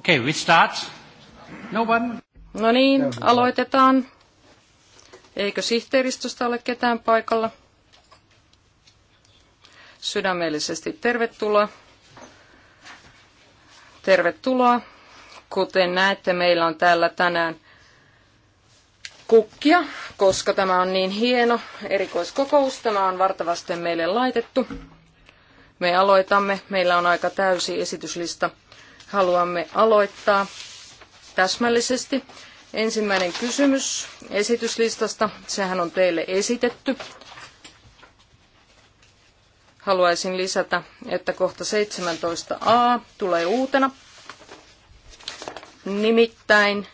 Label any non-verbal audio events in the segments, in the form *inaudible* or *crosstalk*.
Okay, we start. No one. No niin, aloitetaan. Eikö sihteeristöstä ole ketään paikalla? Sydämellisesti tervetuloa. Tervetuloa. Kuten näette, meillä on täällä tänään kukkia, koska tämä on niin hieno erikoiskokous. Tämä on vartavasti meille laitettu. Me aloitamme. Meillä on aika täysi esityslista haluamme aloittaa täsmällisesti. Ensimmäinen kysymys esityslistasta, sehän on teille esitetty. Haluaisin lisätä, että kohta 17a tulee uutena. Nimittäin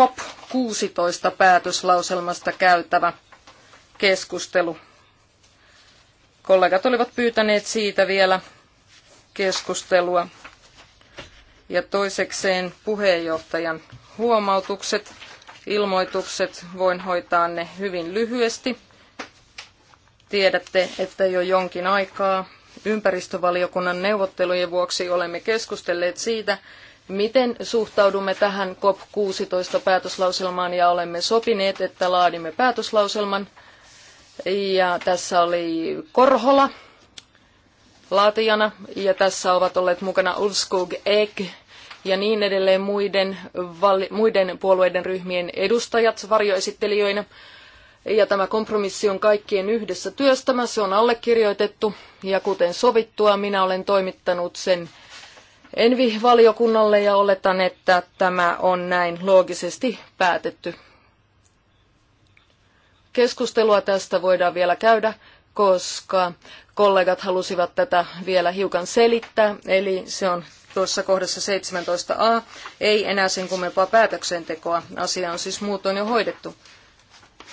COP16 päätöslauselmasta käytävä keskustelu. Kollegat olivat pyytäneet siitä vielä keskustelua ja toisekseen puheenjohtajan huomautukset, ilmoitukset, voin hoitaa ne hyvin lyhyesti. Tiedätte, että jo jonkin aikaa ympäristövaliokunnan neuvottelujen vuoksi olemme keskustelleet siitä, miten suhtaudumme tähän COP16 päätöslauselmaan ja olemme sopineet, että laadimme päätöslauselman. Ja tässä oli Korhola, laatijana ja tässä ovat olleet mukana Ulskog, Ek ja niin edelleen muiden, muiden puolueiden ryhmien edustajat varjoesittelijöinä. Ja tämä kompromissi on kaikkien yhdessä työstämä, se on allekirjoitettu ja kuten sovittua minä olen toimittanut sen Envi-valiokunnalle ja oletan, että tämä on näin loogisesti päätetty. Keskustelua tästä voidaan vielä käydä koska kollegat halusivat tätä vielä hiukan selittää, eli se on tuossa kohdassa 17a, ei enää sen kummempaa päätöksentekoa. Asia on siis muutoin jo hoidettu.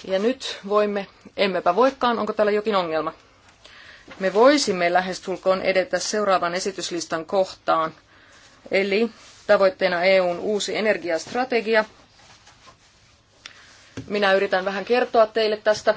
Ja nyt voimme, emmepä voikaan, onko täällä jokin ongelma? Me voisimme lähestulkoon edetä seuraavan esityslistan kohtaan, eli tavoitteena EUn uusi energiastrategia. Minä yritän vähän kertoa teille tästä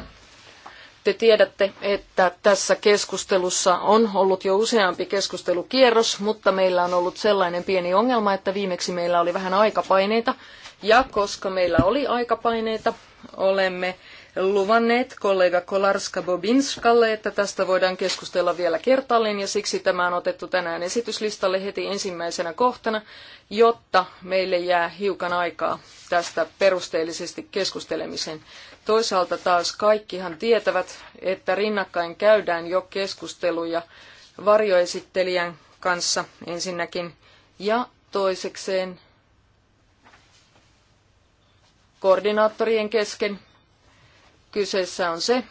te tiedätte, että tässä keskustelussa on ollut jo useampi keskustelukierros, mutta meillä on ollut sellainen pieni ongelma, että viimeksi meillä oli vähän aikapaineita. Ja koska meillä oli aikapaineita, olemme luvanneet kollega Kolarska Bobinskalle, että tästä voidaan keskustella vielä kertaalleen ja siksi tämä on otettu tänään esityslistalle heti ensimmäisenä kohtana, jotta meille jää hiukan aikaa tästä perusteellisesti keskustelemiseen. Toisaalta taas kaikkihan tietävät, että rinnakkain käydään jo keskusteluja varjoesittelijän kanssa ensinnäkin ja toisekseen koordinaattorien kesken Kyseessä on se,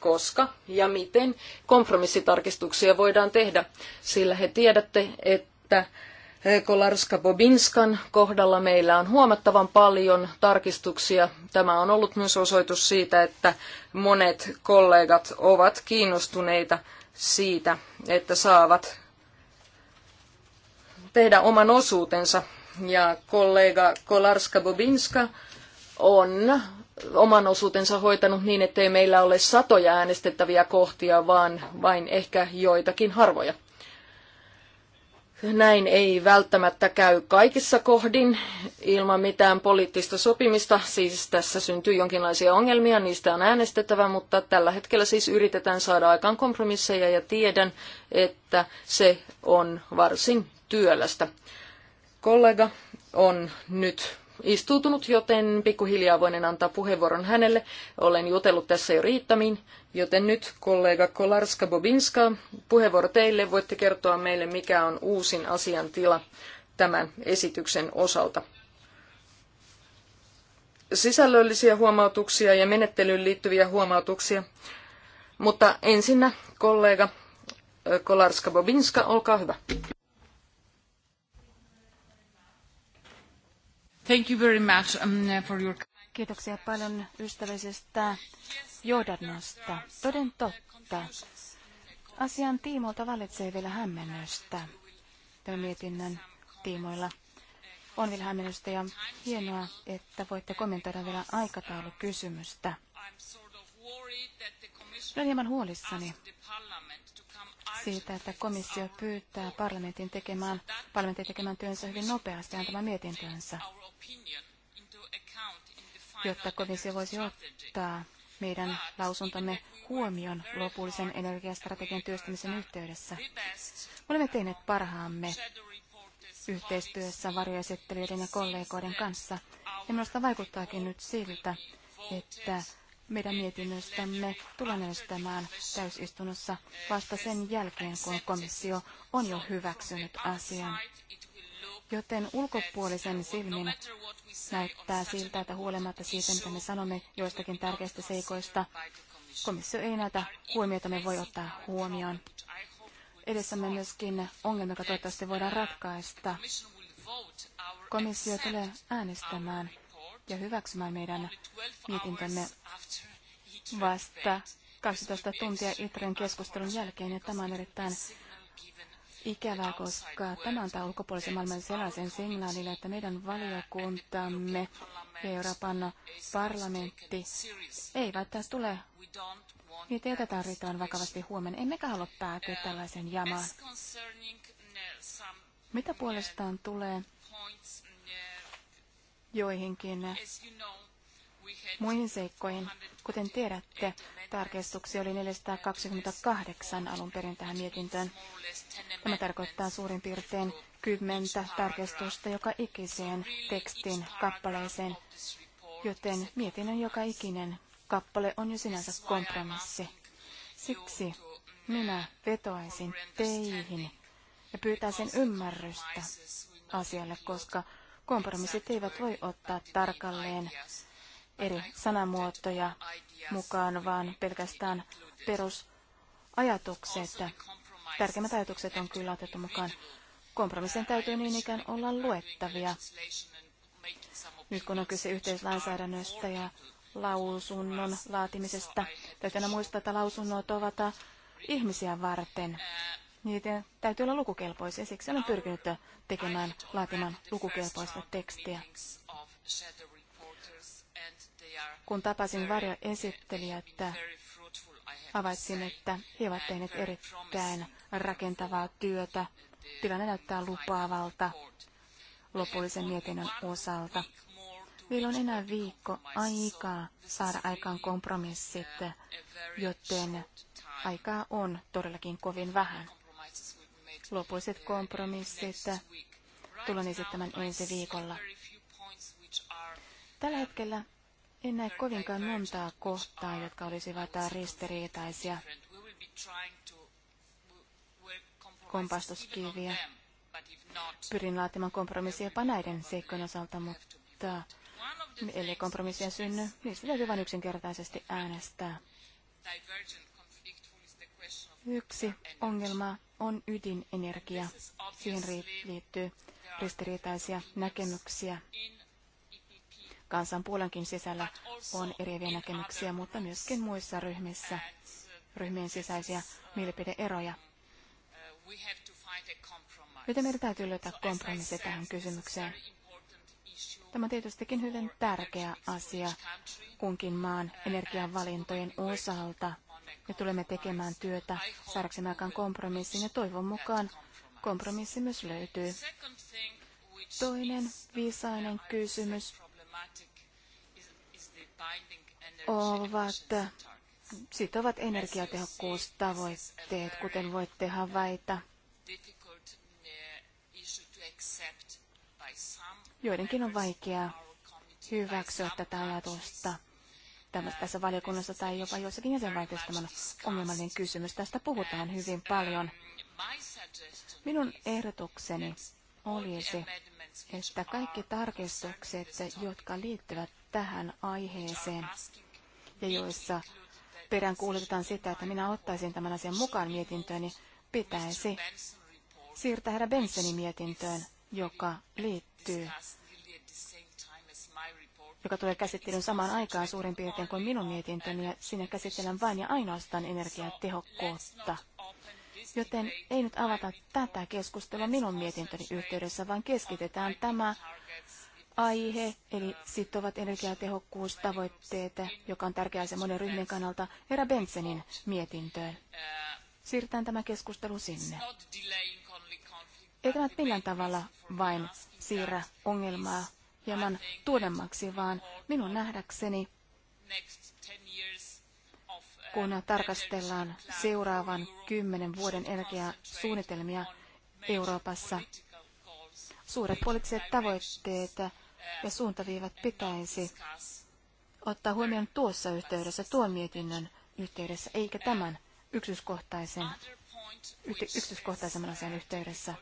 koska ja miten kompromissitarkistuksia voidaan tehdä, sillä he tiedätte, että Kolarska-Bobinskan kohdalla meillä on huomattavan paljon tarkistuksia. Tämä on ollut myös osoitus siitä, että monet kollegat ovat kiinnostuneita siitä, että saavat tehdä oman osuutensa. Ja kollega Kolarska-Bobinska on oman osuutensa hoitanut niin, ettei meillä ole satoja äänestettäviä kohtia, vaan vain ehkä joitakin harvoja. Näin ei välttämättä käy kaikissa kohdin ilman mitään poliittista sopimista, siis tässä syntyy jonkinlaisia ongelmia, niistä on äänestettävä, mutta tällä hetkellä siis yritetään saada aikaan kompromisseja ja tiedän, että se on varsin työlästä. Kollega on nyt istuutunut, joten pikkuhiljaa voinen antaa puheenvuoron hänelle. Olen jutellut tässä jo riittämin, joten nyt kollega Kolarska Bobinska, puheenvuoro teille. Voitte kertoa meille, mikä on uusin asiantila tämän esityksen osalta. Sisällöllisiä huomautuksia ja menettelyyn liittyviä huomautuksia. Mutta ensinnä kollega Kolarska Bobinska, olkaa hyvä. Thank you very much um, for your... Kiitoksia paljon ystävällisestä johdannosta. Toden totta. Asian tiimoilta valitsee vielä hämmennystä. Tämän mietinnän tiimoilla on vielä hämmennystä ja hienoa, että voitte kommentoida vielä aikataulukysymystä. Olen hieman huolissani siitä, että komissio pyytää parlamentin tekemään, parlamentin tekemään työnsä hyvin nopeasti antamaan mietintönsä, jotta komissio voisi ottaa meidän lausuntomme huomion lopullisen energiastrategian työstämisen yhteydessä. Olemme tehneet parhaamme yhteistyössä varjoesittelijöiden ja kollegoiden kanssa, ja minusta vaikuttaakin nyt siltä, että meidän mietinnöstämme tullaan äänestämään täysistunnossa vasta sen jälkeen, kun komissio on jo hyväksynyt asian. Joten ulkopuolisen silmin näyttää siltä, että huolimatta siitä, mitä me sanomme joistakin tärkeistä seikoista, komissio ei näitä huomioita me voi ottaa huomioon. Edessämme myöskin ongelma, joka toivottavasti voidaan ratkaista. Komissio tulee äänestämään ja hyväksymään meidän mietintömme vasta 12 tuntia Itren keskustelun jälkeen, ja tämä on erittäin ikävää, koska tämä antaa ulkopuolisen maailman sellaisen signaalille, että meidän valiokuntamme ja Euroopan parlamentti ei välttämättä tule. Niitä ei oteta riittävän vakavasti huomenna. Emmekä halua päätyä tällaisen jamaan. Mitä puolestaan tulee joihinkin muihin seikkoihin. Kuten tiedätte, tarkistuksia oli 428 alun perin tähän mietintöön. Tämä tarkoittaa suurin piirtein kymmentä tarkistusta joka ikiseen tekstin kappaleeseen, joten mietinnön joka ikinen kappale on jo sinänsä kompromissi. Siksi minä vetoaisin teihin ja pyytäisin ymmärrystä asialle, koska Kompromissit eivät voi ottaa tarkalleen eri sanamuotoja mukaan, vaan pelkästään perusajatukset. Tärkeimmät ajatukset on kyllä otettu mukaan. Kompromissien täytyy niin ikään olla luettavia. Nyt kun on kyse yhteislainsäädännöstä ja lausunnon laatimisesta, täytyy aina muistaa, että lausunnot ovat ihmisiä varten niitä täytyy olla lukukelpoisia. Siksi olen pyrkinyt tekemään, laatimaan lukukelpoista tekstiä. Kun tapasin varjoesittelijät, havaitsin, että he ovat tehneet erittäin rakentavaa työtä. Tilanne näyttää lupaavalta lopullisen mietinnön osalta. Meillä on enää viikko aikaa saada aikaan kompromissit, joten aikaa on todellakin kovin vähän. Lopuiset kompromissit tulen esittämään ensi viikolla. Tällä hetkellä en näe kovinkaan montaa kohtaa, jotka olisivat ristiriitaisia kompastuskiviä. Pyrin laatimaan kompromissia jopa näiden seikkojen osalta, mutta eli kompromissia synny, niistä täytyy vain yksinkertaisesti äänestää. Yksi ongelma on ydinenergia. Siihen liittyy ristiriitaisia näkemyksiä. Kansanpuolenkin sisällä on eriäviä näkemyksiä, mutta myöskin muissa ryhmissä ryhmien sisäisiä mielipideeroja. Joten meidän täytyy löytää kompromissi tähän kysymykseen. Tämä on tietystikin hyvin tärkeä asia kunkin maan energiavalintojen osalta – ja tulemme tekemään työtä saadaksemme aikaan kompromissin ja toivon mukaan kompromissi myös löytyy. Toinen viisainen kysymys ovat sitovat energiatehokkuustavoitteet, kuten voitte havaita. Joidenkin on vaikea hyväksyä tätä ajatusta tässä valiokunnassa tai jopa joissakin jäsenvaltioissa tämä on ongelmallinen kysymys. Tästä puhutaan hyvin paljon. Minun ehdotukseni olisi, että kaikki tarkistukset, jotka liittyvät tähän aiheeseen ja joissa peräänkuulutetaan sitä, että minä ottaisin tämän asian mukaan niin pitäisi siirtää herra Bensenin mietintöön, joka liittyy joka tulee käsittelyyn samaan aikaan suurin piirtein kuin minun mietintöni, ja siinä käsitellään vain ja ainoastaan energiatehokkuutta. Joten ei nyt avata tätä keskustelua minun mietintöni yhteydessä, vaan keskitetään tämä aihe, eli sitovat energiatehokkuustavoitteet, joka on tärkeä se monen ryhmän kannalta, herra Bensenin mietintöön. Siirretään tämä keskustelu sinne. Ei tämä millään tavalla vain siirrä ongelmaa hieman tuodemmaksi, vaan minun nähdäkseni, kun tarkastellaan seuraavan kymmenen vuoden energiasuunnitelmia Euroopassa, suuret poliittiset tavoitteet ja suuntaviivat pitäisi ottaa huomioon tuossa yhteydessä, tuon mietinnön yhteydessä, eikä tämän yksityiskohtaisen, yksityiskohtaisemman asian yhteydessä.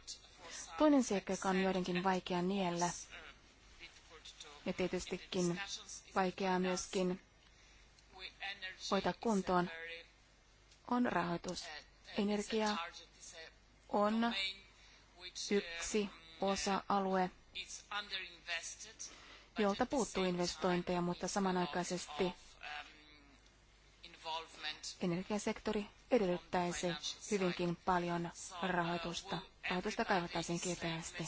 Toinen seikka, joka on joidenkin vaikea niellä, ja tietystikin vaikeaa myöskin hoitaa kuntoon on rahoitus. Energia on yksi osa-alue, jolta puuttuu investointeja, mutta samanaikaisesti energiasektori edellyttäisi hyvinkin paljon rahoitusta rahoitusta kaivattaisiin kipeästi.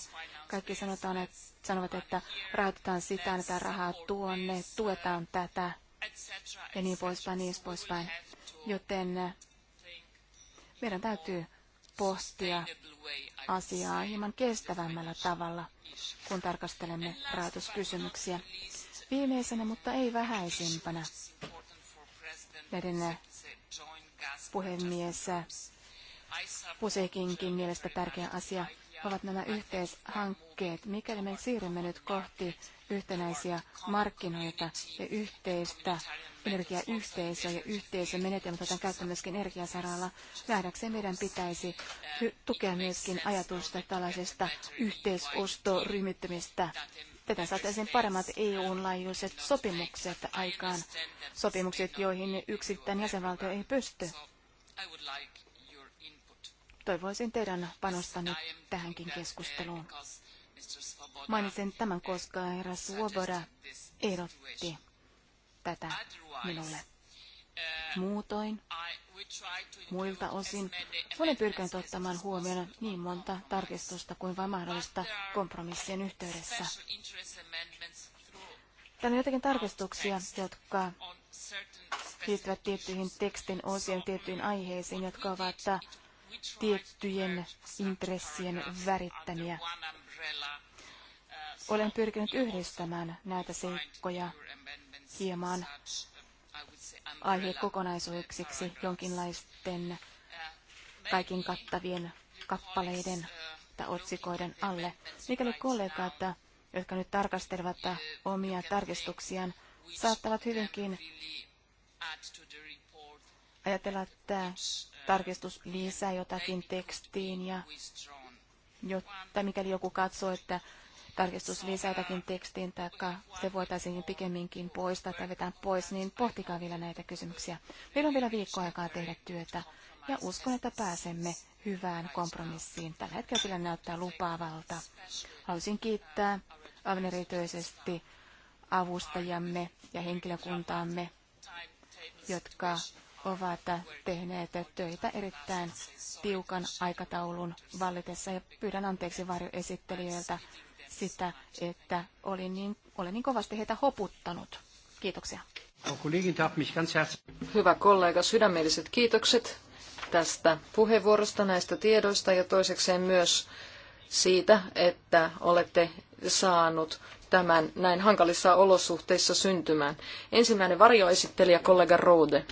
Kaikki sanotaan, että, sanovat, että rahoitetaan sitä, annetaan rahaa tuonne, tuetaan tätä ja niin poispäin, niin poispäin. Joten eh, meidän täytyy pohtia asiaa hieman kestävämmällä tavalla, kun tarkastelemme rahoituskysymyksiä. Viimeisenä, mutta ei vähäisimpänä, näiden eh, puhemies eh, Useakinkin mielestä tärkeä asia ovat nämä yhteishankkeet. Mikäli me siirrymme nyt kohti yhtenäisiä markkinoita ja yhteistä energiayhteisöä ja menetelmät, otetaan käyttöön myöskin energiasaralla, nähdäkseen meidän pitäisi tukea myöskin ajatusta tällaisesta yhteisostoryhmittymistä. Tätä saataisiin paremmat EU-laajuiset sopimukset aikaan, sopimukset, joihin yksittäinen jäsenvaltio ei pysty. Toivoisin teidän panostanne tähänkin keskusteluun. Mainitsen tämän, koska herra Svoboda ehdotti tätä minulle. Muutoin, muilta osin, olen pyrkinyt ottamaan huomioon niin monta tarkistusta kuin vain mahdollista kompromissien yhteydessä. Täällä on jotakin tarkistuksia, jotka liittyvät tiettyihin tekstin osien, tiettyihin aiheisiin, jotka ovat tiettyjen intressien värittämiä. Olen pyrkinyt yhdistämään näitä seikkoja hieman aihekokonaisuuksiksi jonkinlaisten kaikin kattavien kappaleiden tai otsikoiden alle. Mikäli kollegat, jotka nyt tarkastelevat omia tarkistuksiaan, saattavat hyvinkin ajatella, että tarkistus lisää jotakin tekstiin ja jotta mikäli joku katsoo, että tarkistus lisää jotakin tekstiin tai se voitaisiin pikemminkin poistaa tai vetää pois, niin pohtikaa vielä näitä kysymyksiä. Meillä on vielä viikko aikaa tehdä työtä ja uskon, että pääsemme hyvään kompromissiin. Tällä hetkellä sillä näyttää lupaavalta. Haluaisin kiittää aivan avustajamme ja henkilökuntaamme, jotka ovat tehneet töitä erittäin tiukan aikataulun vallitessa ja pyydän anteeksi varjoesittelijöiltä sitä, että olin niin, olen niin kovasti heitä hoputtanut. Kiitoksia. Hyvä kollega, sydämelliset kiitokset tästä puheenvuorosta, näistä tiedoista ja toisekseen myös siitä, että olette saanut tämän näin hankalissa olosuhteissa syntymään. Ensimmäinen varjoesittelijä kollega Rode.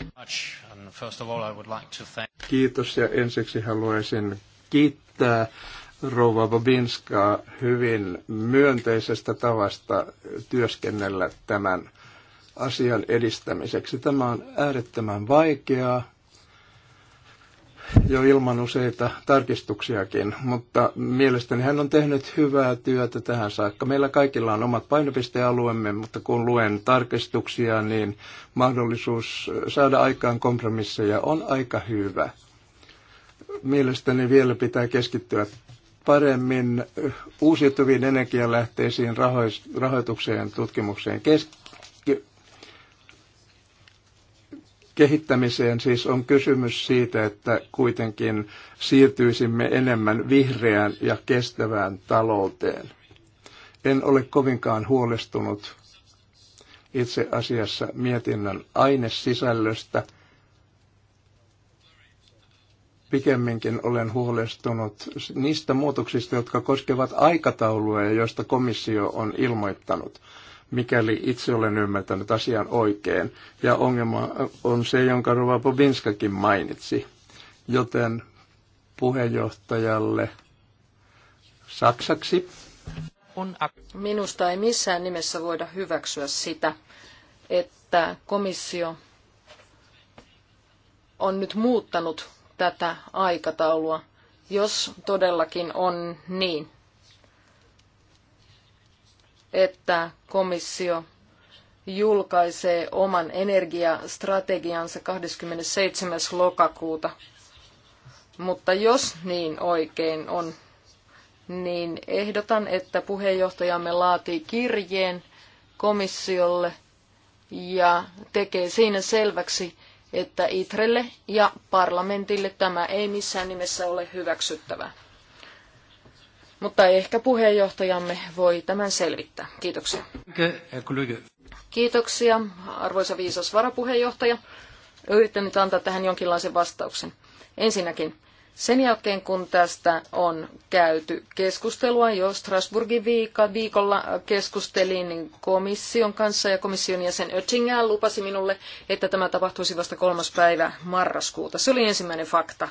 Kiitos ja ensiksi haluaisin kiittää rouva Bobinskaa hyvin myönteisestä tavasta työskennellä tämän asian edistämiseksi. Tämä on äärettömän vaikeaa jo ilman useita tarkistuksiakin, mutta mielestäni hän on tehnyt hyvää työtä tähän saakka. Meillä kaikilla on omat painopistealueemme, mutta kun luen tarkistuksia, niin mahdollisuus saada aikaan kompromisseja on aika hyvä. Mielestäni vielä pitää keskittyä paremmin uusiutuviin energialähteisiin, rahoitukseen, tutkimukseen, kehittämiseen siis on kysymys siitä, että kuitenkin siirtyisimme enemmän vihreään ja kestävään talouteen. En ole kovinkaan huolestunut itse asiassa mietinnön ainesisällöstä. Pikemminkin olen huolestunut niistä muutoksista, jotka koskevat aikataulua ja joista komissio on ilmoittanut mikäli itse olen ymmärtänyt asian oikein. Ja ongelma on se, jonka Rova Pobinskakin mainitsi. Joten puheenjohtajalle saksaksi. Minusta ei missään nimessä voida hyväksyä sitä, että komissio on nyt muuttanut tätä aikataulua, jos todellakin on niin, että komissio julkaisee oman energiastrategiansa 27. lokakuuta. Mutta jos niin oikein on, niin ehdotan, että puheenjohtajamme laatii kirjeen komissiolle ja tekee siinä selväksi, että ITRElle ja parlamentille tämä ei missään nimessä ole hyväksyttävää. Mutta ehkä puheenjohtajamme voi tämän selvittää. Kiitoksia. Kiitoksia, arvoisa viisas varapuheenjohtaja. Yritän nyt antaa tähän jonkinlaisen vastauksen. Ensinnäkin, sen jälkeen kun tästä on käyty keskustelua, jo Strasbourgin viikolla keskustelin komission kanssa ja komission jäsen Oettinger lupasi minulle, että tämä tapahtuisi vasta kolmas päivä marraskuuta. Se oli ensimmäinen fakta,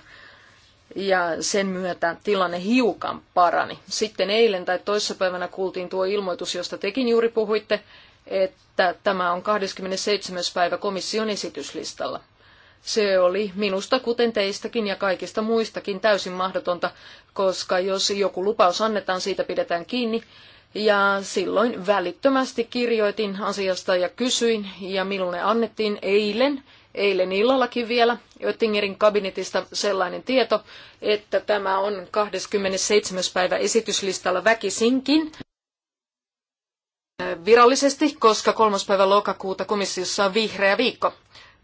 ja sen myötä tilanne hiukan parani. Sitten eilen tai toissapäivänä kuultiin tuo ilmoitus, josta tekin juuri puhuitte, että tämä on 27. päivä komission esityslistalla. Se oli minusta, kuten teistäkin ja kaikista muistakin, täysin mahdotonta, koska jos joku lupaus annetaan, siitä pidetään kiinni. Ja silloin välittömästi kirjoitin asiasta ja kysyin, ja minulle annettiin eilen eilen illallakin vielä Oettingerin kabinetista sellainen tieto, että tämä on 27. päivä esityslistalla väkisinkin äh, virallisesti, koska 3. päivä lokakuuta komissiossa on vihreä viikko.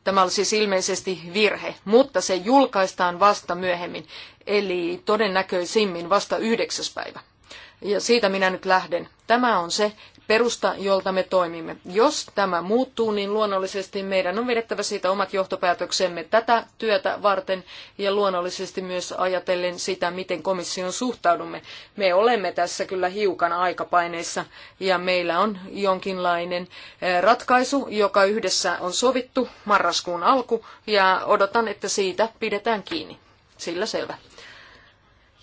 Tämä oli siis ilmeisesti virhe, mutta se julkaistaan vasta myöhemmin, eli todennäköisimmin vasta 9. päivä. Ja siitä minä nyt lähden. Tämä on se perusta, jolta me toimimme. Jos tämä muuttuu, niin luonnollisesti meidän on vedettävä siitä omat johtopäätöksemme tätä työtä varten ja luonnollisesti myös ajatellen sitä, miten komission suhtaudumme. Me olemme tässä kyllä hiukan aikapaineissa ja meillä on jonkinlainen eh, ratkaisu, joka yhdessä on sovittu marraskuun alku ja odotan, että siitä pidetään kiinni. Sillä selvä.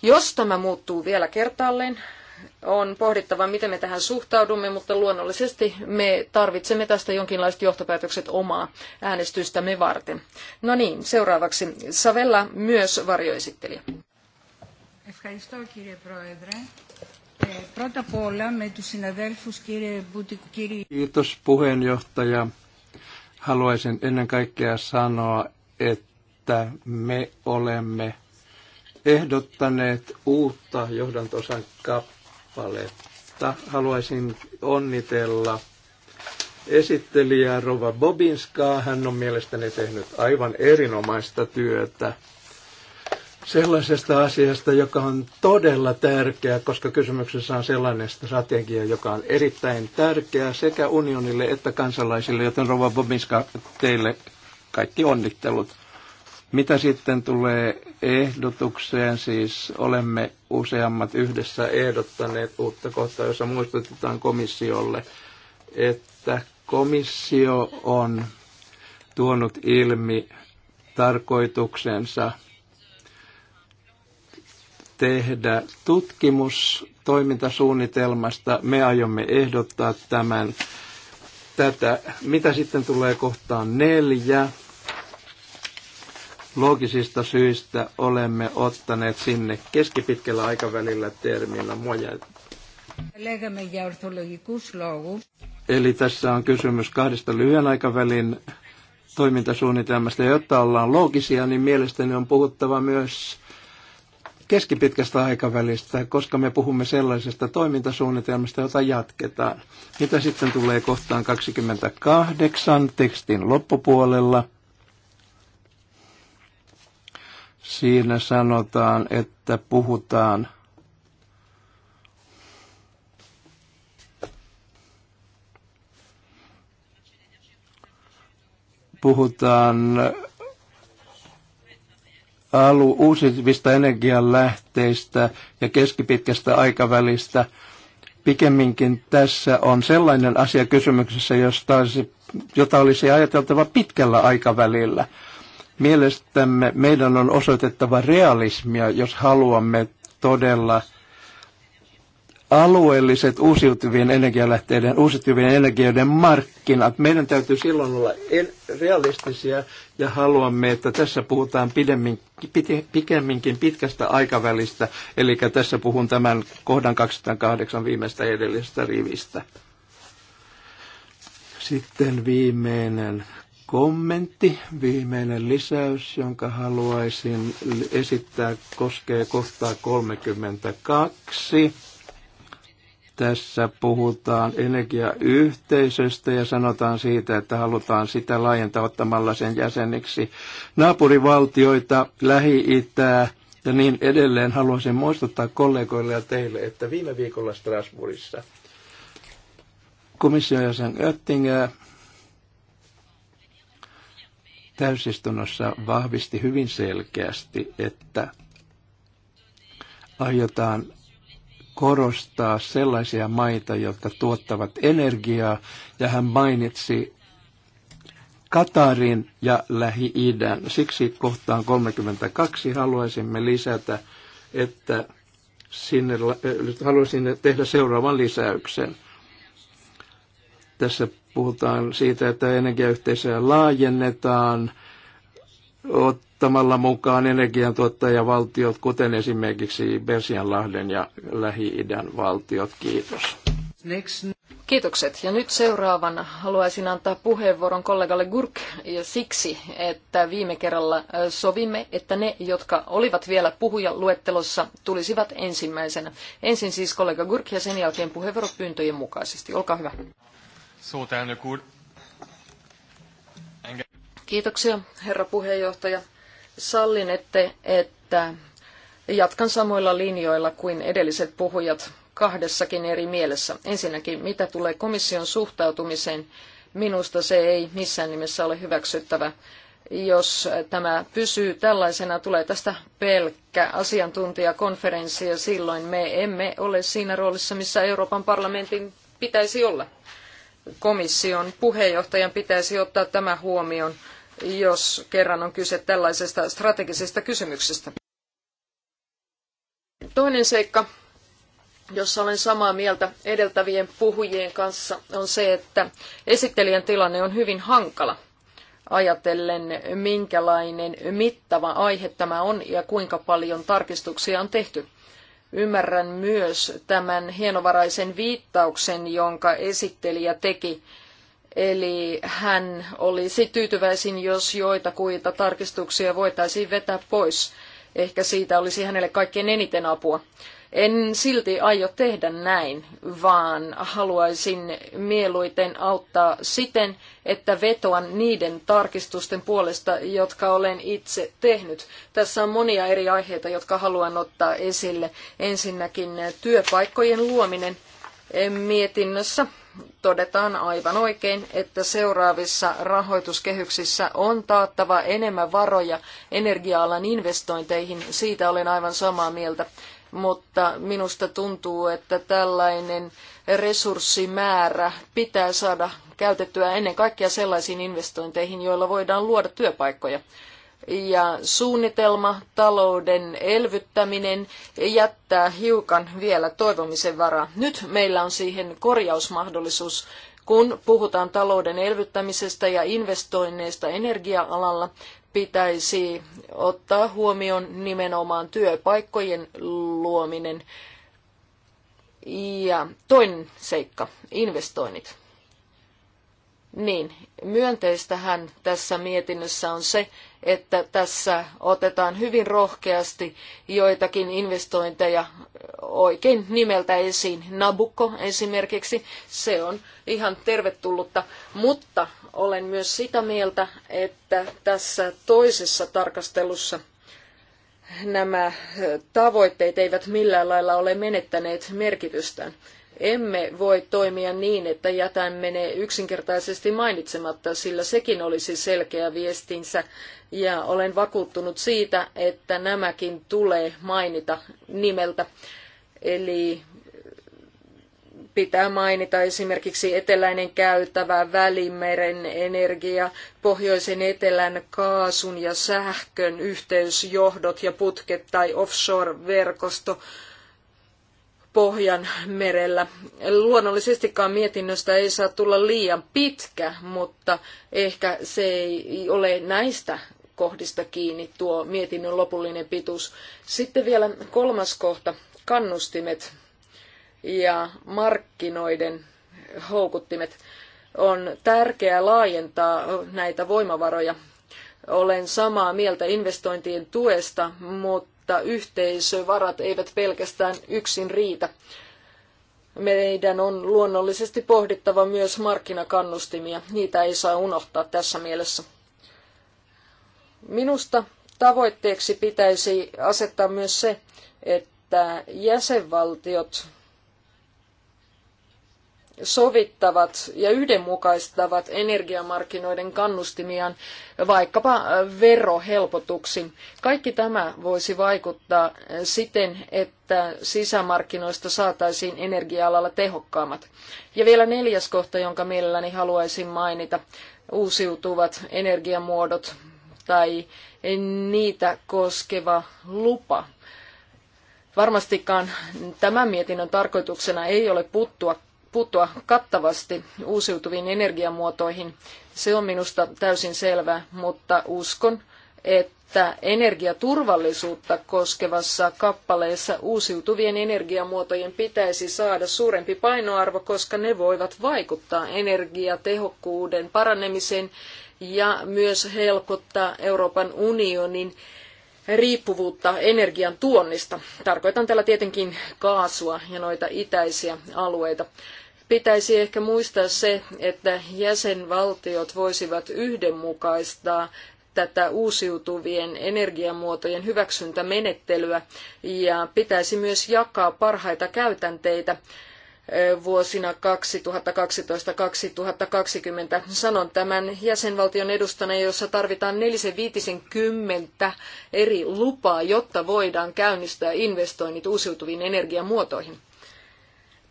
Jos tämä muuttuu vielä kertaalleen, on pohdittava, miten me tähän suhtaudumme, mutta luonnollisesti me tarvitsemme tästä jonkinlaiset johtopäätökset omaa äänestystämme varten. No niin, seuraavaksi Savella myös varjoesittelijä. Ευχαριστώ κύριε Πρόεδρε. Ε, πρώτα απ' όλα με τους συναδέλφους κύριε Μπουτικ, κύριε... Kiitos puheenjohtaja. Haluaisin ennen kaikkea sanoa, että me olemme ehdottaneet uutta johdantosan kappaletta kappaletta. Haluaisin onnitella esittelijää Rova Bobinskaa. Hän on mielestäni tehnyt aivan erinomaista työtä sellaisesta asiasta, joka on todella tärkeä, koska kysymyksessä on sellainen strategia, joka on erittäin tärkeä sekä unionille että kansalaisille, joten Rova Bobinska, teille kaikki onnittelut. Mitä sitten tulee ehdotukseen, siis olemme useammat yhdessä ehdottaneet uutta kohtaa, jossa muistutetaan komissiolle, että komissio on tuonut ilmi tarkoituksensa tehdä tutkimus toimintasuunnitelmasta. Me aiomme ehdottaa tämän tätä. Mitä sitten tulee kohtaan neljä? loogisista syistä olemme ottaneet sinne keskipitkällä aikavälillä termillä moja. Eli tässä on kysymys kahdesta lyhyen aikavälin toimintasuunnitelmasta. Ja jotta ollaan loogisia, niin mielestäni on puhuttava myös keskipitkästä aikavälistä, koska me puhumme sellaisesta toimintasuunnitelmasta, jota jatketaan. Mitä sitten tulee kohtaan 28 tekstin loppupuolella? Siinä sanotaan, että puhutaan puhutaan alu, uusiutuvista energianlähteistä ja keskipitkästä aikavälistä. Pikemminkin tässä on sellainen asia kysymyksessä, josta olisi, jota olisi ajateltava pitkällä aikavälillä – Mielestämme meidän on osoitettava realismia, jos haluamme todella alueelliset uusiutuvien energialähteiden, uusiutuvien energioiden markkinat. Meidän täytyy silloin olla realistisia ja haluamme, että tässä puhutaan pidemmin, pikemminkin pitkästä aikavälistä, eli tässä puhun tämän kohdan 208 viimeistä edellisestä rivistä. Sitten viimeinen kommentti, viimeinen lisäys, jonka haluaisin esittää, koskee kohtaa 32. Tässä puhutaan energiayhteisöstä ja sanotaan siitä, että halutaan sitä laajentaa ottamalla sen jäseniksi naapurivaltioita, Lähi-Itää ja niin edelleen. Haluaisin muistuttaa kollegoille ja teille, että viime viikolla Strasbourgissa komission jäsen Oettinger täysistunnossa vahvisti hyvin selkeästi, että aiotaan korostaa sellaisia maita, jotka tuottavat energiaa, ja hän mainitsi Katarin ja Lähi-idän. Siksi kohtaan 32 haluaisimme lisätä, että sinne, äh, haluaisin tehdä seuraavan lisäyksen. Tässä Puhutaan siitä, että energiayhteisöä laajennetaan ottamalla mukaan energiantuottajavaltiot, kuten esimerkiksi Persianlahden ja Lähi-idän valtiot. Kiitos. Next. Kiitokset. Ja nyt seuraavana haluaisin antaa puheenvuoron kollegalle Gurk ja siksi, että viime kerralla sovimme, että ne, jotka olivat vielä puhujaluettelossa, tulisivat ensimmäisenä. Ensin siis kollega Gurk ja sen jälkeen puheenvuoropyyntöjen mukaisesti. Olkaa hyvä. Szót, elnök úr. Kiitoksia, herra puheenjohtaja. Sallin, ette, että jatkan samoilla linjoilla kuin edelliset puhujat kahdessakin eri mielessä. Ensinnäkin, mitä tulee komission suhtautumiseen, minusta se ei missään nimessä ole hyväksyttävä. Jos tämä pysyy tällaisena, tulee tästä pelkkä asiantuntijakonferenssi ja silloin me emme ole siinä roolissa, missä Euroopan parlamentin pitäisi olla komission puheenjohtajan pitäisi ottaa tämä huomioon, jos kerran on kyse tällaisesta strategisesta kysymyksestä. Toinen seikka, jossa olen samaa mieltä edeltävien puhujien kanssa, on se, että esittelijän tilanne on hyvin hankala ajatellen, minkälainen mittava aihe tämä on ja kuinka paljon tarkistuksia on tehty. Ymmärrän myös tämän hienovaraisen viittauksen, jonka esittelijä teki. Eli hän olisi tyytyväisin, jos joitakuita tarkistuksia voitaisiin vetää pois. Ehkä siitä olisi hänelle kaikkein eniten apua. En silti aio tehdä näin, vaan haluaisin mieluiten auttaa siten, että vetoan niiden tarkistusten puolesta, jotka olen itse tehnyt. Tässä on monia eri aiheita, jotka haluan ottaa esille. Ensinnäkin työpaikkojen luominen mietinnössä todetaan aivan oikein, että seuraavissa rahoituskehyksissä on taattava enemmän varoja energia-alan investointeihin. Siitä olen aivan samaa mieltä mutta minusta tuntuu, että tällainen resurssimäärä pitää saada käytettyä ennen kaikkea sellaisiin investointeihin, joilla voidaan luoda työpaikkoja. Ja suunnitelma, talouden elvyttäminen jättää hiukan vielä toivomisen varaa. Nyt meillä on siihen korjausmahdollisuus, kun puhutaan talouden elvyttämisestä ja investoinneista energia-alalla, pitäisi ottaa huomioon nimenomaan työpaikkojen luominen. Ja toinen seikka, investoinnit. Niin, myönteistähän tässä mietinnössä on se, että tässä otetaan hyvin rohkeasti joitakin investointeja oikein nimeltä esiin. Nabucco esimerkiksi, se on ihan tervetullutta, mutta olen myös sitä mieltä, että tässä toisessa tarkastelussa nämä tavoitteet eivät millään lailla ole menettäneet merkitystään. Emme voi toimia niin, että jätämme ne yksinkertaisesti mainitsematta, sillä sekin olisi selkeä viestinsä. Ja olen vakuuttunut siitä, että nämäkin tulee mainita nimeltä. Eli pitää mainita esimerkiksi eteläinen käytävä, välimeren energia, pohjoisen etelän kaasun ja sähkön yhteysjohdot ja putket tai offshore-verkosto, Pohjan merellä. Luonnollisestikaan mietinnöstä ei saa tulla liian pitkä, mutta ehkä se ei ole näistä kohdista kiinni tuo mietinnön lopullinen pituus. Sitten vielä kolmas kohta, kannustimet ja markkinoiden houkuttimet. On tärkeää laajentaa näitä voimavaroja. Olen samaa mieltä investointien tuesta, mutta että yhteisövarat eivät pelkästään yksin riitä. Meidän on luonnollisesti pohdittava myös markkinakannustimia. Niitä ei saa unohtaa tässä mielessä. Minusta tavoitteeksi pitäisi asettaa myös se, että jäsenvaltiot sovittavat ja yhdenmukaistavat energiamarkkinoiden kannustimiaan vaikkapa verohelpotuksin. Kaikki tämä voisi vaikuttaa siten, että sisämarkkinoista saataisiin energia-alalla tehokkaammat. Ja vielä neljäs kohta, jonka mielelläni haluaisin mainita, uusiutuvat energiamuodot tai niitä koskeva lupa. Varmastikaan tämän mietinnön tarkoituksena ei ole puuttua puuttua kattavasti uusiutuviin energiamuotoihin. Se on minusta täysin selvää, mutta uskon, että energiaturvallisuutta koskevassa kappaleessa uusiutuvien energiamuotojen pitäisi saada suurempi painoarvo, koska ne voivat vaikuttaa energiatehokkuuden paranemiseen ja myös helpottaa Euroopan unionin riippuvuutta energian tuonnista. Tarkoitan tällä tietenkin kaasua ja noita itäisiä alueita. Pitäisi ehkä muistaa se, että jäsenvaltiot voisivat yhdenmukaistaa tätä uusiutuvien energiamuotojen hyväksyntämenettelyä ja pitäisi myös jakaa parhaita käytänteitä vuosina 2012-2020. Sanon tämän jäsenvaltion edustana, jossa tarvitaan nelisen eri lupaa, jotta voidaan käynnistää investoinnit uusiutuviin energiamuotoihin.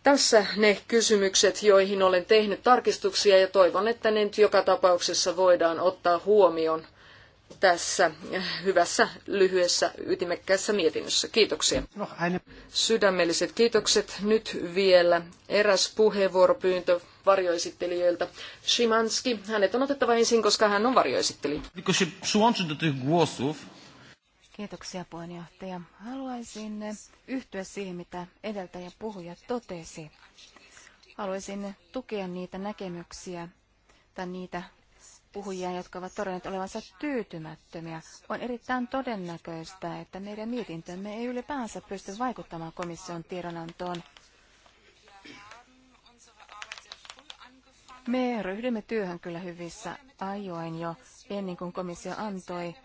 Tässä ne kysymykset, joihin olen tehnyt tarkistuksia ja toivon, että ne nyt joka tapauksessa voidaan ottaa huomioon – tässä hyvässä, lyhyessä, ytimekkäässä mietinnössä. Kiitoksia. Sydämelliset kiitokset. Nyt vielä eräs puheenvuoropyyntö varjoesittelijöiltä. Szymanski, hänet on otettava ensin, koska hän on varjoesittelijä. Kiitoksia puheenjohtaja. Haluaisin yhtyä siihen, mitä edeltäjä puhuja totesi. Haluaisin tukea niitä näkemyksiä tai niitä puhujia, jotka ovat todenneet olevansa tyytymättömiä. On erittäin todennäköistä, että meidän mietintömme ei ylipäänsä pysty vaikuttamaan komission tiedonantoon. Me ryhdymme työhön kyllä hyvissä ajoin jo ennen kuin komissio antoi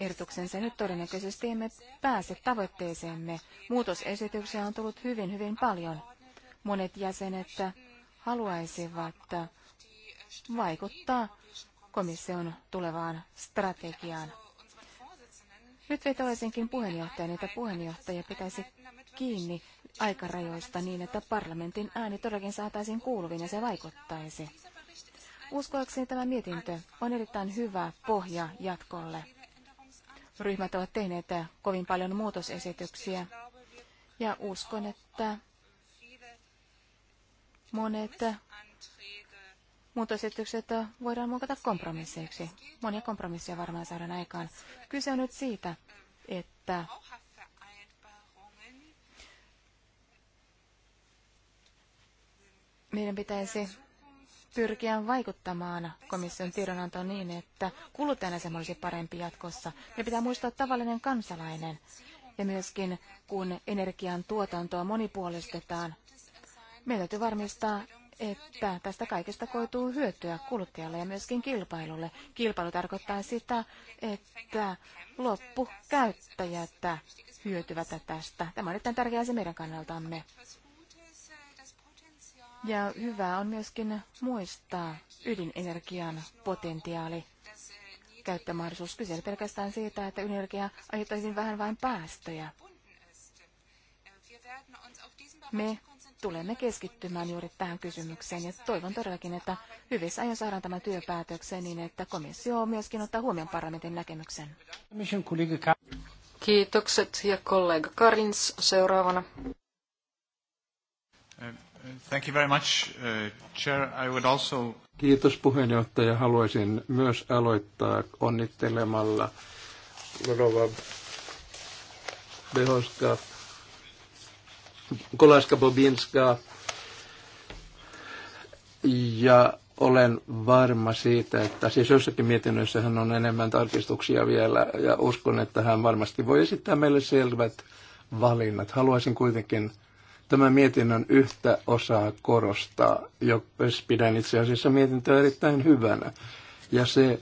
ehdotuksensa. Nyt todennäköisesti emme pääse tavoitteeseemme. Muutosesityksiä on tullut hyvin, hyvin paljon. Monet jäsenet haluaisivat vaikuttaa komission tulevaan strategiaan. Nyt vetoaisinkin puheenjohtajan, että puheenjohtaja pitäisi kiinni aikarajoista niin, että parlamentin ääni todellakin saataisiin kuuluviin ja se vaikuttaisi. Uskoakseni tämä mietintö on erittäin hyvä pohja jatkolle. Ryhmät ovat tehneet kovin paljon muutosesityksiä ja uskon, että monet muutosesitykset voidaan muokata kompromisseiksi. Monia kompromisseja varmaan saadaan aikaan. Kyse on nyt siitä, että meidän pitäisi pyrkiä vaikuttamaan komission tiedonantoon niin, että kuluttajan asema olisi parempi jatkossa. Meidän pitää muistaa tavallinen kansalainen. Ja myöskin kun energian tuotantoa monipuolistetaan, meidän täytyy varmistaa, että tästä kaikesta koituu hyötyä kuluttajalle ja myöskin kilpailulle. Kilpailu tarkoittaa sitä, että loppukäyttäjät hyötyvät tästä. Tämä on erittäin tärkeä asia meidän kannaltamme. Ja hyvä on myöskin muistaa ydinenergian potentiaali käyttömahdollisuus. Kyse pelkästään siitä, että ydinenergia aiheuttaisi vähän vain päästöjä. Me tulemme keskittymään juuri tähän kysymykseen ja toivon todellakin, että hyvissä ajoin saadaan tämä työpäätökseen niin, että komissio myöskin ottaa huomioon parlamentin näkemyksen. Kiitokset ja kollega Karins seuraavana. Uh, uh, thank you very much, uh, Chair. I would also... Kiitos puheenjohtaja. Haluaisin myös aloittaa onnittelemalla Rodova Behoska kolaska Bobinska Ja olen varma siitä, että siis jossakin hän on enemmän tarkistuksia vielä ja uskon, että hän varmasti voi esittää meille selvät valinnat. Haluaisin kuitenkin tämän mietinnön yhtä osaa korostaa, jos pidän itse asiassa mietintöä erittäin hyvänä. Ja se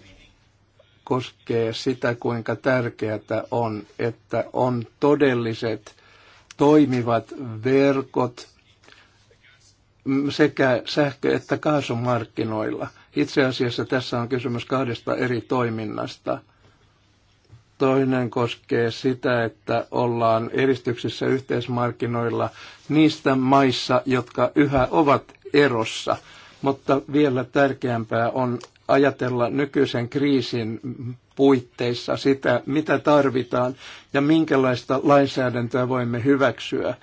koskee sitä, kuinka tärkeää on, että on todelliset toimivat verkot sekä sähkö- että kaasumarkkinoilla. Itse asiassa tässä on kysymys kahdesta eri toiminnasta. Toinen koskee sitä, että ollaan eristyksissä yhteismarkkinoilla niistä maissa, jotka yhä ovat erossa. Mutta vielä tärkeämpää on ajatella nykyisen kriisin puitteissa sitä, mitä tarvitaan ja minkälaista lainsäädäntöä voimme hyväksyä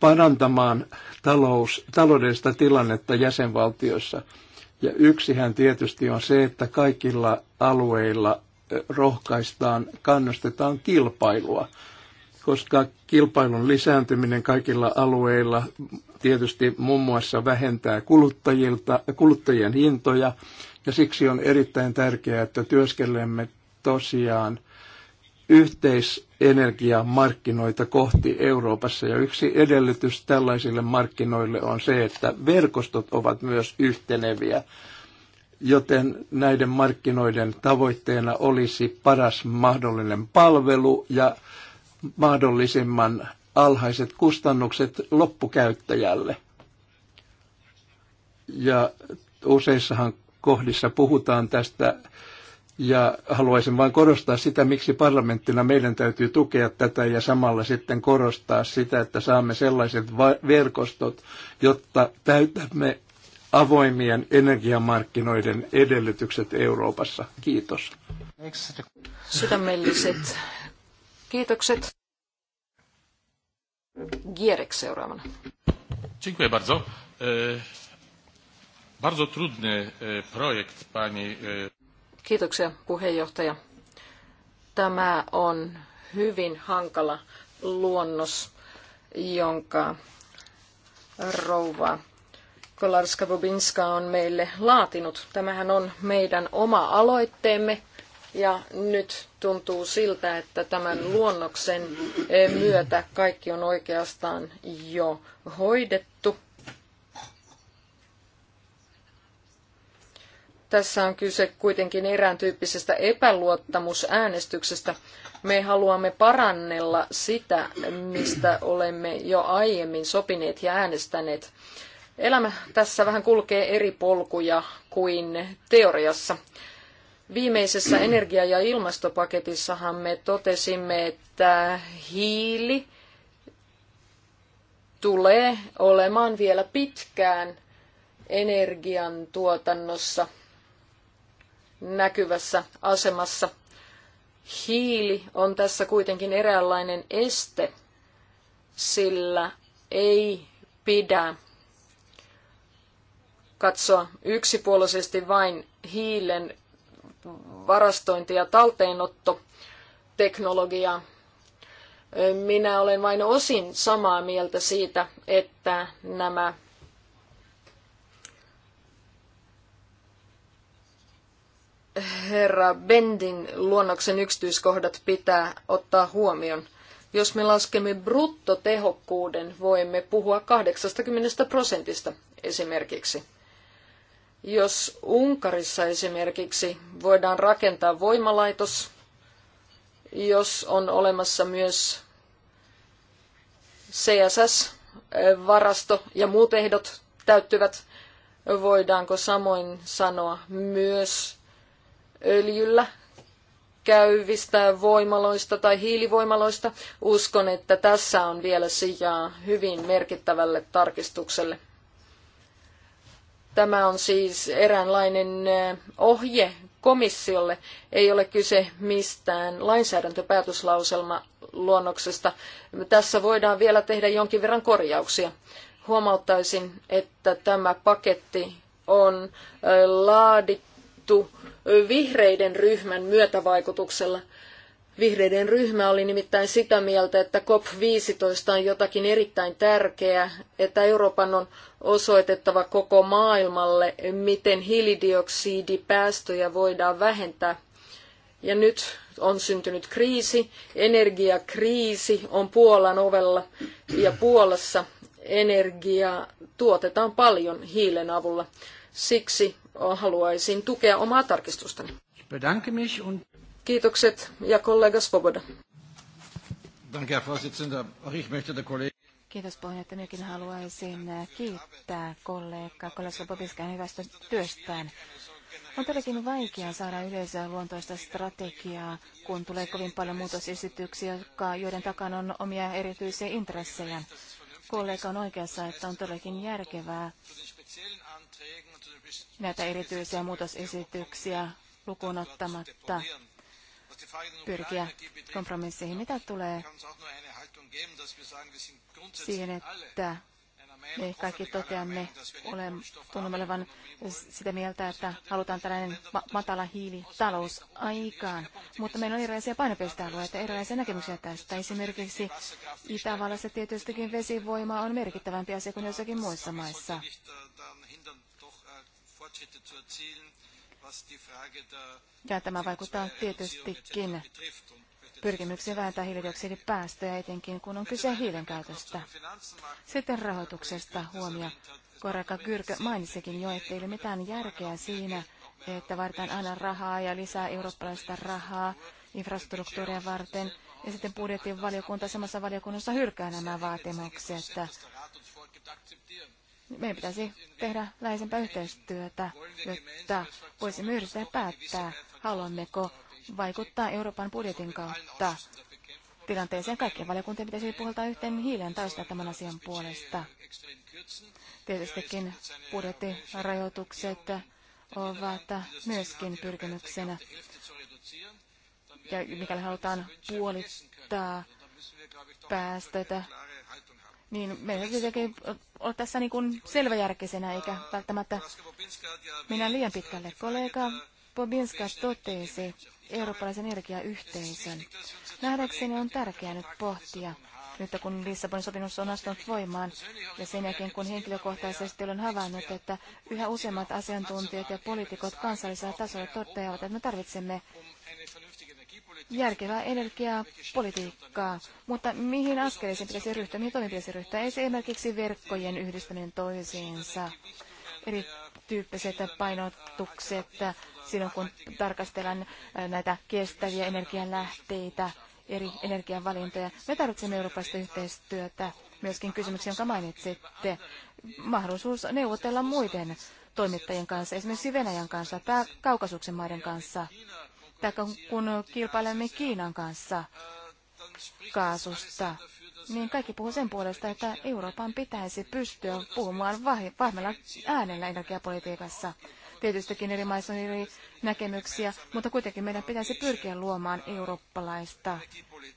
parantamaan talous, taloudellista tilannetta jäsenvaltioissa. Ja yksihän tietysti on se, että kaikilla alueilla rohkaistaan, kannustetaan kilpailua, koska kilpailun lisääntyminen kaikilla alueilla tietysti muun muassa vähentää kuluttajilta, kuluttajien hintoja, ja siksi on erittäin tärkeää, että työskelemme tosiaan yhteisenergiamarkkinoita kohti Euroopassa. Ja yksi edellytys tällaisille markkinoille on se, että verkostot ovat myös yhteneviä, joten näiden markkinoiden tavoitteena olisi paras mahdollinen palvelu ja mahdollisimman alhaiset kustannukset loppukäyttäjälle. Ja useissahan kohdissa puhutaan tästä, ja haluaisin vain korostaa sitä, miksi parlamenttina meidän täytyy tukea tätä ja samalla sitten korostaa sitä, että saamme sellaiset verkostot, jotta täytämme avoimien energiamarkkinoiden edellytykset Euroopassa. Kiitos. Sydämelliset kiitokset. Gierek seuraavana. Dziękuję bardzo. E, bardzo trudny e, projekt, pani. E, Kiitoksia puheenjohtaja. Tämä on hyvin hankala luonnos, jonka rouva Kolarska-Bobinska on meille laatinut. Tämähän on meidän oma aloitteemme ja nyt tuntuu siltä, että tämän luonnoksen eh, myötä kaikki on oikeastaan jo hoidettu. Tässä on kyse kuitenkin erään tyyppisestä epäluottamusäänestyksestä. Me haluamme parannella sitä, mistä olemme jo aiemmin sopineet ja äänestäneet. Elämä tässä vähän kulkee eri polkuja kuin teoriassa. Viimeisessä energia- ja ilmastopaketissahan me totesimme, että hiili tulee olemaan vielä pitkään energian tuotannossa näkyvässä asemassa. Hiili on tässä kuitenkin eräänlainen este, sillä ei pidä katsoa yksipuolisesti vain hiilen varastointi- ja talteenottoteknologiaa. Minä olen vain osin samaa mieltä siitä, että nämä herra Bendin luonnoksen yksityiskohdat pitää ottaa huomioon. Jos me laskemme bruttotehokkuuden, voimme puhua 80 prosentista esimerkiksi. Jos Unkarissa esimerkiksi voidaan rakentaa voimalaitos, jos on olemassa myös CSS-varasto ja muut ehdot täyttyvät, voidaanko samoin sanoa myös öljyllä käyvistä voimaloista tai hiilivoimaloista. Uskon, että tässä on vielä sijaa hyvin merkittävälle tarkistukselle. Tämä on siis eräänlainen ohje komissiolle. Ei ole kyse mistään lainsäädäntöpäätöslauselma luonnoksesta. Tässä voidaan vielä tehdä jonkin verran korjauksia. Huomauttaisin, että tämä paketti on laadittu vihreiden ryhmän myötävaikutuksella. Vihreiden ryhmä oli nimittäin sitä mieltä, että COP15 on jotakin erittäin tärkeää, että Euroopan on osoitettava koko maailmalle, miten hiilidioksidipäästöjä voidaan vähentää. Ja nyt on syntynyt kriisi, energiakriisi on Puolan ovella ja Puolassa energiaa tuotetaan paljon hiilen avulla. Siksi haluaisin tukea omaa tarkistustani. Kiitokset ja kollega Svoboda. Kiitos puheenjohtaja. Minäkin haluaisin äh, kiittää kollega Kolesko Bobiskään hyvästä työstään. On todellakin vaikea saada yleisöä luontoista strategiaa, kun tulee kovin paljon muutosesityksiä, jotka, joiden takana on omia erityisiä intressejä. Kollega on oikeassa, että on todellakin järkevää näitä erityisiä muutosesityksiä lukuun ottamatta pyrkiä kompromisseihin. Mitä tulee siihen, että me kaikki toteamme, olemme tunnemme olevan sitä mieltä, että halutaan tällainen ma- matala hiilitalous aikaan. Mutta meillä on erilaisia painopistealueita, erilaisia näkemyksiä tästä. Esimerkiksi Itävallassa tietystikin vesivoima on merkittävämpi asia kuin jossakin muissa maissa. Ja tämä vaikuttaa tietystikin pyrkimyksiin vähentää hiilidioksidipäästöjä, etenkin kun on kyse hiilen käytöstä. Sitten rahoituksesta huomio. Koraka Gyrkö mainitsikin jo, ettei ole mitään järkeä siinä, että varten aina rahaa ja lisää eurooppalaista rahaa infrastruktuurien varten. Ja sitten budjetin valiokunta samassa valiokunnassa hyrkää nämä vaatimukset meidän pitäisi tehdä läheisempää yhteistyötä, jotta voisimme yhdessä päättää, haluammeko vaikuttaa Euroopan budjetin kautta tilanteeseen. Kaikkien valiokuntien pitäisi puhaltaa yhteen hiilen taistaa tämän asian puolesta. Tietystikin budjettirajoitukset ovat myöskin pyrkimyksenä. Ja mikäli halutaan puolittaa päästöitä, niin meidän tietenkin olla tässä niin kuin selväjärkisenä, eikä välttämättä minä liian pitkälle. Kollega Bobinska totesi eurooppalaisen energiayhteisön. Nähdäkseni on tärkeää nyt pohtia, nyt kun Lissabonin sopimus on astunut voimaan, ja sen jälkeen kun henkilökohtaisesti olen havainnut, että yhä useammat asiantuntijat ja poliitikot kansallisella tasolla toteavat, että me tarvitsemme järkevää energiaa, politiikkaa, mutta mihin askeleisiin pitäisi ryhtyä, mihin toimiin pitäisi ryhtyä, esimerkiksi verkkojen yhdistäminen toisiinsa, erityyppiset painotukset silloin, kun tarkastellaan näitä kestäviä energianlähteitä, eri energiavalintoja. Me tarvitsemme eurooppalaista yhteistyötä, myöskin kysymyksiä, jonka mainitsitte. Mahdollisuus neuvotella muiden toimittajien kanssa, esimerkiksi Venäjän kanssa tai kaukasuksen maiden kanssa että kun kilpailemme Kiinan kanssa kaasusta, niin kaikki puhuu sen puolesta, että Euroopan pitäisi pystyä puhumaan vahvemmalla äänellä energiapolitiikassa. Tietystikin eri maissa on eri näkemyksiä, mutta kuitenkin meidän pitäisi pyrkiä luomaan eurooppalaista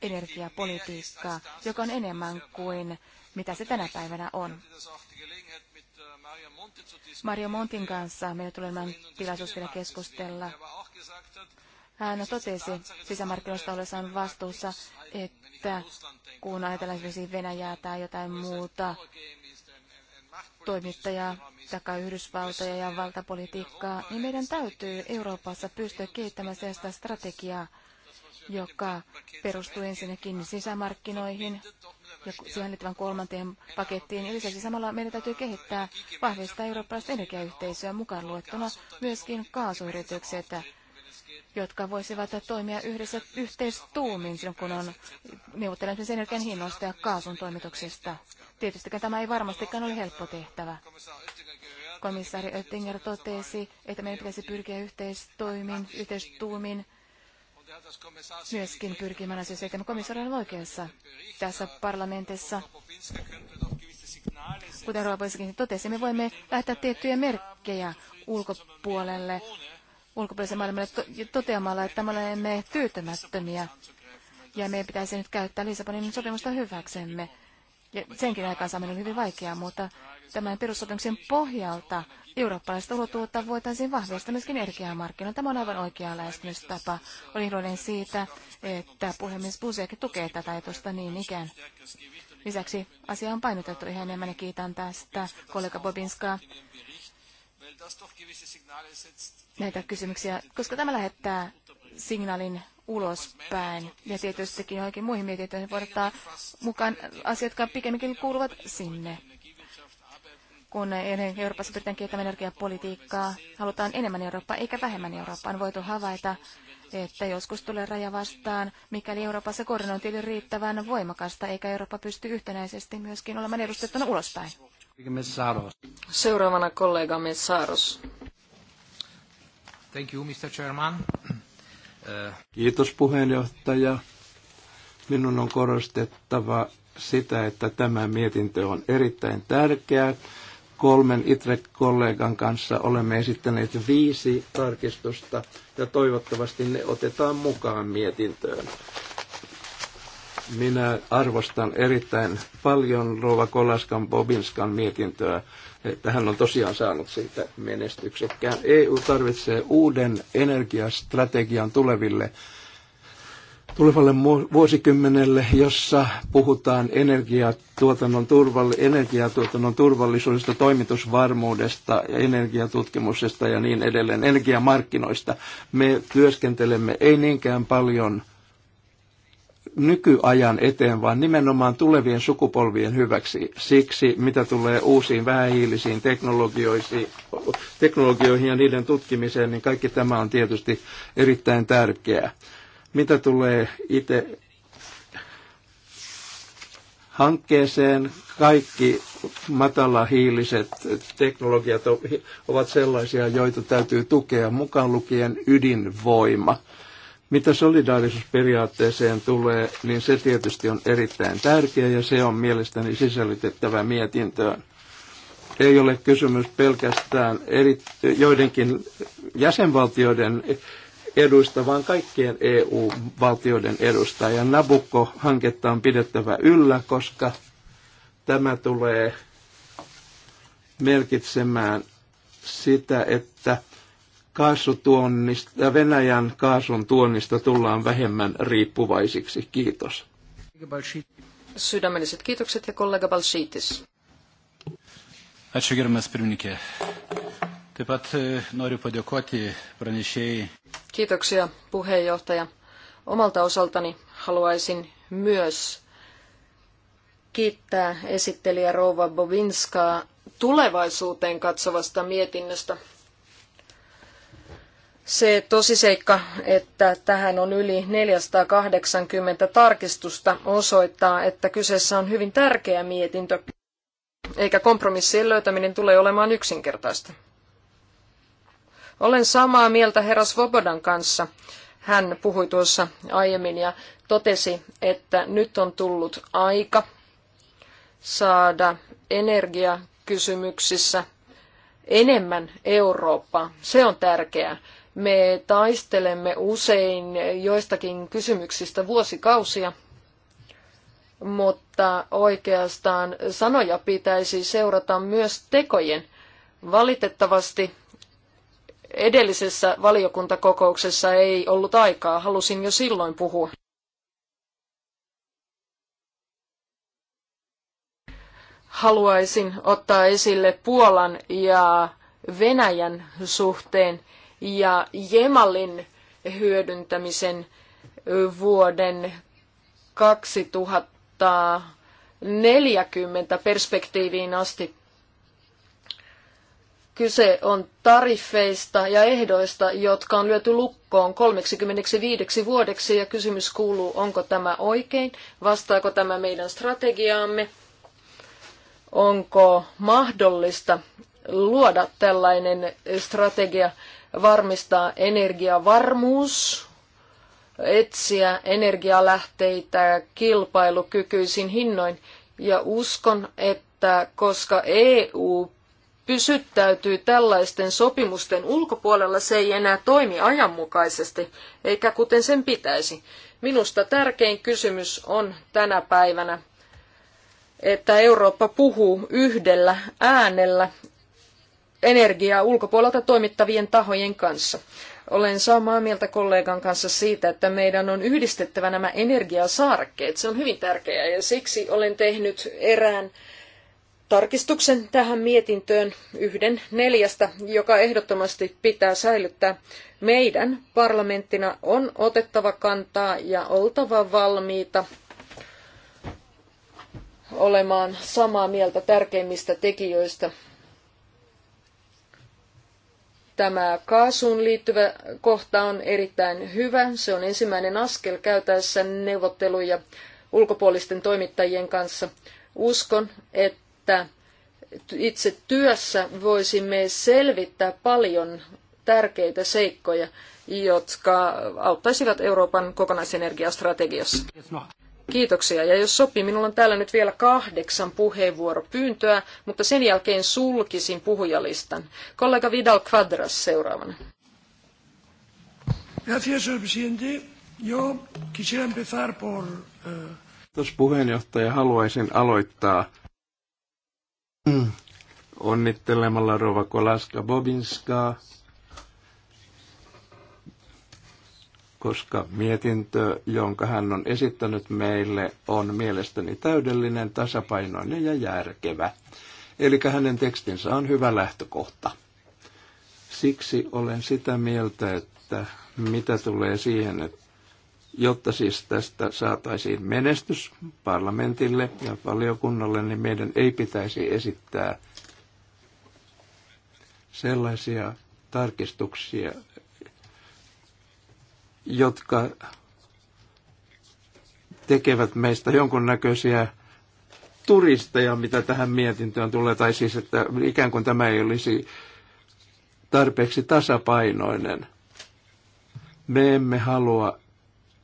energiapolitiikkaa, joka on enemmän kuin mitä se tänä päivänä on. Mario Montin kanssa meillä tulee tilaisuus vielä keskustella hän totesi sisämarkkinoista ollessaan vastuussa, että kun ajatellaan esimerkiksi Venäjää tai jotain muuta toimittajaa tai Yhdysvaltoja ja valtapolitiikkaa, niin meidän täytyy Euroopassa pystyä kehittämään sitä strategiaa, joka perustuu ensinnäkin sisämarkkinoihin ja siihen liittyvän kolmanteen pakettiin. Lisäksi samalla meidän täytyy kehittää, vahvistaa eurooppalaista energiayhteisöä mukaan luettuna myöskin kaasuyritykset jotka voisivat toimia yhdessä yhteistuumin kun on neuvottelemisen energian hinnoista ja kaasun toimituksesta. Tietysti tämä ei varmastikaan ole helppo tehtävä. Komissaari Oettinger totesi, että meidän pitäisi pyrkiä yhteistoimin, yhteistuumin myöskin pyrkimään asioissa, että komissaari on oikeassa tässä parlamentissa. Kuten Roopaisikin totesi, me voimme lähettää tiettyjä merkkejä ulkopuolelle ulkopuolisen maailmalle toteamalla, että me olemme tyytymättömiä ja meidän pitäisi nyt käyttää Lissabonin sopimusta hyväksemme. Ja senkin saaminen oli hyvin vaikeaa, mutta tämän perussopimuksen pohjalta eurooppalaista ulottuvuutta voitaisiin vahvistaa myöskin energiamarkkinoilla. Tämä on aivan oikea lähestymistapa. Olin iloinen siitä, että puhemies Busek tukee tätä ajatusta niin ikään. Lisäksi asia on painotettu ihan enemmän ja kiitän tästä kollega Bobinskaa näitä kysymyksiä, koska tämä lähettää signaalin ulospäin ja tietystikin johonkin muihin mietintöihin voi ottaa mukaan asiat, jotka pikemminkin kuuluvat sinne. Kun Euroopassa pyritään kehittämään energiapolitiikkaa, halutaan enemmän Eurooppaa eikä vähemmän Eurooppaa. On voitu havaita, että joskus tulee raja vastaan, mikäli Euroopassa koordinointi oli riittävän voimakasta, eikä Eurooppa pysty yhtenäisesti myöskin olemaan edustettuna ulospäin. Seuraavana kollegamme Metsaros. Thank you, Mr. Chairman. Kiitos puheenjohtaja. Minun on korostettava sitä, että tämä mietintö on erittäin tärkeä. Kolmen ITRE-kollegan kanssa olemme esittäneet viisi tarkistusta ja toivottavasti ne otetaan mukaan mietintöön. Minä arvostan erittäin paljon Rova Kolaskan Bobinskan mietintöä, että hän on tosiaan saanut siitä menestyksekkään. EU tarvitsee uuden energiastrategian tuleville tulevalle vuosikymmenelle, jossa puhutaan energiatuotannon, turvalli, energiatuotannon turvallisuudesta, toimitusvarmuudesta, energiatutkimuksesta ja niin edelleen, energiamarkkinoista. Me työskentelemme ei niinkään paljon nykyajan eteen, vaan nimenomaan tulevien sukupolvien hyväksi. Siksi, mitä tulee uusiin vähähiilisiin teknologioihin ja niiden tutkimiseen, niin kaikki tämä on tietysti erittäin tärkeää. Mitä tulee itse hankkeeseen, kaikki matalahiiliset teknologiat ovat sellaisia, joita täytyy tukea, mukaan lukien ydinvoima – mitä solidaarisuusperiaatteeseen tulee, niin se tietysti on erittäin tärkeä ja se on mielestäni sisällytettävä mietintöön. Ei ole kysymys pelkästään eri, joidenkin jäsenvaltioiden edusta, vaan kaikkien EU-valtioiden edusta. Ja Nabukko-hanketta on pidettävä yllä, koska tämä tulee merkitsemään sitä, että kaasutuonnista, äh, Venäjän kaasun tuonnista tullaan vähemmän riippuvaisiksi. Kiitos. Sydämelliset kiitokset ja kollega Balsiitis. E, Kiitoksia puheenjohtaja. Omalta osaltani haluaisin myös kiittää esittelijä Rouva Bovinskaa tulevaisuuteen katsovasta mietinnöstä se tosiseikka, että tähän on yli 480 tarkistusta, osoittaa, että kyseessä on hyvin tärkeä mietintö, eikä kompromissien löytäminen tule olemaan yksinkertaista. Olen samaa mieltä herra Svobodan kanssa. Hän puhui tuossa aiemmin ja totesi, että nyt on tullut aika saada energiakysymyksissä enemmän Eurooppaa. Se on tärkeää. Me taistelemme usein joistakin kysymyksistä vuosikausia, mutta oikeastaan sanoja pitäisi seurata myös tekojen. Valitettavasti edellisessä valiokuntakokouksessa ei ollut aikaa, halusin jo silloin puhua. Haluaisin ottaa esille Puolan ja Venäjän suhteen ja Jemalin hyödyntämisen vuoden 2040 perspektiiviin asti. Kyse on tariffeista ja ehdoista, jotka on lyöty lukkoon 35 vuodeksi ja kysymys kuuluu, onko tämä oikein, vastaako tämä meidän strategiaamme, onko mahdollista luoda tällainen strategia varmistaa energiavarmuus, etsiä energialähteitä kilpailukykyisin hinnoin. Ja uskon, että koska EU pysyttäytyy tällaisten sopimusten ulkopuolella, se ei enää toimi ajanmukaisesti, eikä kuten sen pitäisi. Minusta tärkein kysymys on tänä päivänä, että Eurooppa puhuu yhdellä äänellä energiaa ulkopuolelta toimittavien tahojen kanssa. Olen samaa mieltä kollegan kanssa siitä, että meidän on yhdistettävä nämä energiasaarekkeet. Se on hyvin tärkeää ja siksi olen tehnyt erään tarkistuksen tähän mietintöön yhden neljästä, joka ehdottomasti pitää säilyttää. Meidän parlamenttina on otettava kantaa ja oltava valmiita olemaan samaa mieltä tärkeimmistä tekijöistä Tämä kaasuun liittyvä kohta on erittäin hyvä. Se on ensimmäinen askel käytäessä neuvotteluja ulkopuolisten toimittajien kanssa. Uskon, että itse työssä voisimme selvittää paljon tärkeitä seikkoja, jotka auttaisivat Euroopan kokonaisenergiastrategiassa. Kiitoksia. Ja jos sopii, minulla on täällä nyt vielä kahdeksan puheenvuoropyyntöä, mutta sen jälkeen sulkisin puhujalistan. Kollega Vidal Quadras seuraavana. Gracias, presidente. Yo quisiera empezar por... Eh, puheenjohtaja. Haluaisin aloittaa mm, onnittelemalla Rova Kolaska Bobinskaa koska mietintö, jonka hän on esittänyt meille, on mielestäni täydellinen, tasapainoinen ja järkevä. Eli hänen tekstinsä on hyvä lähtökohta. Siksi olen sitä mieltä, että mitä tulee siihen, että jotta siis tästä saataisiin menestys parlamentille ja valiokunnalle, niin meidän ei pitäisi esittää sellaisia tarkistuksia, jotka tekevät meistä jonkunnäköisiä turisteja, mitä tähän mietintöön tulee, tai siis, että ikään kuin tämä ei olisi tarpeeksi tasapainoinen. Me emme halua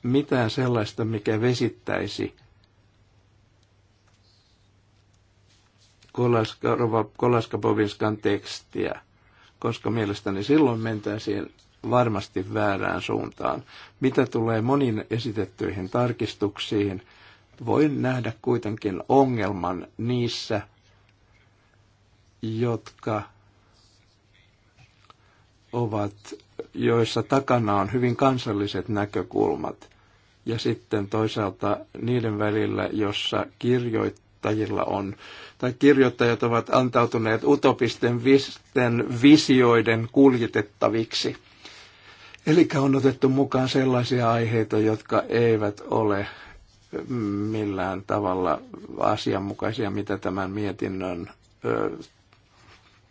mitään sellaista, mikä vesittäisi Kolaska, Kolaskapovinskan tekstiä, koska mielestäni silloin mentäisiin varmasti väärään suuntaan. Mitä tulee monin esitettyihin tarkistuksiin, voin nähdä kuitenkin ongelman niissä, jotka ovat, joissa takana on hyvin kansalliset näkökulmat. Ja sitten toisaalta niiden välillä, jossa kirjoittajilla on, tai kirjoittajat ovat antautuneet utopisten visten visioiden kuljetettaviksi. Eli on otettu mukaan sellaisia aiheita, jotka eivät ole mm, millään tavalla asianmukaisia, mitä tämän mietinnön ö,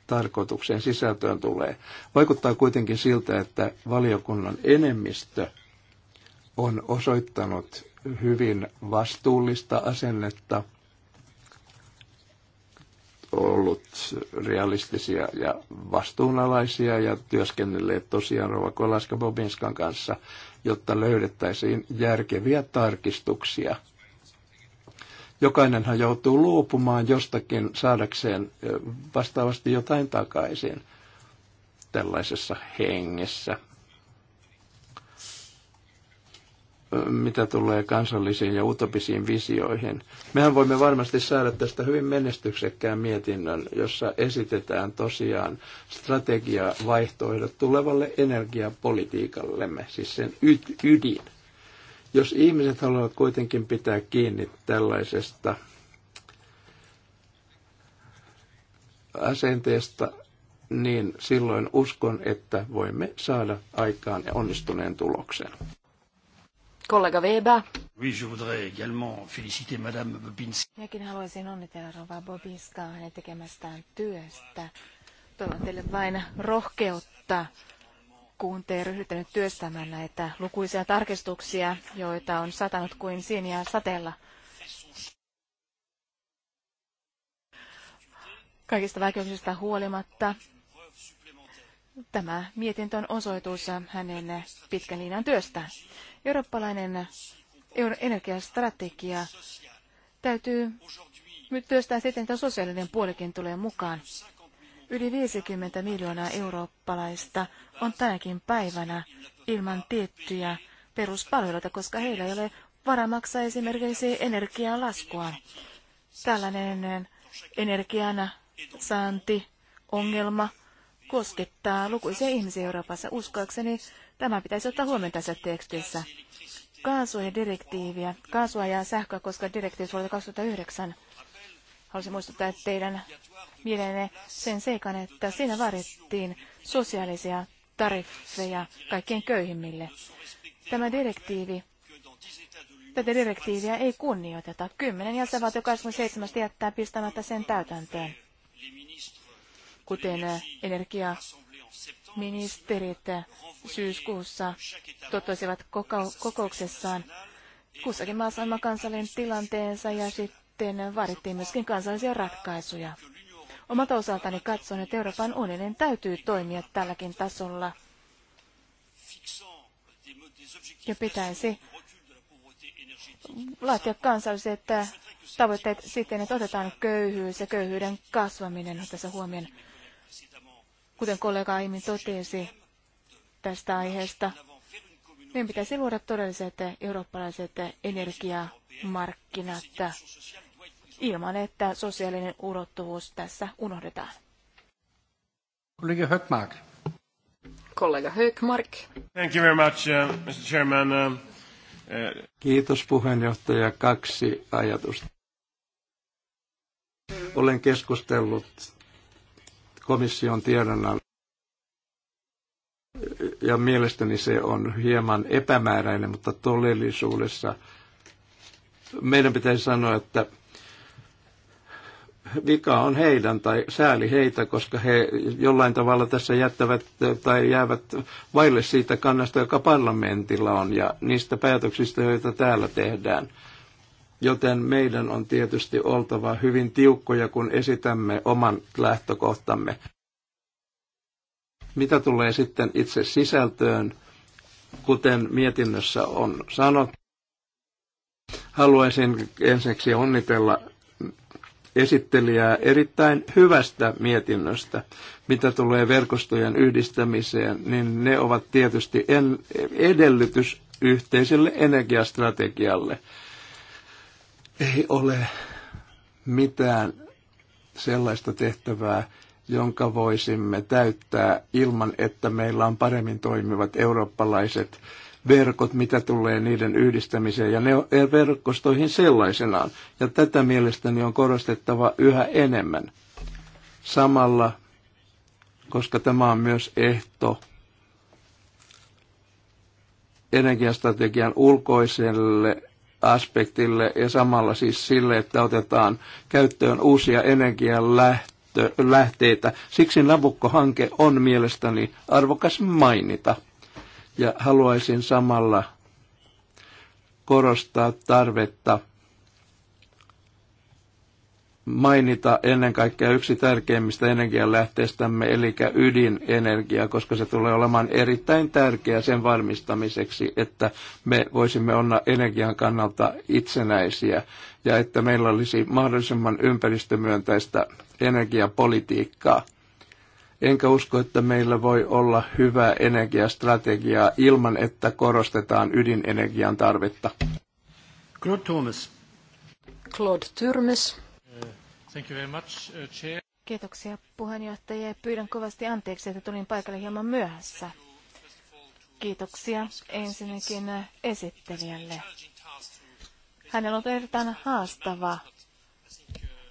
tarkoitukseen sisältöön tulee. Vaikuttaa kuitenkin siltä, että valiokunnan enemmistö on osoittanut hyvin vastuullista asennetta – ollut realistisia ja vastuunalaisia ja työskennelleet tosiaan Rova Kolaska Bobinskan kanssa, jotta löydettäisiin järkeviä tarkistuksia. Jokainenhan joutuu luopumaan jostakin saadakseen vastaavasti jotain takaisin tällaisessa hengessä. mitä tulee kansallisiin ja utopisiin visioihin. Mehän voimme varmasti saada tästä hyvin menestyksekkään mietinnön, jossa esitetään tosiaan strategiavaihtoehdot tulevalle energiapolitiikallemme, siis sen ydin. Jos ihmiset haluavat kuitenkin pitää kiinni tällaisesta asenteesta, niin silloin uskon, että voimme saada aikaan onnistuneen tuloksen kollega Weber. Oui, je voudrais également féliciter Madame Bobinska. Minäkin haluaisin onnitella Rova Bobinskaa hänen tekemästään työstä. Toivon teille vain rohkeutta, kun te ryhdytte nyt työstämään näitä lukuisia tarkistuksia, joita on satanut kuin sieniä sateella. Kaikista vaikeuksista huolimatta Tämä mietintö on osoitus hänen pitkän linjan työstään. Eurooppalainen energiastrategia täytyy nyt työstää siten, että sosiaalinen puolikin tulee mukaan. Yli 50 miljoonaa eurooppalaista on tänäkin päivänä ilman tiettyjä peruspalveluita, koska heillä ei ole varaa maksaa esimerkiksi energialaskua. Tällainen energian saanti ongelma koskettaa lukuisia ihmisiä Euroopassa. Uskoakseni tämä pitäisi ottaa huomioon tässä tekstissä. Kaasua direktiiviä, kaasua ja sähköä koska direktiivi vuodelta 2009. Haluaisin muistuttaa teidän mielenne sen seikan, että siinä varittiin sosiaalisia tariffeja kaikkein köyhimmille. Tämä direktiivi Tätä direktiiviä ei kunnioiteta. Kymmenen jäsenvaltio 27 jättää pistämättä sen täytäntöön kuten energiaministerit syyskuussa totesivat kokouksessaan. Kussakin maassa on kansallinen tilanteensa ja sitten vaadittiin myöskin kansallisia ratkaisuja. Omalta osaltani katson, että Euroopan unionin täytyy toimia tälläkin tasolla ja pitäisi laatia kansalliset tavoitteet siten, että otetaan köyhyys ja köyhyyden kasvaminen tässä huomioon. Kuten kollega aiemmin totesi tästä aiheesta, meidän pitäisi luoda todelliset eurooppalaiset energiamarkkinat ilman, että sosiaalinen ulottuvuus tässä unohdetaan. Kollega Höckmark. Kollega Höckmark. Thank you very much, uh, Mr. Chairman. Uh, uh... Kiitos puheenjohtaja. Kaksi ajatusta. Olen keskustellut komission tiedonnan. Ja mielestäni se on hieman epämääräinen, mutta todellisuudessa meidän pitäisi sanoa, että vika on heidän tai sääli heitä, koska he jollain tavalla tässä jättävät tai jäävät vaille siitä kannasta, joka parlamentilla on ja niistä päätöksistä, joita täällä tehdään. Joten meidän on tietysti oltava hyvin tiukkoja, kun esitämme oman lähtökohtamme. Mitä tulee sitten itse sisältöön, kuten mietinnössä on sanottu, haluaisin ensiksi onnitella esittelijää erittäin hyvästä mietinnöstä. Mitä tulee verkostojen yhdistämiseen, niin ne ovat tietysti edellytys yhteiselle energiastrategialle – ei ole mitään sellaista tehtävää, jonka voisimme täyttää ilman, että meillä on paremmin toimivat eurooppalaiset verkot, mitä tulee niiden yhdistämiseen ja ne verkostoihin sellaisenaan. Ja tätä mielestäni on korostettava yhä enemmän. Samalla, koska tämä on myös ehto energiastrategian ulkoiselle aspektille ja samalla siis sille, että otetaan käyttöön uusia energialähteitä. Siksi Nabukko-hanke on mielestäni arvokas mainita. Ja haluaisin samalla korostaa tarvetta – mainita ennen kaikkea yksi tärkeimmistä energianlähteistämme, eli ydinenergia, koska se tulee olemaan erittäin tärkeä sen varmistamiseksi, että me voisimme olla energian kannalta itsenäisiä ja että meillä olisi mahdollisimman ympäristömyöntäistä energiapolitiikkaa. Enkä usko, että meillä voi olla hyvää energiastrategiaa ilman, että korostetaan ydinenergian tarvetta. Claude Thomas. Claude Tyrmes. Thank you very much, uh, chair. Kiitoksia puheenjohtaja. Pyydän kovasti anteeksi, että tulin paikalle hieman myöhässä. Kiitoksia ensinnäkin esittelijälle. Hänellä on erittäin haastava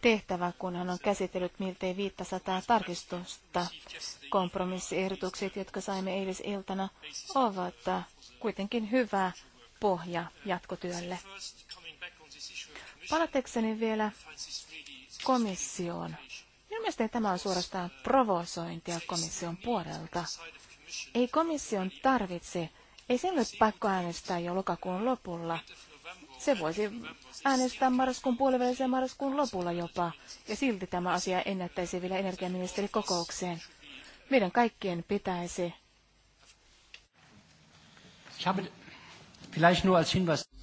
tehtävä, kun hän on käsitellyt miltei 500 tarkistusta. Kompromissiehdotukset, jotka saimme eilisiltana, ovat kuitenkin hyvä pohja jatkotyölle. Palatekseni vielä komissioon. mielestäni tämä on suorastaan provosointia komission puolelta. Ei komission tarvitse, ei sen ole pakko äänestää jo lokakuun lopulla. Se voisi äänestää marraskuun puolivälisen marraskuun lopulla jopa, ja silti tämä asia ennättäisi vielä energiaministerikokoukseen. Meidän kaikkien pitäisi.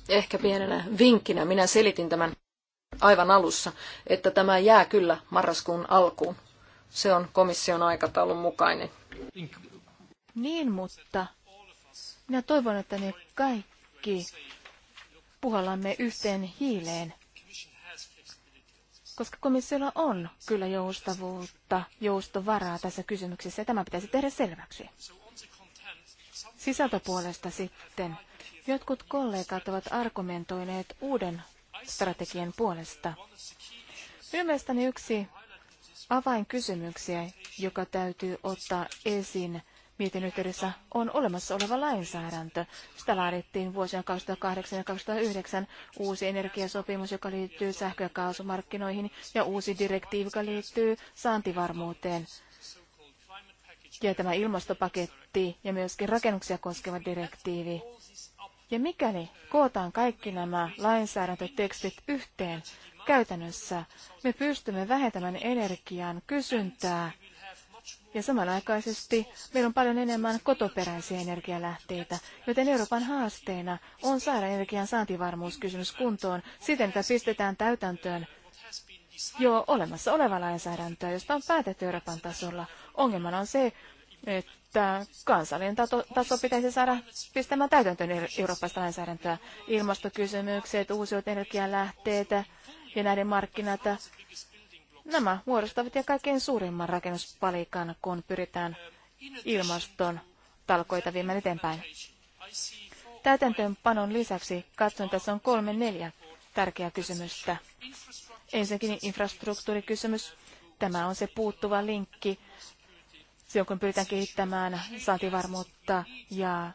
Ehkä pienenä vinkkinä minä selitin tämän aivan alussa, että tämä jää kyllä marraskuun alkuun. Se on komission aikataulun mukainen. Niin, mutta minä toivon, että me kaikki puhallamme yhteen hiileen, koska komissiolla on kyllä joustavuutta, joustovaraa tässä kysymyksessä, ja tämä pitäisi tehdä selväksi. Sisältöpuolesta sitten. Jotkut kollegat ovat argumentoineet uuden strategian puolesta. mielestäni yksi avainkysymyksiä, joka täytyy ottaa esiin mietin yhteydessä, on olemassa oleva lainsäädäntö. Sitä laadittiin vuosina 2008 ja 2009 uusi energiasopimus, joka liittyy sähkö- ja kaasumarkkinoihin, ja uusi direktiivi, joka liittyy saantivarmuuteen. Ja tämä ilmastopaketti ja myöskin rakennuksia koskeva direktiivi ja mikäli kootaan kaikki nämä lainsäädäntötekstit yhteen käytännössä, me pystymme vähentämään energian kysyntää ja samanaikaisesti meillä on paljon enemmän kotoperäisiä energialähteitä, joten Euroopan haasteena on saada energian saantivarmuuskysymys kuntoon siten, että pistetään täytäntöön jo olemassa oleva lainsäädäntöä, josta on päätetty Euroopan tasolla. Ongelmana on se, että että kansallinen taso, taso pitäisi saada pistämään täytäntöön eurooppaista lainsäädäntöä. Ilmastokysymykset, uusiut energialähteet ja näiden markkinat, nämä muodostavat ja kaikkein suurimman rakennuspalikan, kun pyritään ilmaston talkoita viemään eteenpäin. Täytäntöönpanon lisäksi katson, tässä on kolme neljä tärkeää kysymystä. Ensinnäkin infrastruktuurikysymys. Tämä on se puuttuva linkki silloin kun pyritään kehittämään saantivarmuutta ja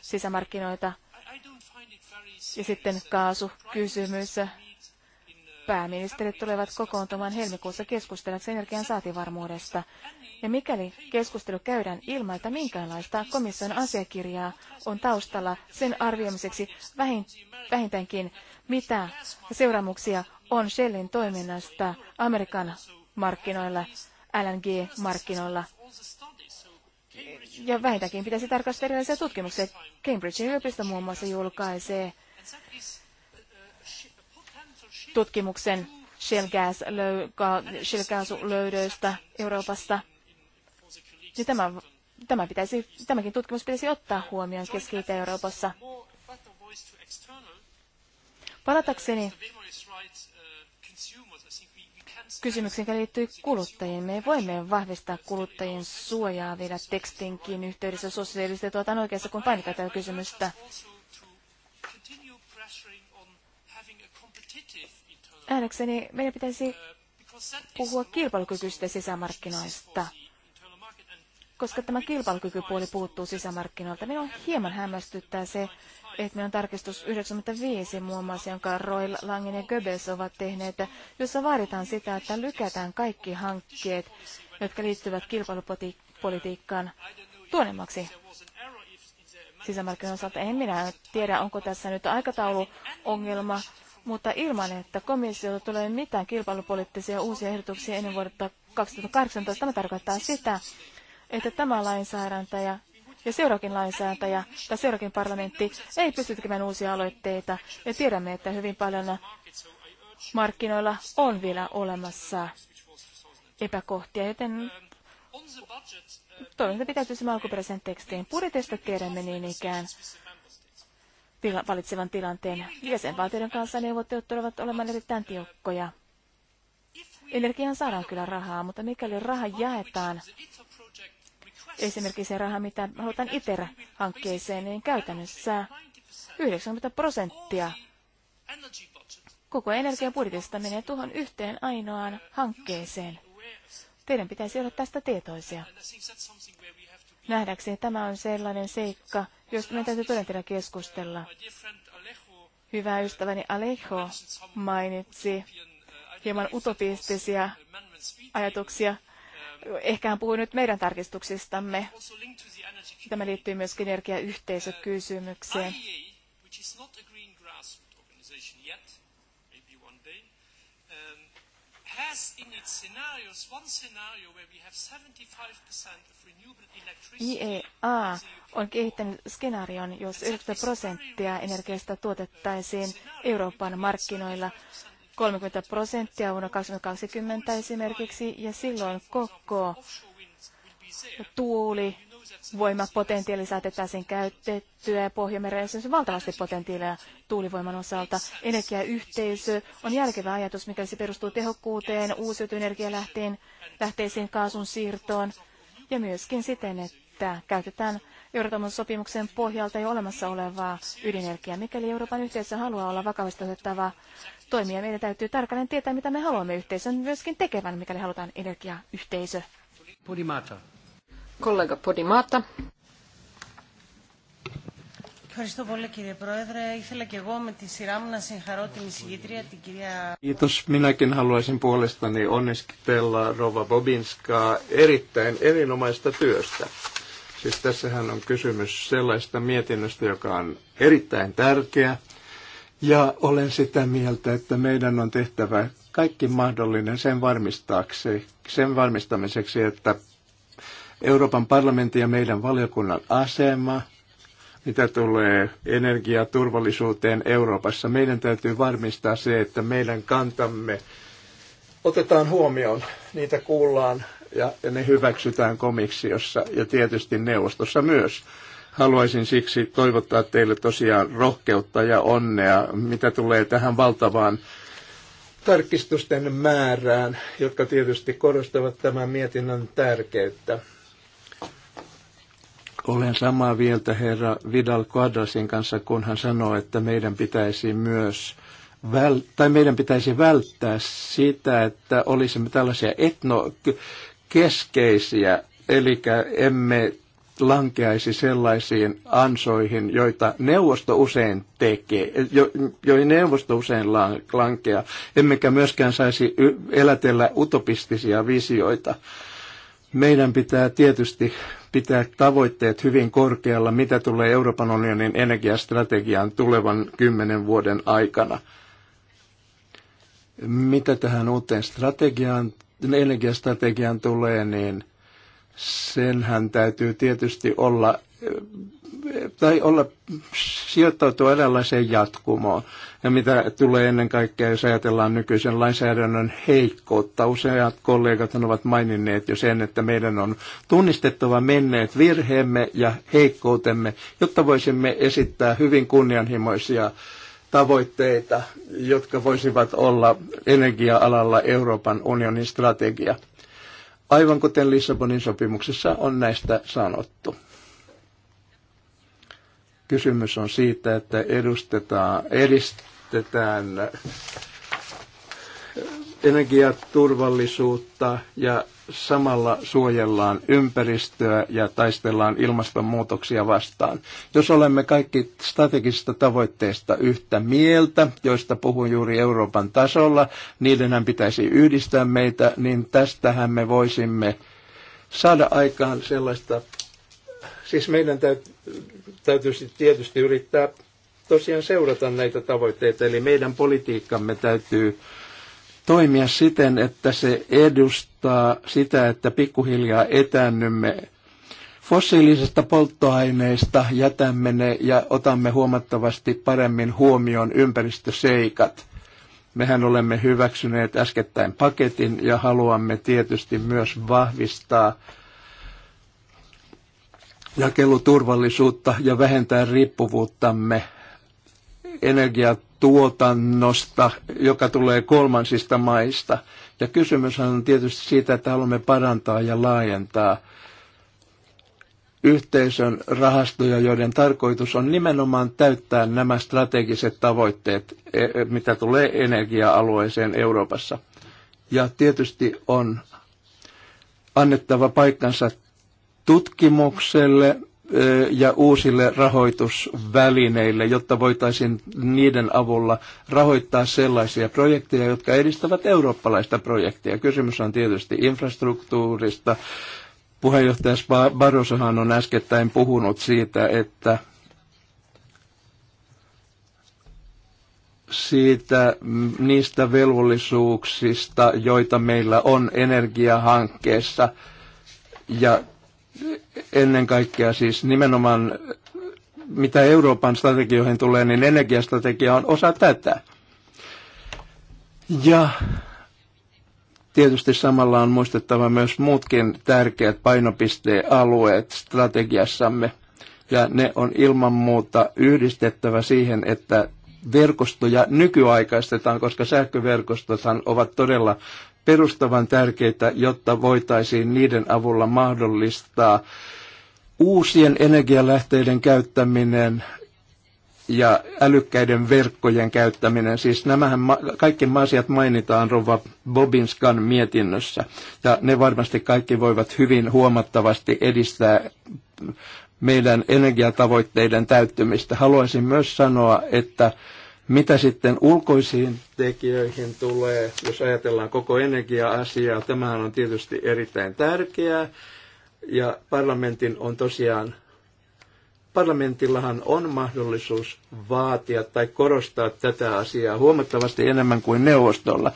sisämarkkinoita. Ja sitten kaasukysymys. Pääministerit tulevat kokoontumaan helmikuussa keskustelemaan energian saativarmuudesta. Ja mikäli keskustelu käydään ilman, että minkäänlaista komission asiakirjaa on taustalla sen arvioimiseksi vähintäänkin, mitä seuraamuksia on Shellin toiminnasta Amerikan markkinoilla, LNG-markkinoilla ja vähintäänkin pitäisi tarkastaa erilaisia tutkimuksia. Cambridge yliopisto muun muassa julkaisee tutkimuksen shell gas löydöistä Euroopasta. Niin tämä, tämä pitäisi, tämäkin tutkimus pitäisi ottaa huomioon keski euroopassa Palatakseni kysymyksen, joka liittyy kuluttajiin. Me voimme vahvistaa kuluttajien suojaa vielä tekstinkin yhteydessä sosiaalisesti tuotan oikeassa, kun painitaan tätä kysymystä. Äänekseni meidän pitäisi puhua kilpailukykyistä sisämarkkinoista, koska tämä kilpailukykypuoli puuttuu sisämarkkinoilta. Minua hieman hämmästyttää se, että tarkistus 95 muun muassa, jonka Roy Langen ja Goebbels ovat tehneet, jossa vaaditaan sitä, että lykätään kaikki hankkeet, jotka liittyvät kilpailupolitiikkaan tuonemmaksi sisämarkkinoiden osalta. En minä tiedä, onko tässä nyt aikatauluongelma, mutta ilman, että komissiolta tulee mitään kilpailupoliittisia uusia ehdotuksia ennen vuotta 2018, tämä tarkoittaa sitä, että tämä lainsäädäntö ja ja seuraakin lainsäätäjä tai seuraakin parlamentti ei pysty tekemään uusia aloitteita. Ja tiedämme, että hyvin paljon markkinoilla on vielä olemassa epäkohtia, joten toiminta se alkuperäisen tekstiin. Budjetista tiedämme niin ikään tila- valitsevan tilanteen. Jäsenvaltioiden kanssa neuvottelut tulevat olemaan erittäin tiukkoja. Energiaan saadaan kyllä rahaa, mutta mikäli raha jaetaan esimerkiksi se raha, mitä halutaan itera- hankkeeseen niin käytännössä 90 prosenttia koko budjetista menee tuohon yhteen ainoaan hankkeeseen. Teidän pitäisi olla tästä tietoisia. Nähdäkseni tämä on sellainen seikka, josta meidän täytyy todentilla keskustella. Hyvä ystäväni Alejo mainitsi hieman utopistisia ajatuksia. Ehkä hän puhui nyt meidän tarkistuksistamme. Tämä liittyy myös energiayhteisökysymykseen. IEA e on kehittänyt skenaarion, jos 90 prosenttia energiasta tuotettaisiin Euroopan markkinoilla. 30 prosenttia vuonna 2020 esimerkiksi, ja silloin koko tuuli voimapotentiaali saatettaisiin käytettyä Pohjanmeren on valtavasti potentiaalia tuulivoiman osalta. Energiayhteisö on järkevä ajatus, mikäli se perustuu tehokkuuteen, uusiutuviin energialähteisiin, kaasun siirtoon ja myöskin siten, että käytetään Euroopan sopimuksen pohjalta jo olemassa olevaa ydinenergiaa. Mikäli Euroopan yhteisö haluaa olla vakavasti otettava toimija, meidän täytyy tarkalleen tietää, mitä me haluamme yhteisön myöskin tekevän, mikäli halutaan energiayhteisö. Podimata. Kollega Podimata. Ευχαριστώ πολύ κύριε Πρόεδρε. Ήθελα και εγώ με τη σειρά μου να συγχαρώ την εισηγήτρια, την κυρία... Minäkin haluaisin puolestani onnistella Rova Bobinskaa erittäin erinomaista työstä. Siis tässähän on kysymys sellaista mietinnöstä, joka on erittäin tärkeä. Ja olen sitä mieltä, että meidän on tehtävä kaikki mahdollinen sen, sen varmistamiseksi, että Euroopan parlamentin ja meidän valiokunnan asema, mitä tulee energiaturvallisuuteen Euroopassa, meidän täytyy varmistaa se, että meidän kantamme otetaan huomioon, niitä kuullaan ja, ja ne hyväksytään komiksiossa ja tietysti neuvostossa myös. Haluaisin siksi toivottaa teille tosiaan rohkeutta ja onnea, mitä tulee tähän valtavaan tarkistusten määrään, jotka tietysti korostavat tämän mietinnön tärkeyttä. Olen samaa mieltä herra Vidal Quadrasin kanssa, kun hän sanoo, että meidän pitäisi myös väl, tai meidän pitäisi välttää sitä, että olisimme tällaisia etno, keskeisiä, eli emme lankeaisi sellaisiin ansoihin, joita neuvosto usein tekee, jo, joihin neuvosto usein lankeaa, emmekä myöskään saisi elätellä utopistisia visioita. Meidän pitää tietysti pitää tavoitteet hyvin korkealla, mitä tulee Euroopan unionin energiastrategiaan tulevan kymmenen vuoden aikana. Mitä tähän uuteen strategiaan energiastrategian tulee, niin senhän täytyy tietysti olla tai olla sijoittautua eräänlaiseen jatkumoon. Ja mitä tulee ennen kaikkea, jos ajatellaan nykyisen lainsäädännön heikkoutta, useat kollegat ovat maininneet jo sen, että meidän on tunnistettava menneet virheemme ja heikkoutemme, jotta voisimme esittää hyvin kunnianhimoisia tavoitteita, jotka voisivat olla energia-alalla Euroopan unionin strategia. Aivan kuten Lissabonin sopimuksessa on näistä sanottu. Kysymys on siitä, että edustetaan, edistetään energiaturvallisuutta ja samalla suojellaan ympäristöä ja taistellaan ilmastonmuutoksia vastaan. Jos olemme kaikki strategisista tavoitteista yhtä mieltä, joista puhun juuri Euroopan tasolla, niidenhän pitäisi yhdistää meitä, niin tästähän me voisimme saada aikaan sellaista, siis meidän täytyisi tietysti yrittää tosiaan seurata näitä tavoitteita, eli meidän politiikkamme täytyy toimia siten, että se edustaa sitä, että pikkuhiljaa etännymme fossiilisista polttoaineista, jätämme ne ja otamme huomattavasti paremmin huomioon ympäristöseikat. Mehän olemme hyväksyneet äskettäin paketin ja haluamme tietysti myös vahvistaa jakeluturvallisuutta ja vähentää riippuvuuttamme energiat tuotannosta, joka tulee kolmansista maista. Ja kysymys on tietysti siitä, että haluamme parantaa ja laajentaa yhteisön rahastoja, joiden tarkoitus on nimenomaan täyttää nämä strategiset tavoitteet, e, e, mitä tulee energia-alueeseen Euroopassa. Ja tietysti on annettava paikkansa tutkimukselle, ja uusille rahoitusvälineille, jotta voitaisiin niiden avulla rahoittaa sellaisia projekteja, jotka edistävät eurooppalaista projektia. Kysymys on tietysti infrastruktuurista. Puheenjohtaja Barrosohan on äskettäin puhunut siitä, että siitä niistä velvollisuuksista, joita meillä on energiahankkeessa ja ennen kaikkea siis nimenomaan mitä Euroopan strategioihin tulee, niin energiastrategia on osa tätä. Ja tietysti samalla on muistettava myös muutkin tärkeät painopistealueet strategiassamme. Ja ne on ilman muuta yhdistettävä siihen, että verkostoja nykyaikaistetaan, koska sähköverkostothan ovat todella perustavan tärkeitä, jotta voitaisiin niiden avulla mahdollistaa uusien energialähteiden käyttäminen ja älykkäiden verkkojen käyttäminen. Siis nämähän kaikki asiat mainitaan Rova Bobinskan mietinnössä. Ja ne varmasti kaikki voivat hyvin huomattavasti edistää meidän energiatavoitteiden täyttymistä. Haluaisin myös sanoa, että mitä sitten ulkoisiin tekijöihin tulee, jos ajatellaan koko energia-asiaa, tämähän on tietysti erittäin tärkeää. Ja parlamentin on tosiaan, parlamentillahan on mahdollisuus vaatia tai korostaa tätä asiaa huomattavasti enemmän kuin neuvostolla.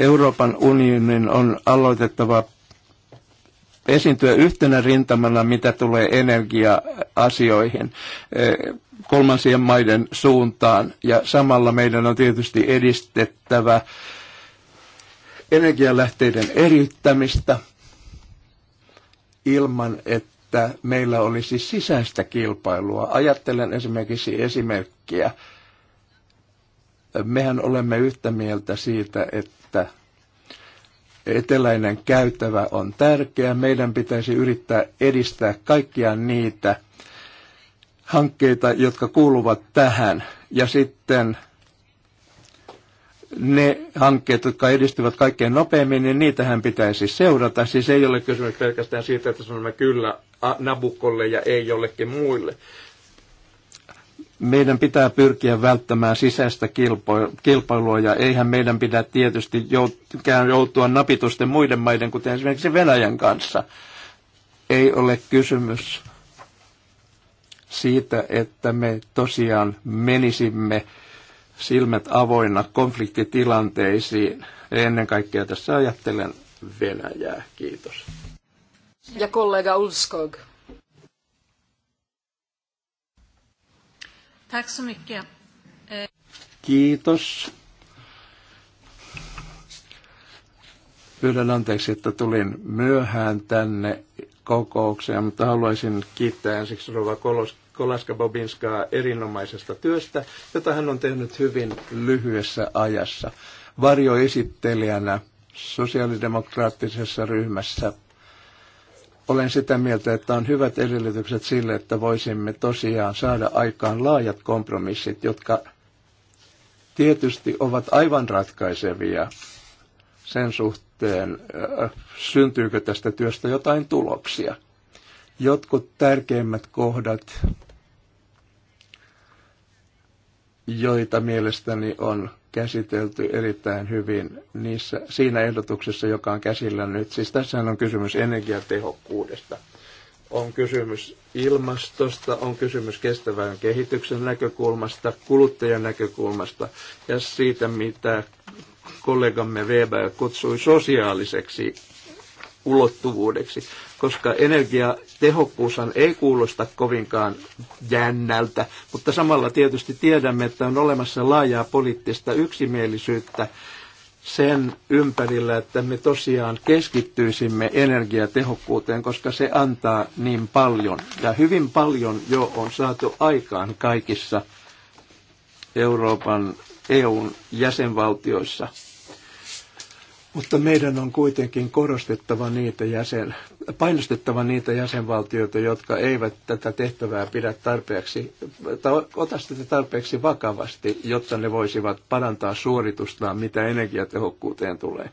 Euroopan unionin on aloitettava esiintyä yhtenä rintamana, mitä tulee energia-asioihin kolmansien maiden suuntaan. Ja samalla meidän on tietysti edistettävä energialähteiden eriyttämistä ilman, että meillä olisi sisäistä kilpailua. Ajattelen esimerkiksi esimerkkiä. Mehän olemme yhtä mieltä siitä, että eteläinen käytävä on tärkeä. Meidän pitäisi yrittää edistää kaikkia niitä – hankkeita, jotka kuuluvat tähän, ja sitten ne hankkeet, jotka edistyvät kaikkein nopeammin, niin niitähän pitäisi seurata. Siis ei ole kysymys pelkästään siitä, että sanomme kyllä Nabukolle ja ei jollekin muille. Meidän pitää pyrkiä välttämään sisäistä kilpailua ja eihän meidän pidä tietysti joutua napitusten muiden maiden, kuten esimerkiksi Venäjän kanssa. Ei ole kysymys siitä, että me tosiaan menisimme silmät avoinna konfliktitilanteisiin. Ennen kaikkea tässä ajattelen Venäjää. Kiitos. Ja kollega Ulskog. Tack så mycket. Kiitos. Pyydän anteeksi, että tulin myöhään tänne kokoukseen, mutta haluaisin kiittää ensiksi Rova Kolos, Kolaska Bobinskaa erinomaisesta työstä, jota hän on tehnyt hyvin lyhyessä ajassa. Varjoesittelijänä sosiaalidemokraattisessa ryhmässä olen sitä mieltä, että on hyvät edellytykset sille, että voisimme tosiaan saada aikaan laajat kompromissit, jotka tietysti ovat aivan ratkaisevia sen suhteen, syntyykö tästä työstä jotain tuloksia. Jotkut tärkeimmät kohdat, joita mielestäni on käsitelty erittäin hyvin niissä, siinä ehdotuksessa, joka on käsillä nyt. Siis tässä on kysymys energiatehokkuudesta. On kysymys ilmastosta, on kysymys kestävän kehityksen näkökulmasta, kuluttajan näkökulmasta ja siitä, mitä kollegamme Weber kutsui sosiaaliseksi ulottuvuudeksi, koska energiatehokkuushan ei kuulosta kovinkaan jännältä, mutta samalla tietysti tiedämme, että on olemassa laajaa poliittista yksimielisyyttä sen ympärillä, että me tosiaan keskittyisimme energiatehokkuuteen, koska se antaa niin paljon. Ja hyvin paljon jo on saatu aikaan kaikissa Euroopan EUn jäsenvaltioissa. Mutta meidän on kuitenkin korostettava niitä jäsen, painostettava niitä jäsenvaltioita, jotka eivät tätä tehtävää pidä tarpeeksi, tai ota sitä tarpeeksi vakavasti, jotta ne voisivat parantaa suoritustaan, mitä energiatehokkuuteen tulee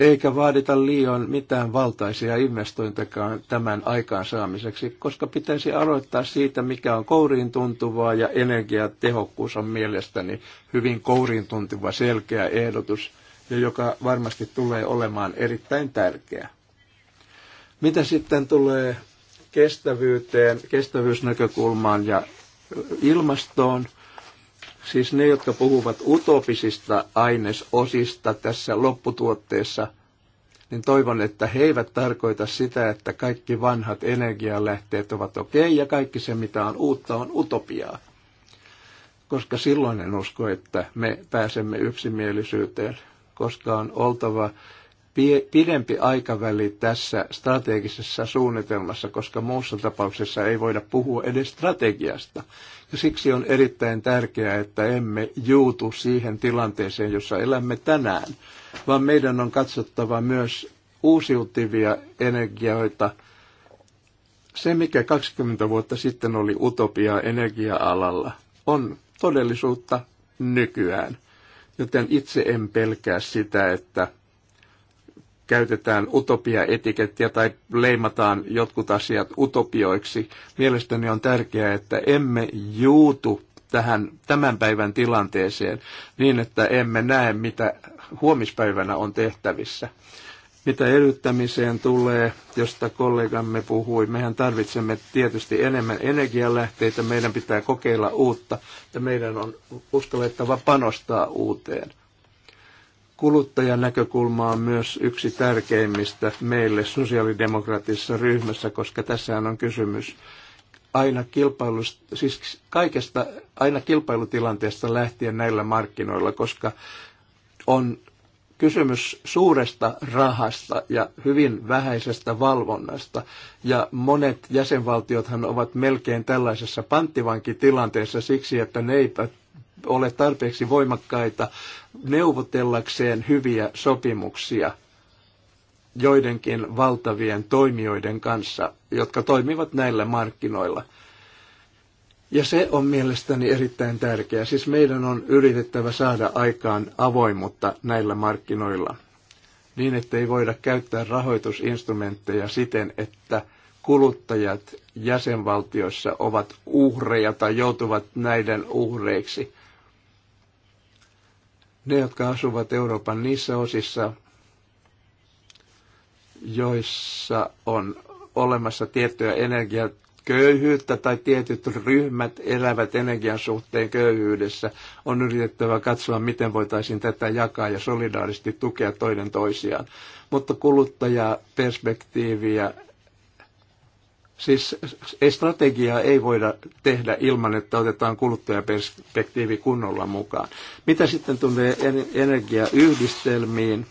eikä vaadita liian mitään valtaisia investointejakaan tämän aikaansaamiseksi, koska pitäisi aloittaa siitä, mikä on kouriin tuntuvaa ja energiatehokkuus on mielestäni hyvin kouriin tuntuva selkeä ehdotus, ja joka varmasti tulee olemaan erittäin tärkeä. Mitä sitten tulee kestävyyteen, kestävyysnäkökulmaan ja ilmastoon – Siis ne, jotka puhuvat utopisista ainesosista tässä lopputuotteessa, niin toivon, että he eivät tarkoita sitä, että kaikki vanhat energialähteet ovat okei okay, ja kaikki se, mitä on uutta, on utopiaa. Koska silloin en usko, että me pääsemme yksimielisyyteen, koska on oltava pidempi aikaväli tässä strategisessa suunnitelmassa, koska muussa tapauksessa ei voida puhua edes strategiasta. Siksi on erittäin tärkeää, että emme juutu siihen tilanteeseen, jossa elämme tänään, vaan meidän on katsottava myös uusiutuvia energioita. Se, mikä 20 vuotta sitten oli utopia energia-alalla, on todellisuutta nykyään. Joten itse en pelkää sitä, että käytetään utopia-etikettiä tai leimataan jotkut asiat utopioiksi. Mielestäni on tärkeää, että emme juutu tähän tämän päivän tilanteeseen niin, että emme näe, mitä huomispäivänä on tehtävissä. Mitä eryttämiseen tulee, josta kollegamme puhui, mehän tarvitsemme tietysti enemmän energialähteitä, meidän pitää kokeilla uutta ja meidän on uskallettava panostaa uuteen kuluttajan näkökulma on myös yksi tärkeimmistä meille sosiaalidemokraattisessa ryhmässä, koska tässä on kysymys aina kilpailusta, siis kaikesta, aina kilpailutilanteesta lähtien näillä markkinoilla, koska on kysymys suuresta rahasta ja hyvin vähäisestä valvonnasta. Ja monet jäsenvaltiothan ovat melkein tällaisessa panttivankitilanteessa siksi, että ne eivät ole tarpeeksi voimakkaita neuvotellakseen hyviä sopimuksia joidenkin valtavien toimijoiden kanssa, jotka toimivat näillä markkinoilla. Ja se on mielestäni erittäin tärkeää. Siis meidän on yritettävä saada aikaan avoimuutta näillä markkinoilla niin, että ei voida käyttää rahoitusinstrumentteja siten, että kuluttajat jäsenvaltioissa ovat uhreja tai joutuvat näiden uhreiksi ne, jotka asuvat Euroopan niissä osissa, joissa on olemassa tiettyä energiaköyhyyttä tai tietyt ryhmät elävät energian suhteen köyhyydessä, on yritettävä katsoa, miten voitaisiin tätä jakaa ja solidaarisesti tukea toinen toisiaan. Mutta kuluttajaperspektiiviä Siis ei strategiaa ei voida tehdä ilman, että otetaan kuluttajaperspektiivi kunnolla mukaan. Mitä sitten tulee energiayhdistelmiin?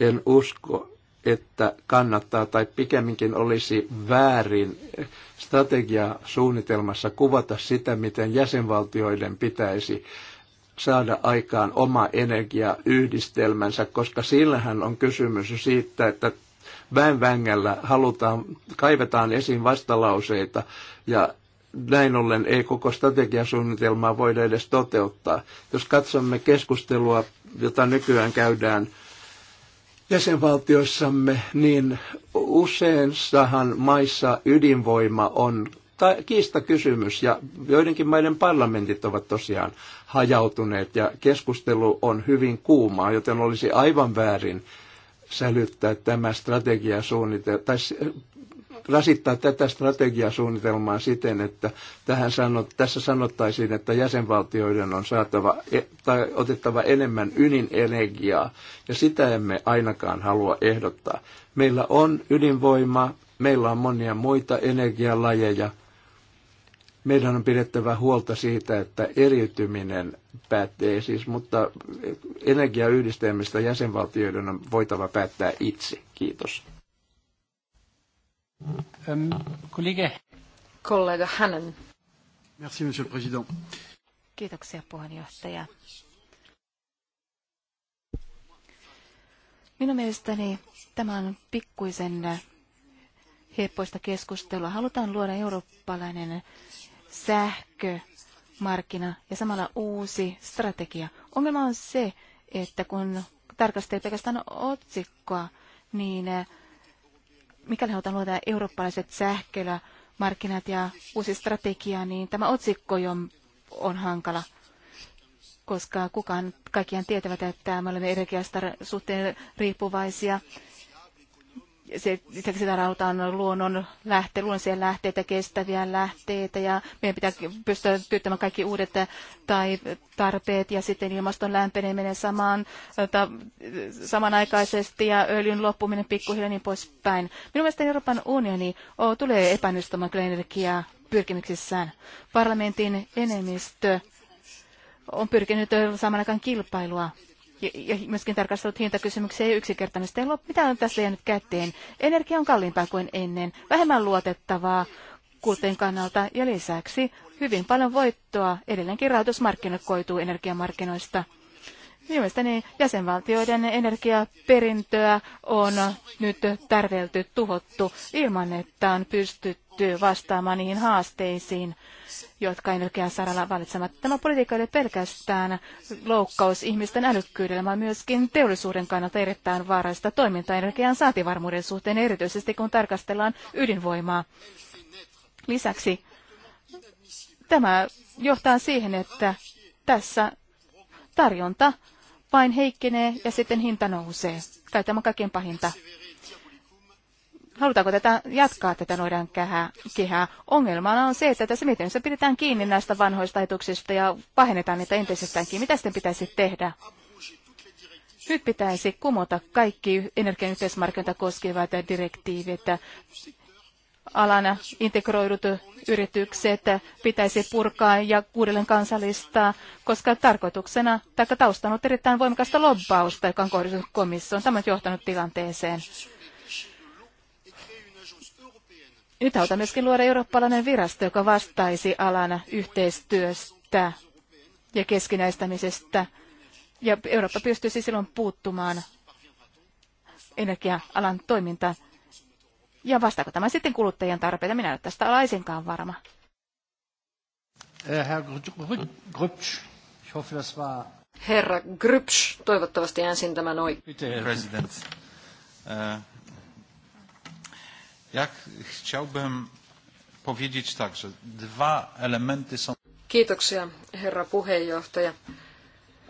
En usko, että kannattaa tai pikemminkin olisi väärin strategiasuunnitelmassa kuvata sitä, miten jäsenvaltioiden pitäisi saada aikaan oma energiayhdistelmänsä, koska sillähän on kysymys siitä, että väen vängällä halutaan, kaivetaan esiin vastalauseita ja näin ollen ei koko strategiasuunnitelmaa voida edes toteuttaa. Jos katsomme keskustelua, jota nykyään käydään jäsenvaltioissamme, niin useinsahan maissa ydinvoima on kiista kysymys ja joidenkin maiden parlamentit ovat tosiaan hajautuneet ja keskustelu on hyvin kuumaa, joten olisi aivan väärin sälyttää tämä strategiasuunnitelma, tai rasittaa tätä strategiasuunnitelmaa siten, että tähän sanot, tässä sanottaisiin, että jäsenvaltioiden on saatava e- tai otettava enemmän ydinenergiaa, ja sitä emme ainakaan halua ehdottaa. Meillä on ydinvoima, meillä on monia muita energialajeja, meidän on pidettävä huolta siitä, että eriytyminen päättee siis, mutta energiayhdistelmistä jäsenvaltioiden on voitava päättää itse. Kiitos. Um, kollega. Kollega Hänen. Merci, monsieur le président. Kiitoksia puheenjohtaja. Minun mielestäni tämä on pikkuisen heppoista keskustelua. Halutaan luoda eurooppalainen sähkö markkina ja samalla uusi strategia. Ongelma on se, että kun tarkastelee pelkästään otsikkoa, niin eh, mikäli halutaan luoda eurooppalaiset sähkömarkkinat markkinat ja uusi strategia, niin tämä otsikko jo on hankala, koska kukaan kaikkiaan tietävät, että me olemme energiasta suhteen riippuvaisia se, lisäksi täällä halutaan luonnon lähte, luonnollisia lähteitä, kestäviä lähteitä ja meidän pitää pystyä työttämään kaikki uudet tai tarpeet ja sitten ilmaston lämpeneminen samaan, ta, samanaikaisesti ja öljyn loppuminen pikkuhiljaa ja niin poispäin. Minun mielestäni Euroopan unioni o, tulee epäonnistumaan kyllä energiaa pyrkimyksissään. Parlamentin enemmistö on pyrkinyt saamaan aikaan kilpailua ja myöskin tarkastellut hintakysymyksiä ja yksinkertaisesti. Mitä on tässä jäänyt käteen? Energia on kalliimpaa kuin ennen, vähemmän luotettavaa kuluttajien kannalta ja lisäksi hyvin paljon voittoa edelleenkin rahoitusmarkkinat koituu energiamarkkinoista. Mielestäni jäsenvaltioiden energiaperintöä on nyt tärvelty, tuhottu ilman, että on pystytty vastaamaan niihin haasteisiin, jotka energian saralla valitsemat. Tämä politiikka ei ole pelkästään loukkaus ihmisten älykkyydellä, vaan myöskin teollisuuden kannalta erittäin vaarallista toimintaa energian saantivarmuuden suhteen, erityisesti kun tarkastellaan ydinvoimaa. Lisäksi tämä johtaa siihen, että tässä tarjonta vain heikkenee ja sitten hinta nousee. Tai tämä on kaikkein pahinta. Halutaanko tätä jatkaa tätä noidan kehää? Ongelmana on se, että tässä se pidetään kiinni näistä vanhoista etuksista ja pahennetaan niitä entisestäänkin. Mitä sitten pitäisi tehdä? Nyt pitäisi kumota kaikki energian yhteismarkkinoita koskevat direktiivit alana integroidut yritykset pitäisi purkaa ja uudelleen kansallistaa, koska tarkoituksena tai taustana on erittäin voimakasta lobbausta, joka on kohdistunut komissioon. Tämä on johtanut tilanteeseen. Nyt halutaan myöskin luoda eurooppalainen virasto, joka vastaisi alana yhteistyöstä ja keskinäistämisestä. Ja Eurooppa pystyisi silloin puuttumaan energia-alan toimintaan. Ja vastaako tämä sitten kuluttajien tarpeita? Minä en ole tästä laisinkaan varma. Äh, herra Grübsch, toivottavasti ensin tämän oikein. President. Äh, Kiitoksia, herra puheenjohtaja.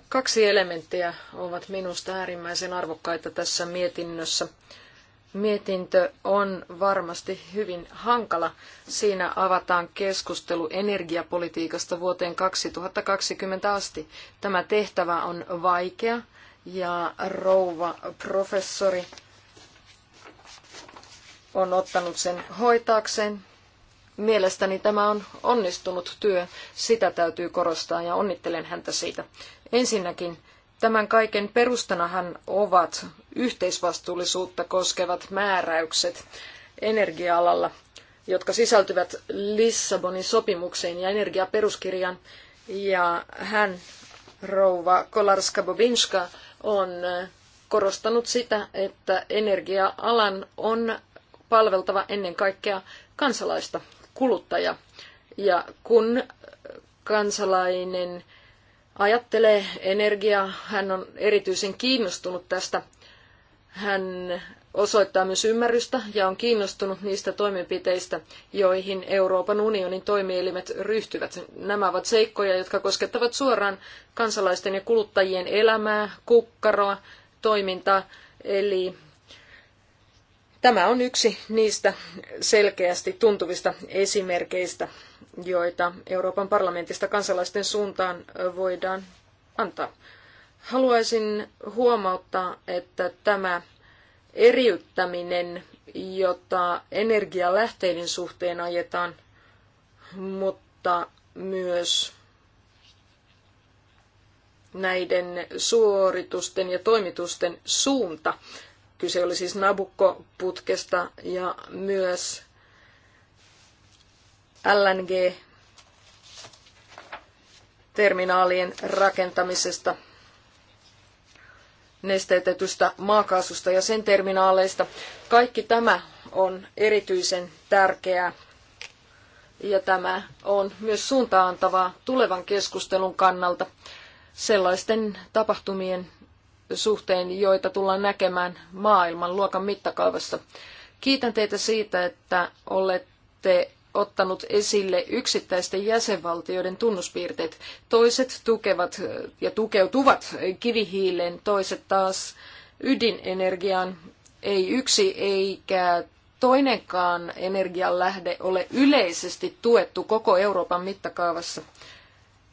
Kaksi elementtiä ovat minusta äärimmäisen arvokkaita tässä mietinnössä mietintö on varmasti hyvin hankala. Siinä avataan keskustelu energiapolitiikasta vuoteen 2020 asti. Tämä tehtävä on vaikea ja rouva professori on ottanut sen hoitaakseen. Mielestäni tämä on onnistunut työ, sitä täytyy korostaa ja onnittelen häntä siitä. Ensinnäkin Tämän kaiken perustanahan ovat yhteisvastuullisuutta koskevat määräykset energia-alalla, jotka sisältyvät Lissabonin sopimukseen ja energiaperuskirjaan. Ja hän, rouva Kolarska-Bobinska, on korostanut sitä, että energia-alan on palveltava ennen kaikkea kansalaista, kuluttajaa. Ja kun kansalainen ajattelee energiaa. Hän on erityisen kiinnostunut tästä. Hän osoittaa myös ymmärrystä ja on kiinnostunut niistä toimenpiteistä, joihin Euroopan unionin toimielimet ryhtyvät. Nämä ovat seikkoja, jotka koskettavat suoraan kansalaisten ja kuluttajien elämää, kukkaroa, toimintaa, eli Tämä on yksi niistä selkeästi tuntuvista esimerkeistä, joita Euroopan parlamentista kansalaisten suuntaan voidaan antaa. Haluaisin huomauttaa, että tämä eriyttäminen, jota energialähteiden suhteen ajetaan, mutta myös näiden suoritusten ja toimitusten suunta Kyse oli siis Nabukko-putkesta ja myös LNG-terminaalien rakentamisesta, nesteytetystä maakaasusta ja sen terminaaleista. Kaikki tämä on erityisen tärkeää ja tämä on myös suuntaantavaa tulevan keskustelun kannalta sellaisten tapahtumien suhteen, joita tullaan näkemään maailman luokan mittakaavassa. Kiitän teitä siitä, että olette ottanut esille yksittäisten jäsenvaltioiden tunnuspiirteet. Toiset tukevat ja tukeutuvat kivihiileen, toiset taas ydinenergiaan. Ei yksi eikä toinenkaan energianlähde ole yleisesti tuettu koko Euroopan mittakaavassa.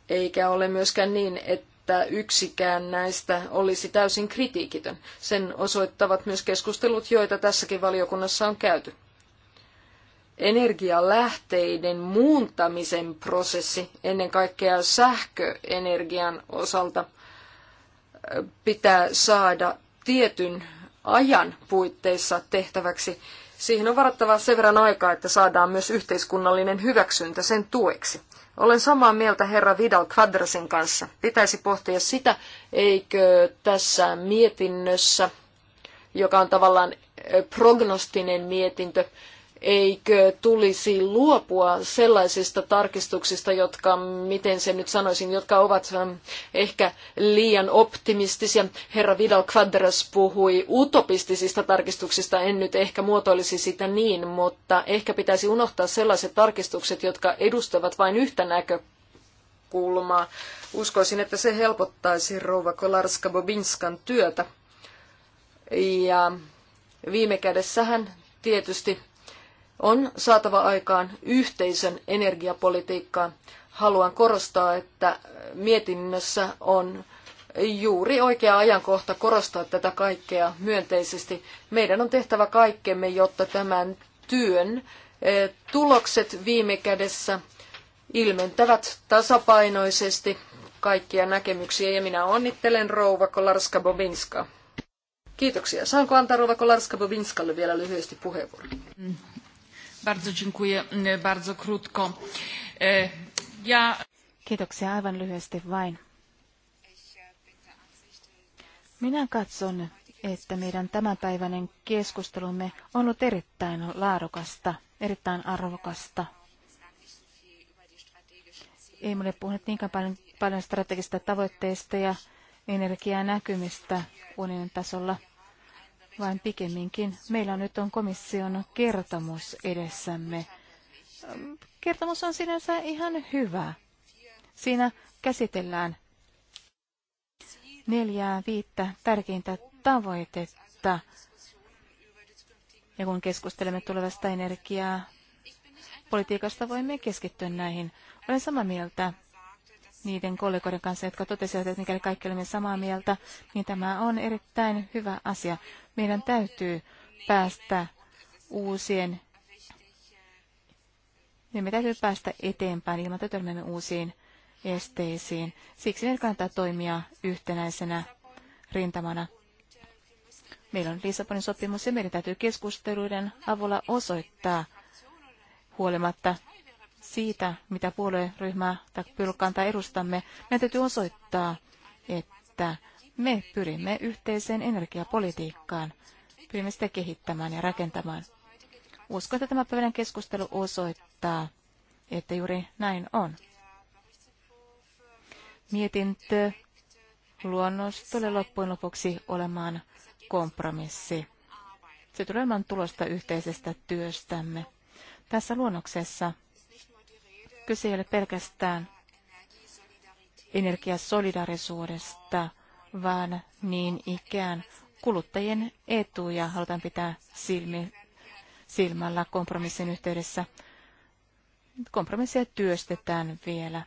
Eikä ole myöskään niin, että että yksikään näistä olisi täysin kritiikitön. Sen osoittavat myös keskustelut, joita tässäkin valiokunnassa on käyty. Energialähteiden muuntamisen prosessi, ennen kaikkea sähköenergian osalta, pitää saada tietyn ajan puitteissa tehtäväksi. Siihen on varattava sen verran aikaa, että saadaan myös yhteiskunnallinen hyväksyntä sen tueksi. Olen samaa mieltä herra Vidal Quadrasin kanssa. Pitäisi pohtia sitä, eikö tässä mietinnössä, joka on tavallaan prognostinen mietintö, eikö tulisi luopua sellaisista tarkistuksista, jotka, miten sen nyt sanoisin, jotka ovat ähm, ehkä liian optimistisia. Herra Vidal Quadras puhui utopistisista tarkistuksista, en nyt ehkä muotoilisi sitä niin, mutta ehkä pitäisi unohtaa sellaiset tarkistukset, jotka edustavat vain yhtä näkökulmaa. Uskoisin, että se helpottaisi rouva Kolarska-Bobinskan työtä. Ja viime kädessähän tietysti on saatava aikaan yhteisön energiapolitiikkaa. Haluan korostaa, että mietinnössä on juuri oikea ajankohta korostaa tätä kaikkea myönteisesti. Meidän on tehtävä kaikkemme, jotta tämän työn eh, tulokset viime kädessä ilmentävät tasapainoisesti kaikkia näkemyksiä ja minä onnittelen rouva Kolarska Bobinska. Kiitoksia. Saanko antaa rouva Kolarska Bobinskalle vielä lyhyesti puheenvuoron? Mm. E, Kiitoksia aivan lyhyesti vain. Minä katson, että meidän tämänpäiväinen keskustelumme on ollut erittäin laadukasta, erittäin arvokasta. Ei mulle puhunut niinkään paljon, paljon strategista tavoitteista ja energianäkymistä näkymistä unionin tasolla vaan pikemminkin meillä nyt on komission kertomus edessämme. Kertomus on sinänsä ihan hyvä. Siinä käsitellään neljää viittä tärkeintä tavoitetta. Ja kun keskustelemme tulevasta energiaa, politiikasta voimme keskittyä näihin. Olen samaa mieltä niiden kollegoiden kanssa, jotka totesivat, että mikäli kaikki olemme samaa mieltä, niin tämä on erittäin hyvä asia. Meidän täytyy päästä uusien, niin me täytyy päästä eteenpäin ilman, että törmäämme uusiin esteisiin. Siksi meidän kannattaa toimia yhtenäisenä rintamana. Meillä on Lissabonin sopimus ja meidän täytyy keskusteluiden avulla osoittaa huolimatta siitä, mitä puolueryhmää tai pyrkantaa edustamme, meidän täytyy osoittaa, että me pyrimme yhteiseen energiapolitiikkaan. Pyrimme sitä kehittämään ja rakentamaan. Uskon, että tämä päivän keskustelu osoittaa, että juuri näin on. Mietintö luonnos tulee loppujen lopuksi olemaan kompromissi. Se tulee olemaan tulosta yhteisestä työstämme. Tässä luonnoksessa Kyse ei ole pelkästään energiasolidarisuudesta, vaan niin ikään kuluttajien etuja halutaan pitää silmi, silmällä kompromissin yhteydessä. Kompromissia työstetään vielä.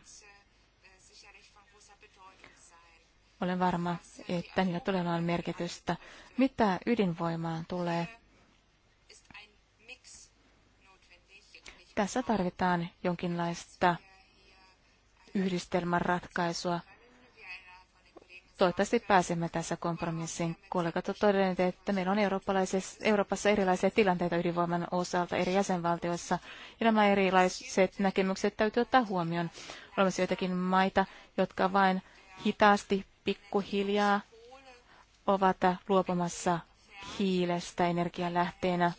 Olen varma, että niillä tulee olemaan merkitystä. Mitä ydinvoimaan tulee, Tässä tarvitaan jonkinlaista yhdistelmän ratkaisua. Toivottavasti pääsemme tässä kompromissiin. Kollegat ovat todenneet, että meillä on Euroopassa erilaisia tilanteita ydinvoiman osalta eri jäsenvaltioissa. Ja nämä erilaiset näkemykset täytyy ottaa huomioon. Olemassa joitakin maita, jotka vain hitaasti, pikkuhiljaa ovat luopumassa hiilestä energialähteenä.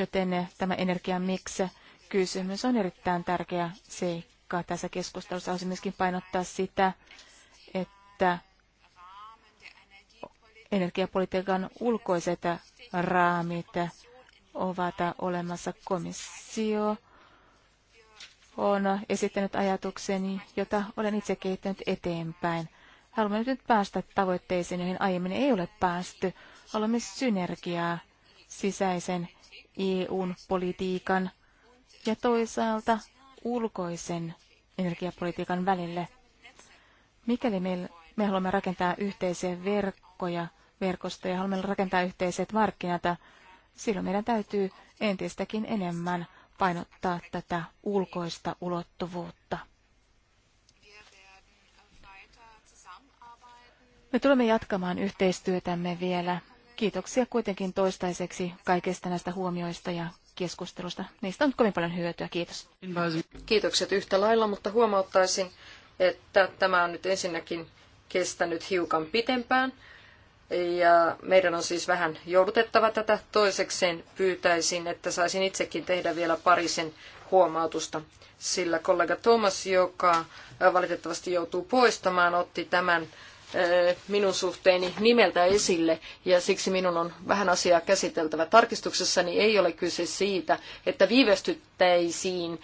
Joten tämä energiamiksi kysymys on erittäin tärkeä seikka tässä keskustelussa. Haluaisin myöskin painottaa sitä, että energiapolitiikan ulkoiset raamit ovat olemassa. Komissio on esittänyt ajatukseni, jota olen itse kehittänyt eteenpäin. Haluamme nyt päästä tavoitteisiin, joihin aiemmin ei ole päästy. Haluamme synergiaa sisäisen EUn politiikan ja toisaalta ulkoisen energiapolitiikan välille. Mikäli me, me haluamme rakentaa yhteisiä verkkoja, verkostoja, haluamme rakentaa yhteiset markkinat, silloin meidän täytyy entistäkin enemmän painottaa tätä ulkoista ulottuvuutta. Me tulemme jatkamaan yhteistyötämme vielä Kiitoksia kuitenkin toistaiseksi kaikesta näistä huomioista ja keskustelusta. Niistä on kovin paljon hyötyä. Kiitos. Kiitokset yhtä lailla, mutta huomauttaisin, että tämä on nyt ensinnäkin kestänyt hiukan pitempään. Ja meidän on siis vähän joudutettava tätä toisekseen. Pyytäisin, että saisin itsekin tehdä vielä parisen huomautusta, sillä kollega Thomas, joka valitettavasti joutuu poistamaan, otti tämän minun suhteeni nimeltä esille ja siksi minun on vähän asiaa käsiteltävä. Tarkistuksessani ei ole kyse siitä, että viivästyttäisiin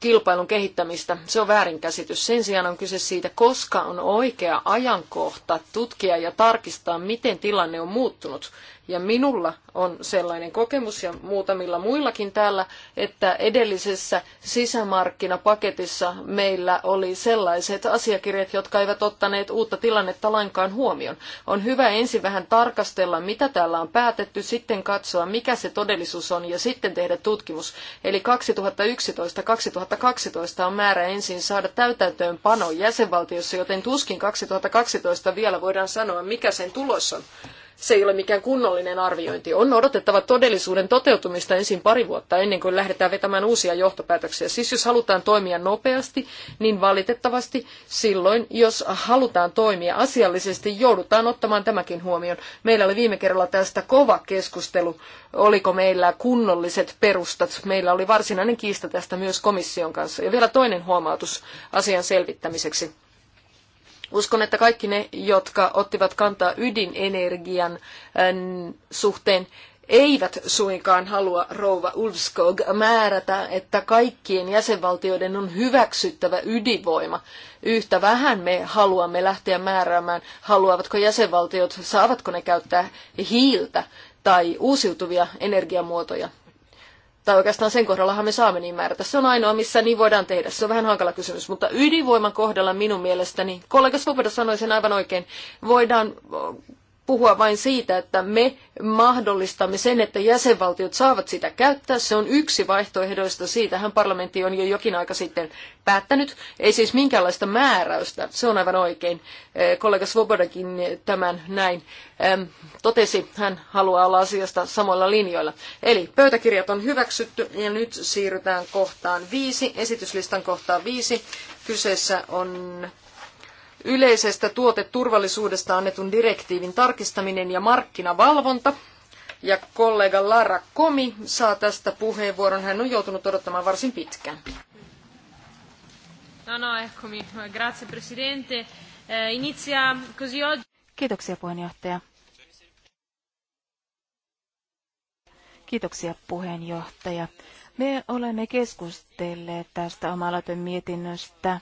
kilpailun kehittämistä. Se on väärinkäsitys. Sen sijaan on kyse siitä, koska on oikea ajankohta tutkia ja tarkistaa, miten tilanne on muuttunut ja minulla on sellainen kokemus ja muutamilla muillakin täällä, että edellisessä sisämarkkinapaketissa meillä oli sellaiset asiakirjat, jotka eivät ottaneet uutta tilannetta lainkaan huomioon. On hyvä ensin vähän tarkastella, mitä täällä on päätetty, sitten katsoa, mikä se todellisuus on ja sitten tehdä tutkimus. Eli 2011-2012 on määrä ensin saada täytäntöön pano jäsenvaltiossa, joten tuskin 2012 vielä voidaan sanoa, mikä sen tulos on se ei ole mikään kunnollinen arviointi. On odotettava todellisuuden toteutumista ensin pari vuotta ennen kuin lähdetään vetämään uusia johtopäätöksiä. Siis jos halutaan toimia nopeasti, niin valitettavasti silloin, jos halutaan toimia asiallisesti, joudutaan ottamaan tämäkin huomioon. Meillä oli viime kerralla tästä kova keskustelu, oliko meillä kunnolliset perustat. Meillä oli varsinainen kiista tästä myös komission kanssa. Ja vielä toinen huomautus asian selvittämiseksi. Uskon, että kaikki ne, jotka ottivat kantaa ydinenergian ähm, suhteen, eivät suinkaan halua rouva Ulfskog määrätä, että kaikkien jäsenvaltioiden on hyväksyttävä ydinvoima. Yhtä vähän me haluamme lähteä määräämään, haluavatko jäsenvaltiot, saavatko ne käyttää hiiltä tai uusiutuvia energiamuotoja tai oikeastaan sen kohdallahan me saamme niin määrätä. Se on ainoa, missä niin voidaan tehdä. Se on vähän hankala kysymys, mutta ydinvoiman kohdalla minun mielestäni, kollega Svoboda sanoi sen aivan oikein, voidaan puhua vain siitä, että me mahdollistamme sen, että jäsenvaltiot saavat sitä käyttää. Se on yksi vaihtoehdoista. Siitähän parlamentti on jo jokin aika sitten päättänyt. Ei siis minkäänlaista määräystä. Se on aivan oikein. Eh, kollega Svobodakin tämän näin totesi. Hän haluaa olla asiasta samoilla linjoilla. Eli pöytäkirjat on hyväksytty ja nyt siirrytään kohtaan viisi, esityslistan kohtaan viisi. Kyseessä on yleisestä tuoteturvallisuudesta annetun direktiivin tarkistaminen ja markkinavalvonta. Ja kollega Lara Komi saa tästä puheenvuoron. Hän on joutunut odottamaan varsin pitkään. No, no, eccomi. Grazie, presidente. Eh, inizia così oggi. Kiitoksia, puheenjohtaja. Kiitoksia, puheenjohtaja. Me olemme keskustelleet tästä omalla mietinnöstä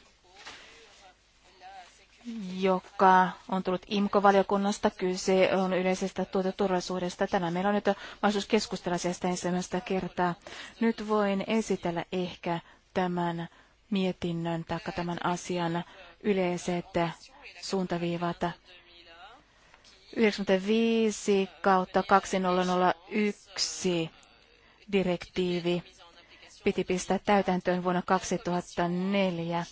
joka on tullut IMKO-valiokunnasta. Kyse on yleisestä tuoteturvallisuudesta. Tänään meillä on nyt mahdollisuus keskustella asiasta ensimmäistä kertaa. Nyt voin esitellä ehkä tämän mietinnön tai tämän asian yleiset suuntaviivat. 95 kautta 2001 direktiivi piti pistää täytäntöön vuonna 2004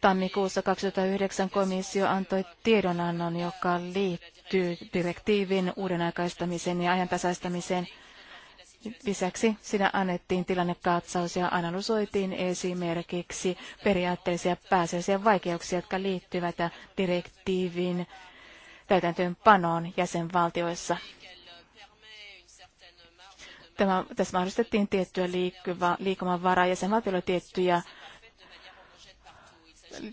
Tammikuussa 2009 komissio antoi tiedonannon, joka liittyy direktiivin uudenaikaistamiseen ja ajantasaistamiseen. Lisäksi sinä annettiin tilannekatsaus ja analysoitiin esimerkiksi periaatteellisia pääsiäisiä vaikeuksia, jotka liittyvät direktiivin täytäntöönpanoon jäsenvaltioissa. Tämä, tässä mahdollistettiin tiettyä liikkuva, liikumanvaraa jäsenvaltioille tiettyjä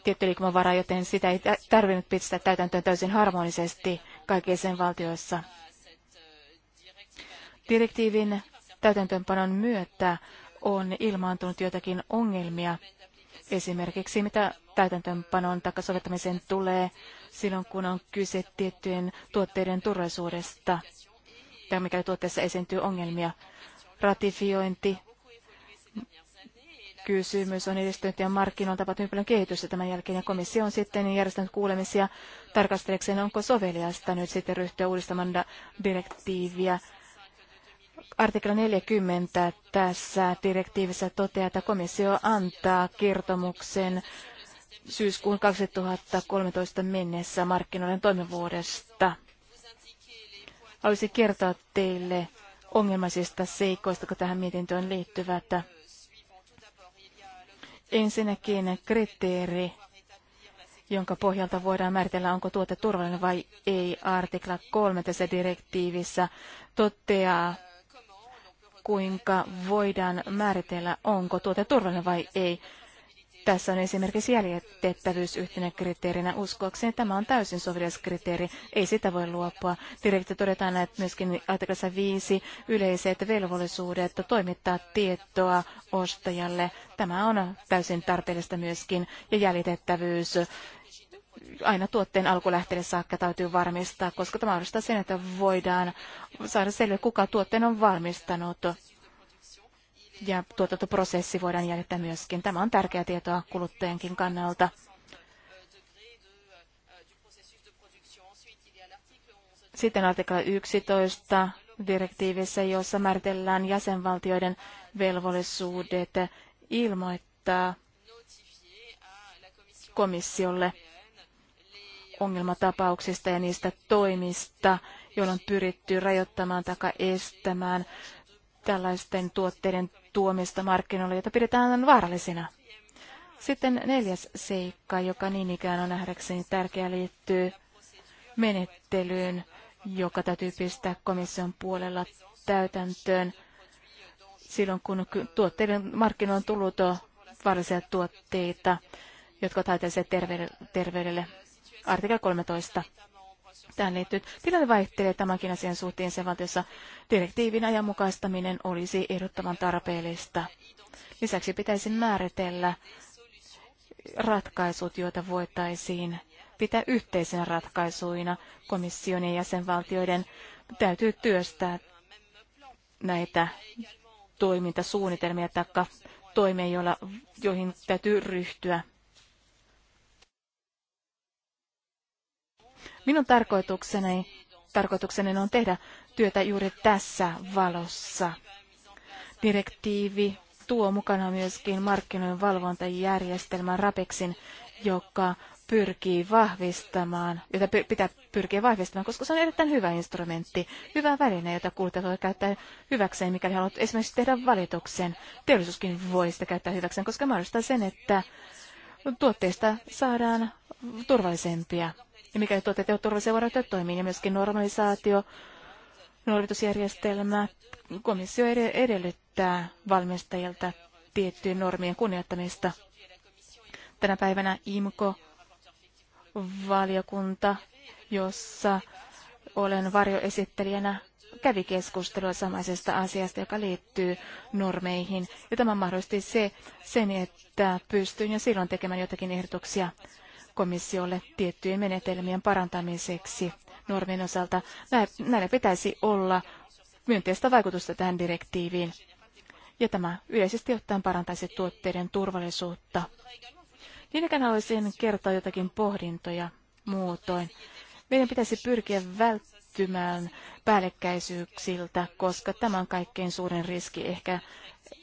tietty liikkumavara, joten sitä ei tarvinnut pistää täytäntöön täysin harmonisesti kaikissa sen valtioissa. Direktiivin täytäntöönpanon myötä on ilmaantunut joitakin ongelmia. Esimerkiksi mitä täytäntöönpanon tai tulee silloin, kun on kyse tiettyjen tuotteiden turvallisuudesta tai mikäli tuotteessa esiintyy ongelmia. Ratifiointi kysymys on edistynyt ja markkinoilla on tapahtunut paljon kehitystä tämän jälkeen ja komissio on sitten järjestänyt kuulemisia tarkastelekseen, onko soveliasta nyt sitten ryhtyä uudistamaan direktiiviä. Artikla 40 tässä direktiivissä toteaa, että komissio antaa kertomuksen syyskuun 2013 mennessä markkinoiden toimivuudesta. Haluaisin kertoa teille ongelmaisista seikoista, jotka tähän mietintöön liittyvät Ensinnäkin kriteeri, jonka pohjalta voidaan määritellä, onko tuote turvallinen vai ei, artikla 3 tässä direktiivissä toteaa, kuinka voidaan määritellä, onko tuote turvallinen vai ei. Tässä on esimerkiksi jäljitettävyys yhtenä kriteerinä. Uskoakseni tämä on täysin sovelias kriteeri. Ei sitä voi luopua. Direkti todetaan, että myöskin artiklassa 5 yleiset velvollisuudet toimittaa tietoa ostajalle. Tämä on täysin tarpeellista myöskin. Ja jäljitettävyys aina tuotteen alkulähteelle saakka täytyy varmistaa, koska tämä mahdollistaa sen, että voidaan saada selville, kuka tuotteen on valmistanut ja tuotantoprosessi voidaan jäljittää myöskin. Tämä on tärkeää tietoa kuluttajankin kannalta. Sitten artikla 11 direktiivissä, jossa määritellään jäsenvaltioiden velvollisuudet ilmoittaa komissiolle ongelmatapauksista ja niistä toimista, joilla on pyritty rajoittamaan tai estämään tällaisten tuotteiden tuomista markkinoille, joita pidetään vaarallisina. Sitten neljäs seikka, joka niin ikään on nähdäkseni tärkeä, liittyy menettelyyn, joka täytyy pistää komission puolella täytäntöön silloin, kun tuotteiden markkinoille on tullut vaarallisia tuotteita, jotka ovat terveydelle. Artikla 13 tähän liittyy. Tilanne vaihtelee tämänkin asian suhteen sen valtiossa. Direktiivin ajanmukaistaminen olisi ehdottoman tarpeellista. Lisäksi pitäisi määritellä ratkaisut, joita voitaisiin pitää yhteisen ratkaisuina. Komission ja jäsenvaltioiden täytyy työstää näitä toimintasuunnitelmia tai toimia, joihin täytyy ryhtyä Minun tarkoitukseni, tarkoitukseni on tehdä työtä juuri tässä valossa. Direktiivi tuo mukana myöskin markkinoiden valvontajärjestelmän RAPEXin, joka pyrkii vahvistamaan, jota pitää pyrkiä vahvistamaan, koska se on erittäin hyvä instrumentti, hyvä väline, jota kuluttaja voi käyttää hyväkseen, mikäli haluat esimerkiksi tehdä valituksen. Teollisuuskin voi sitä käyttää hyväkseen, koska mahdollistaa sen, että tuotteista saadaan turvallisempia ja mikäli tuotteet ovat turvallisia, voidaan ottaa toimiin. Ja myöskin normalisaatio, normitusjärjestelmä. Komissio edellyttää valmistajilta tiettyjen normien kunnioittamista. Tänä päivänä IMCO valiokunta jossa olen varjoesittelijänä, kävi keskustelua samaisesta asiasta, joka liittyy normeihin. Ja tämä mahdollisti se, sen, että pystyin jo silloin tekemään jotakin ehdotuksia komissiolle tiettyjen menetelmien parantamiseksi normien osalta. Näillä pitäisi olla myönteistä vaikutusta tähän direktiiviin. Ja tämä yleisesti ottaen parantaisi tuotteiden turvallisuutta. Niin ikään haluaisin kertoa jotakin pohdintoja muutoin. Meidän pitäisi pyrkiä välttymään päällekkäisyyksiltä, koska tämä on kaikkein suurin riski. Ehkä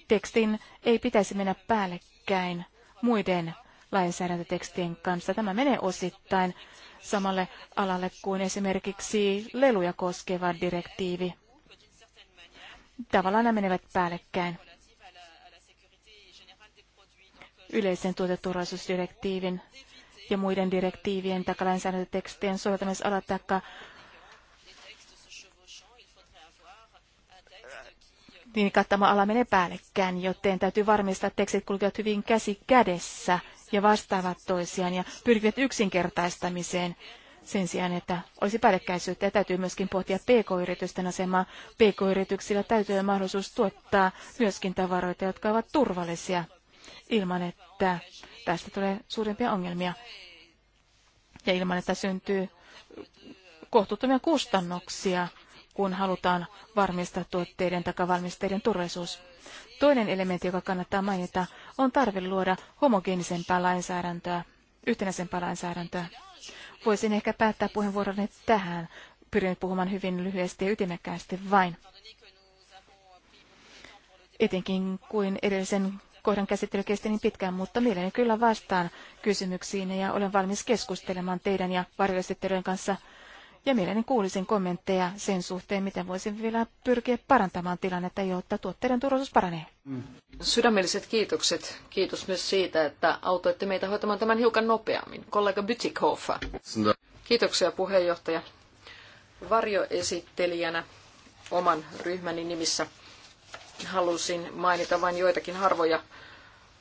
tekstin ei pitäisi mennä päällekkäin muiden lainsäädäntötekstien kanssa. Tämä menee osittain samalle alalle kuin esimerkiksi leluja koskeva direktiivi. Tavallaan nämä menevät päällekkäin yleisen tuoteturvallisuusdirektiivin ja muiden direktiivien tai lainsäädäntötekstien soveltamisalat tai niin kattama ala menee päällekkäin, joten täytyy varmistaa, että tekstit kulkevat hyvin käsi kädessä ja vastaavat toisiaan ja pyrkivät yksinkertaistamiseen sen sijaan, että olisi päällekkäisyyttä. Ja täytyy myöskin pohtia pk-yritysten asemaa. Pk-yrityksillä täytyy olla mahdollisuus tuottaa myöskin tavaroita, jotka ovat turvallisia ilman, että tästä tulee suurempia ongelmia ja ilman, että syntyy kohtuuttomia kustannuksia, kun halutaan varmistaa tuotteiden tai valmisteiden turvallisuus. Toinen elementti, joka kannattaa mainita, on tarve luoda homogeenisempää lainsäädäntöä, yhtenäisempää lainsäädäntöä. Voisin ehkä päättää puheenvuoroni tähän. Pyrin puhumaan hyvin lyhyesti ja ytimekkäästi vain. Etenkin kuin edellisen kohdan käsittely kesti niin pitkään, mutta mielelläni kyllä vastaan kysymyksiin ja olen valmis keskustelemaan teidän ja varjoesittelyjen kanssa – ja mielelläni kuulisin kommentteja sen suhteen, miten voisin vielä pyrkiä parantamaan tilannetta, jotta tuotteiden turvallisuus paranee. Sydämelliset kiitokset. Kiitos myös siitä, että autoitte meitä hoitamaan tämän hiukan nopeammin. Kollega Bytikhoffa. Kiitoksia puheenjohtaja. Varjoesittelijänä oman ryhmäni nimissä halusin mainita vain joitakin harvoja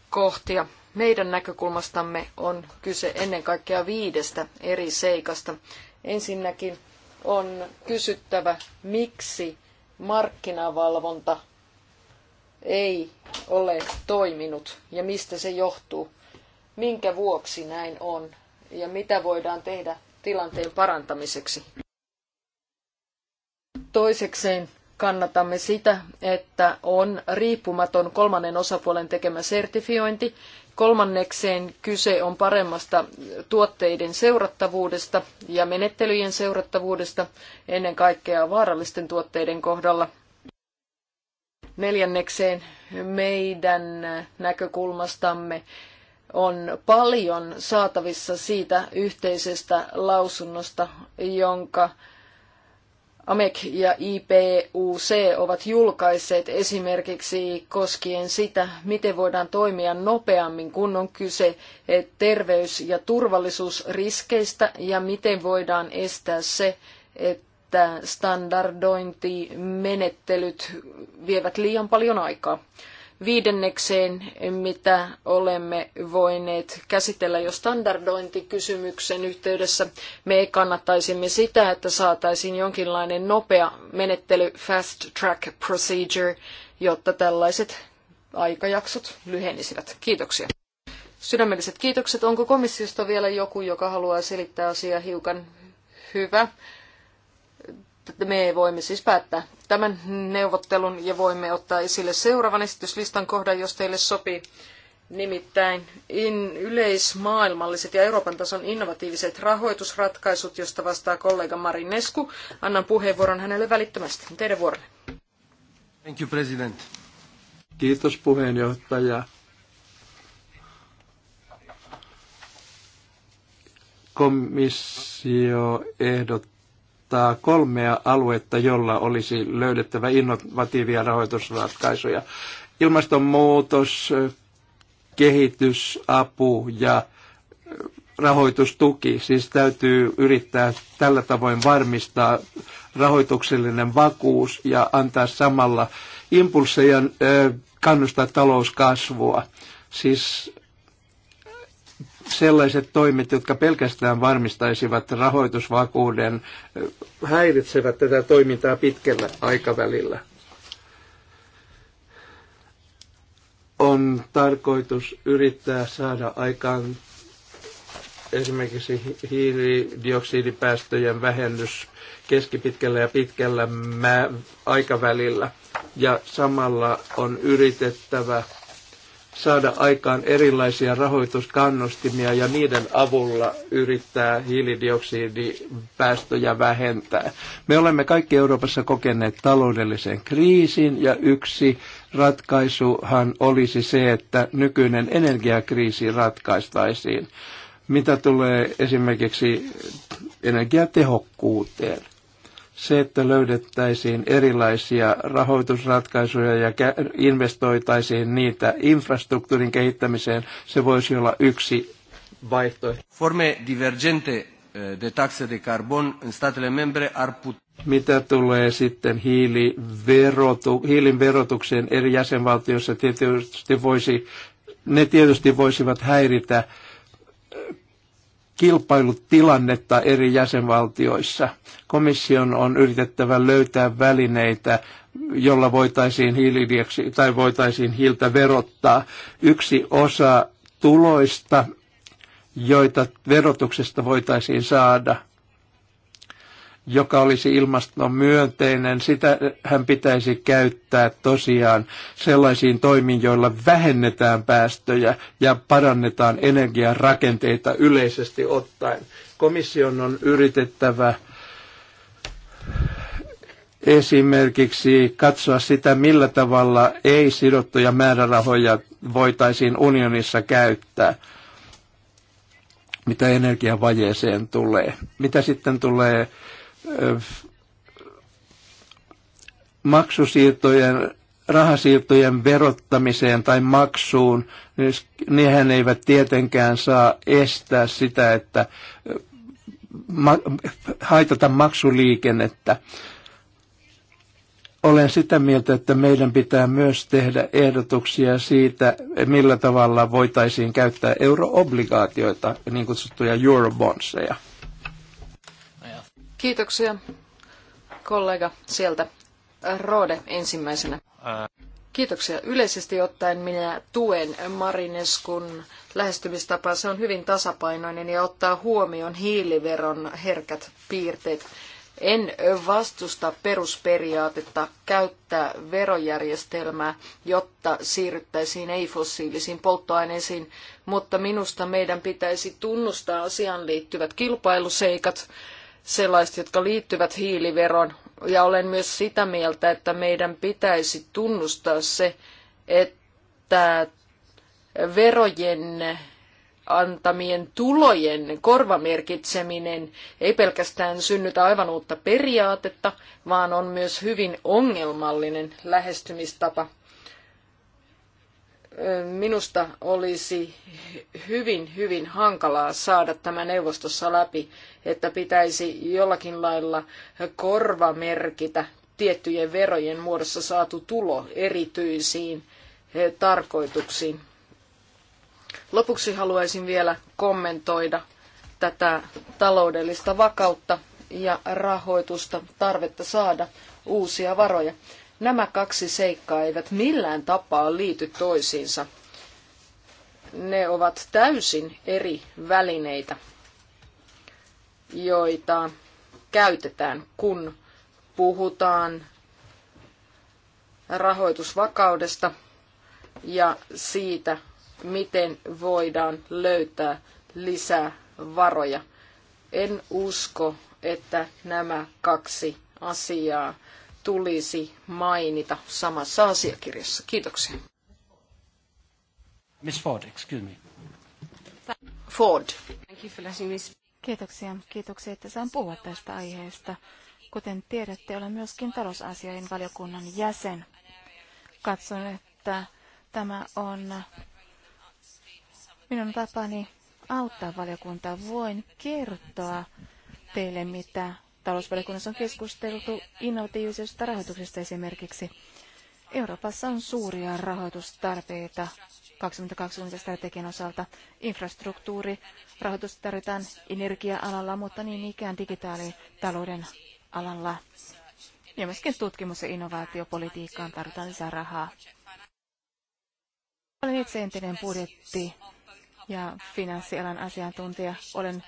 kohtia. Meidän näkökulmastamme on kyse ennen kaikkea viidestä eri seikasta, Ensinnäkin on kysyttävä, miksi markkinavalvonta ei ole toiminut ja mistä se johtuu, minkä vuoksi näin on ja mitä voidaan tehdä tilanteen parantamiseksi. Toisekseen kannatamme sitä, että on riippumaton kolmannen osapuolen tekemä sertifiointi, Kolmannekseen kyse on paremmasta tuotteiden seurattavuudesta ja menettelyjen seurattavuudesta ennen kaikkea vaarallisten tuotteiden kohdalla. Neljännekseen meidän näkökulmastamme on paljon saatavissa siitä yhteisestä lausunnosta, jonka AMEC ja IPUC ovat julkaisseet esimerkiksi koskien sitä, miten voidaan toimia nopeammin, kun on kyse terveys- ja turvallisuusriskeistä ja miten voidaan estää se, että standardointimenettelyt vievät liian paljon aikaa viidennekseen, mitä olemme voineet käsitellä jo standardointikysymyksen yhteydessä. Me kannattaisimme sitä, että saataisiin jonkinlainen nopea menettely, fast track procedure, jotta tällaiset aikajaksot lyhenisivät. Kiitoksia. Sydämelliset kiitokset. Onko komissiosta vielä joku, joka haluaa selittää asiaa hiukan hyvä? me voimme siis päättää tämän neuvottelun ja voimme ottaa esille seuraavan esityslistan kohdan, jos teille sopii. Nimittäin in, yleismaailmalliset ja Euroopan tason innovatiiviset rahoitusratkaisut, josta vastaa kollega Mari Nesku. Annan puheenvuoron hänelle välittömästi. Teidän vuoronne. Thank you, president. Kiitos puheenjohtaja. Komissio ehdottaa listaa kolmea aluetta, jolla olisi löydettävä innovatiivia rahoitusratkaisuja. Ilmastonmuutos, kehitysapu ja rahoitustuki. Siis täytyy yrittää tällä tavoin varmistaa rahoituksellinen vakuus ja antaa samalla impulseja kannustaa talouskasvua. Siis sellaiset toimet, jotka pelkästään varmistaisivat rahoitusvakuuden, häiritsevät tätä toimintaa pitkällä aikavälillä. On tarkoitus yrittää saada aikaan esimerkiksi hiilidioksidipäästöjen vähennys keskipitkällä ja pitkällä aikavälillä. Ja samalla on yritettävä saada aikaan erilaisia rahoituskannustimia ja niiden avulla yrittää hiilidioksidipäästöjä vähentää. Me olemme kaikki Euroopassa kokeneet taloudellisen kriisin ja yksi ratkaisuhan olisi se, että nykyinen energiakriisi ratkaistaisiin. Mitä tulee esimerkiksi energiatehokkuuteen, se, että löydettäisiin erilaisia rahoitusratkaisuja ja investoitaisiin niitä infrastruktuurin kehittämiseen, se voisi olla yksi vaihtoehto. Forme divergente eh, de taxe de carbon in statele membre ar put... Mitä tulee sitten hiiliverotu, hiilin verotukseen eri jäsenvaltioissa, tietysti voisi, ne tietysti voisivat häiritä kilpailutilannetta eri jäsenvaltioissa. Komission on yritettävä löytää välineitä, jolla voitaisiin, hiilidioksi, tai voitaisiin hiiltä verottaa. Yksi osa tuloista, joita verotuksesta voitaisiin saada – joka olisi ilmaston myönteinen, sitä hän pitäisi käyttää tosiaan sellaisiin toimiin, joilla vähennetään päästöjä ja parannetaan energiarakenteita yleisesti ottaen. Komission on yritettävä esimerkiksi katsoa sitä, millä tavalla ei-sidottuja määrärahoja voitaisiin unionissa käyttää, mitä energiavajeeseen tulee. Mitä sitten tulee maksusiirtojen, rahasiirtojen verottamiseen tai maksuun, niin nehän eivät tietenkään saa estää sitä, että haitata maksuliikennettä. Olen sitä mieltä, että meidän pitää myös tehdä ehdotuksia siitä, millä tavalla voitaisiin käyttää euroobligaatioita, niin kutsuttuja eurobondseja. Kiitoksia kollega sieltä. Rode ensimmäisenä. Kiitoksia. Yleisesti ottaen minä tuen Marineskun lähestymistapaa. Se on hyvin tasapainoinen ja ottaa huomioon hiiliveron herkät piirteet. En vastusta perusperiaatetta käyttää verojärjestelmää, jotta siirryttäisiin ei-fossiilisiin polttoaineisiin, mutta minusta meidän pitäisi tunnustaa asiaan liittyvät kilpailuseikat – sellaiset, jotka liittyvät hiiliveron. Ja olen myös sitä mieltä, että meidän pitäisi tunnustaa se, että verojen antamien tulojen korvamerkitseminen ei pelkästään synnytä aivan uutta periaatetta, vaan on myös hyvin ongelmallinen lähestymistapa – Minusta olisi hyvin, hyvin hankalaa saada tämä neuvostossa läpi, että pitäisi jollakin lailla korvamerkitä tiettyjen verojen muodossa saatu tulo erityisiin eh, tarkoituksiin. Lopuksi haluaisin vielä kommentoida tätä taloudellista vakautta ja rahoitusta, tarvetta saada uusia varoja. Nämä kaksi seikkaa eivät millään tapaa liity toisiinsa. Ne ovat täysin eri välineitä, joita käytetään, kun puhutaan rahoitusvakaudesta ja siitä, miten voidaan löytää lisää varoja. En usko, että nämä kaksi asiaa tulisi mainita samassa asiakirjassa. Kiitoksia. Miss Ford, excuse me. Ford. Kiitoksia. Kiitoksia, että saan puhua tästä aiheesta. Kuten tiedätte, olen myöskin talousasioiden valiokunnan jäsen. Katson, että tämä on minun tapani auttaa valiokuntaa. Voin kertoa teille, mitä Talousvaliokunnassa on keskusteltu innovatiivisesta rahoituksesta esimerkiksi. Euroopassa on suuria rahoitustarpeita 2020 strategian osalta. Infrastruktuuri, rahoitus tarvitaan energia-alalla, mutta niin ikään digitaalitalouden alalla. Ja myöskin tutkimus- ja innovaatiopolitiikkaan tarvitaan lisää rahaa. Olen itse entinen budjetti ja finanssialan asiantuntija. Olen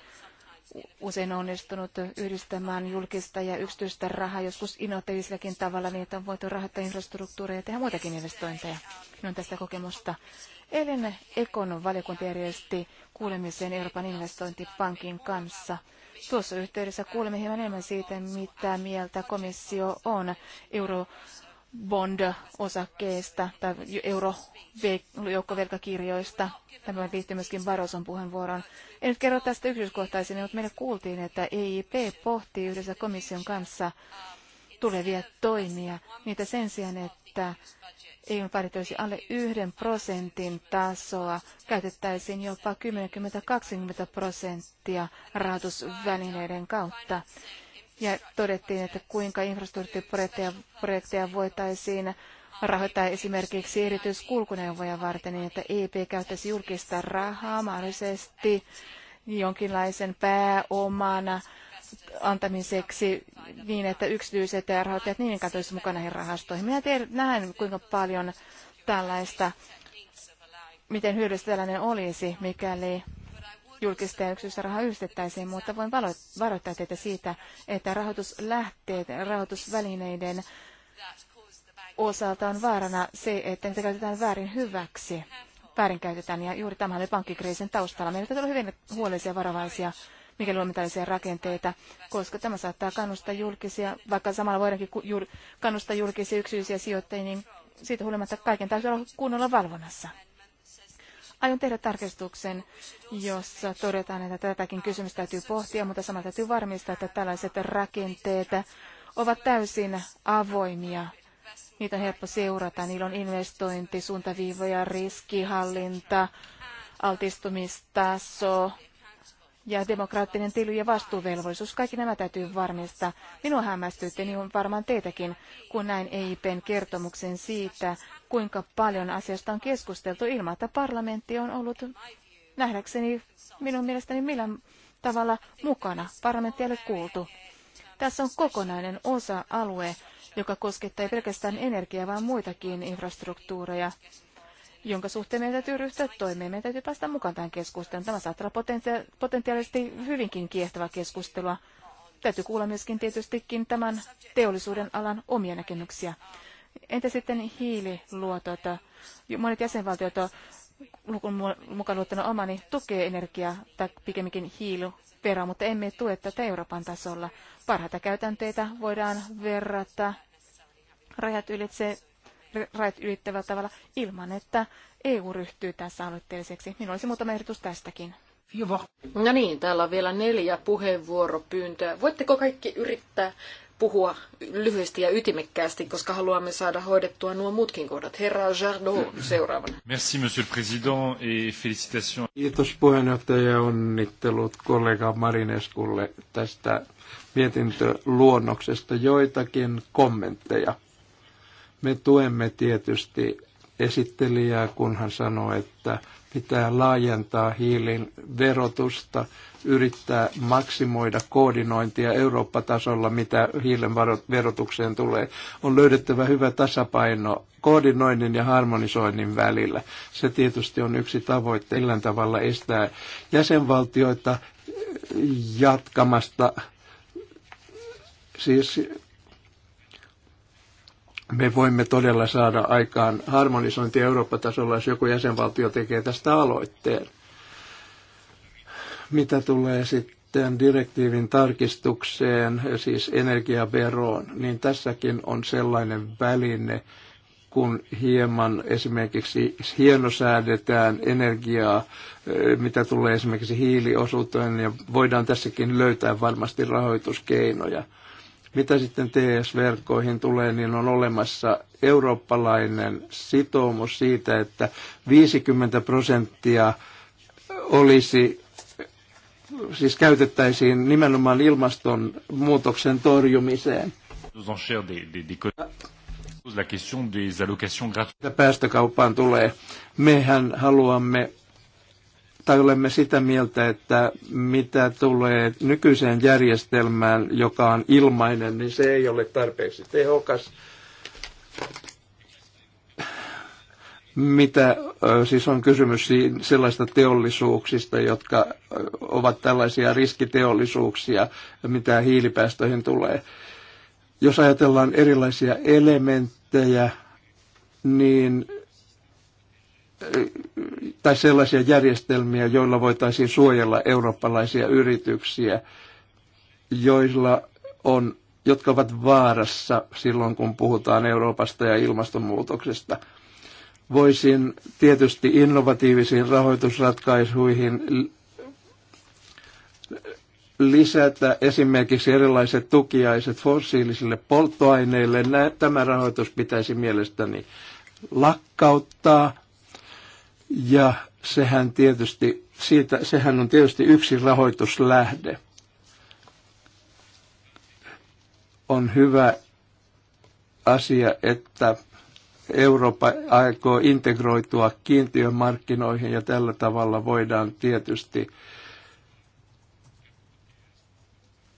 usein onnistunut yhdistämään julkista ja yksityistä rahaa, joskus innovatiivisellakin tavalla, niin että on voitu rahoittaa infrastruktuuria ja tehdä muitakin investointeja. Minun on tästä kokemusta. Eilen Ekon valiokunta järjesti kuulemisen Euroopan investointipankin kanssa. Tuossa yhteydessä kuulemme hieman enemmän siitä, mitä mieltä komissio on euro bond-osakkeesta tai eurojoukkovelkakirjoista. Tämä liittyy myöskin Baroson puheenvuoroon. En nyt kerro tästä yksityiskohtaisemmin, mutta meille kuultiin, että EIP pohtii yhdessä komission kanssa tulevia toimia. Niitä sen sijaan, että EUn päädytöisi alle yhden prosentin tasoa, käytettäisiin jopa 10-20 prosenttia rahoitusvälineiden kautta ja todettiin, että kuinka infrastruktuuriprojekteja voitaisiin rahoittaa esimerkiksi erityiskulkuneuvoja varten, niin että EP käyttäisi julkista rahaa mahdollisesti jonkinlaisen pääomana antamiseksi niin, että yksityiset ja rahoittajat niiden kautta mukana näihin rahastoihin. Minä tiedän, näen, kuinka paljon tällaista, miten hyödyllistä tällainen olisi, mikäli julkista ja yksityistä rahaa yhdistettäisiin, mutta voin varoittaa teitä siitä, että rahoituslähteet, rahoitusvälineiden osalta on vaarana se, että niitä käytetään väärin hyväksi. Väärinkäytetään ja juuri tämä oli pankkikriisin taustalla. Meidän täytyy olla hyvin huolellisia varovaisia mikäli luomme tällaisia rakenteita, koska tämä saattaa kannustaa julkisia, vaikka samalla voidaankin kannustaa julkisia yksityisiä sijoittajia, niin siitä huolimatta kaiken täytyy olla kunnolla valvonnassa. Aion tehdä tarkistuksen, jossa todetaan, että tätäkin kysymystä täytyy pohtia, mutta samalla täytyy varmistaa, että tällaiset rakenteet ovat täysin avoimia. Niitä on helppo seurata. Niillä on suuntaviivoja, riskihallinta, altistumistaso, ja demokraattinen tili ja vastuuvelvollisuus, kaikki nämä täytyy varmistaa. Minua hämmästytti, niin varmaan teitäkin, kun näin EIPn kertomuksen siitä, kuinka paljon asiasta on keskusteltu ilman, että parlamentti on ollut nähdäkseni minun mielestäni millään tavalla mukana. Parlamentti ei ole kuultu. Tässä on kokonainen osa-alue, joka koskettaa ei pelkästään energiaa, vaan muitakin infrastruktuureja jonka suhteen meidän täytyy ryhtyä toimeen. Meidän täytyy päästä mukaan tähän keskusteluun. Tämä saattaa olla potentiaalisesti hyvinkin kiehtova keskustelua. Täytyy kuulla myöskin tietystikin tämän teollisuuden alan omia näkemyksiä. Entä sitten hiililuotot? Monet jäsenvaltiot lukun mukaan luottana omani tukee energiaa tai pikemminkin hiiliveroa, mutta emme tue tätä Euroopan tasolla. Parhaita käytänteitä voidaan verrata rajat ylitse rajat ylittävällä tavalla ilman, että EU ryhtyy tässä aloitteelliseksi. Minulla olisi muutama ehdotus tästäkin. No niin, täällä on vielä neljä puheenvuoropyyntöä. Voitteko kaikki yrittää puhua lyhyesti ja ytimekkäästi, koska haluamme saada hoidettua nuo muutkin kohdat. Herra Jardot seuraavana. Merci, monsieur le président, et félicitations. Kiitos puheenjohtaja onnittelut kollega Marineskulle tästä mietintöluonnoksesta joitakin kommentteja. Me tuemme tietysti esittelijää, kun hän sanoo, että pitää laajentaa hiilin verotusta, yrittää maksimoida koordinointia Eurooppa-tasolla, mitä hiilen verotukseen tulee. On löydettävä hyvä tasapaino koordinoinnin ja harmonisoinnin välillä. Se tietysti on yksi tavoite, millään tavalla estää jäsenvaltioita jatkamasta siis me voimme todella saada aikaan harmonisointi Eurooppa-tasolla, jos joku jäsenvaltio tekee tästä aloitteen. Mitä tulee sitten direktiivin tarkistukseen, siis energiaveroon, niin tässäkin on sellainen väline, kun hieman esimerkiksi hienosäädetään energiaa, mitä tulee esimerkiksi hiiliosuuteen, ja voidaan tässäkin löytää varmasti rahoituskeinoja – mitä sitten TS-verkkoihin tulee, niin on olemassa eurooppalainen sitoumus siitä, että 50 prosenttia olisi siis käytettäisiin nimenomaan ilmastonmuutoksen torjumiseen. Päästökauppaan tulee. Mehän haluamme tai olemme sitä mieltä, että mitä tulee nykyiseen järjestelmään, joka on ilmainen, niin se ei ole tarpeeksi tehokas. Mitä siis on kysymys sellaista teollisuuksista, jotka ovat tällaisia riskiteollisuuksia, mitä hiilipäästöihin tulee. Jos ajatellaan erilaisia elementtejä, niin tai sellaisia järjestelmiä, joilla voitaisiin suojella eurooppalaisia yrityksiä, joilla on, jotka ovat vaarassa silloin, kun puhutaan Euroopasta ja ilmastonmuutoksesta. Voisin tietysti innovatiivisiin rahoitusratkaisuihin lisätä esimerkiksi erilaiset tukiaiset fossiilisille polttoaineille. Tämä rahoitus pitäisi mielestäni lakkauttaa ja sehän, tietysti, siitä, sehän on tietysti yksi rahoituslähde. On hyvä asia, että Eurooppa aikoo integroitua kiintiömarkkinoihin ja tällä tavalla voidaan tietysti,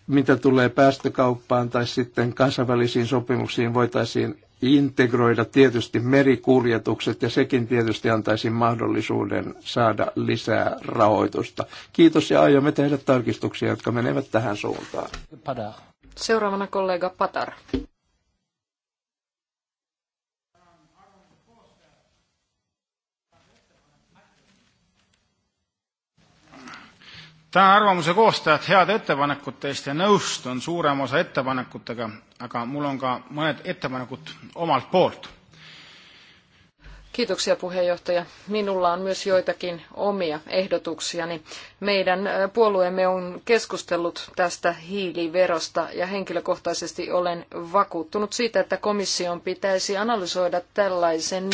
mitä tulee päästökauppaan tai sitten kansainvälisiin sopimuksiin, voitaisiin integroida tietysti merikuljetukset ja sekin tietysti antaisi mahdollisuuden saada lisää rahoitusta. Kiitos ja aiomme tehdä tarkistuksia, jotka menevät tähän suuntaan. Seuraavana kollega Patar. tänan arvamuse koostajat heade ettepanekute eest ja nõustun suurema osa ettepanekutega, aga mul on ka mõned ettepanekud omalt poolt. Kiitoksia puheenjohtaja. Minulla on myös joitakin omia ehdotuksiani. Meidän puolueemme on keskustellut tästä hiiliverosta ja henkilökohtaisesti olen vakuuttunut siitä, että komission pitäisi analysoida tällaisen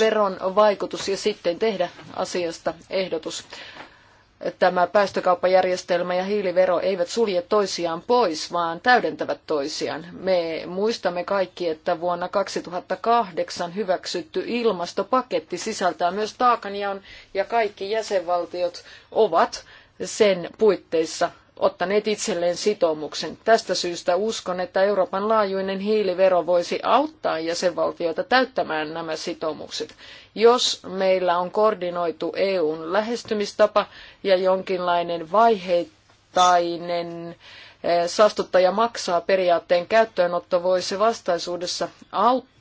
veron vaikutus ja sitten tehdä asiasta ehdotus tämä päästökauppajärjestelmä ja hiilivero eivät sulje toisiaan pois, vaan täydentävät toisiaan. Me muistamme kaikki, että vuonna 2008 hyväksytty ilmastopaketti sisältää myös taakanjaon ja kaikki jäsenvaltiot ovat sen puitteissa ottaneet itselleen sitoumuksen. Tästä syystä uskon, että Euroopan laajuinen hiilivero voisi auttaa jäsenvaltioita täyttämään nämä sitoumukset, jos meillä on koordinoitu EUn lähestymistapa ja jonkinlainen vaiheittainen eh, saastuttaja maksaa periaatteen käyttöönotto voisi vastaisuudessa auttaa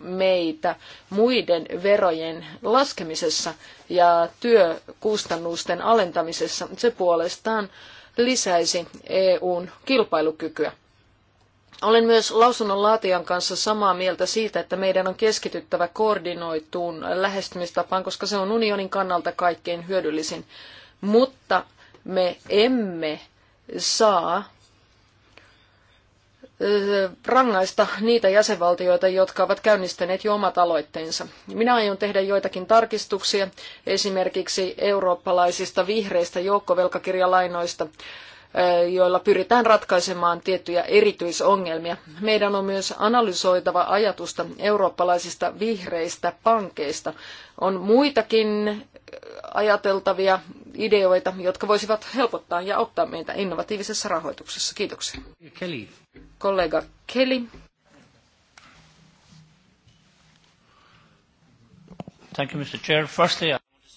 meitä muiden verojen laskemisessa ja työkustannusten alentamisessa. Se puolestaan lisäisi EUn kilpailukykyä. Olen myös lausunnon laatijan kanssa samaa mieltä siitä, että meidän on keskityttävä koordinoituun lähestymistapaan, koska se on unionin kannalta kaikkein hyödyllisin. Mutta me emme saa rangaista niitä jäsenvaltioita, jotka ovat käynnistäneet jo omat aloitteensa. Minä aion tehdä joitakin tarkistuksia esimerkiksi eurooppalaisista vihreistä joukkovelkakirjalainoista joilla pyritään ratkaisemaan tiettyjä erityisongelmia. Meidän on myös analysoitava ajatusta eurooppalaisista vihreistä pankeista. On muitakin ajateltavia ideoita, jotka voisivat helpottaa ja auttaa meitä innovatiivisessa rahoituksessa. Kiitoksia. Kelly. Kollega Kelly. Thank you, Mr. Chair. Firstly,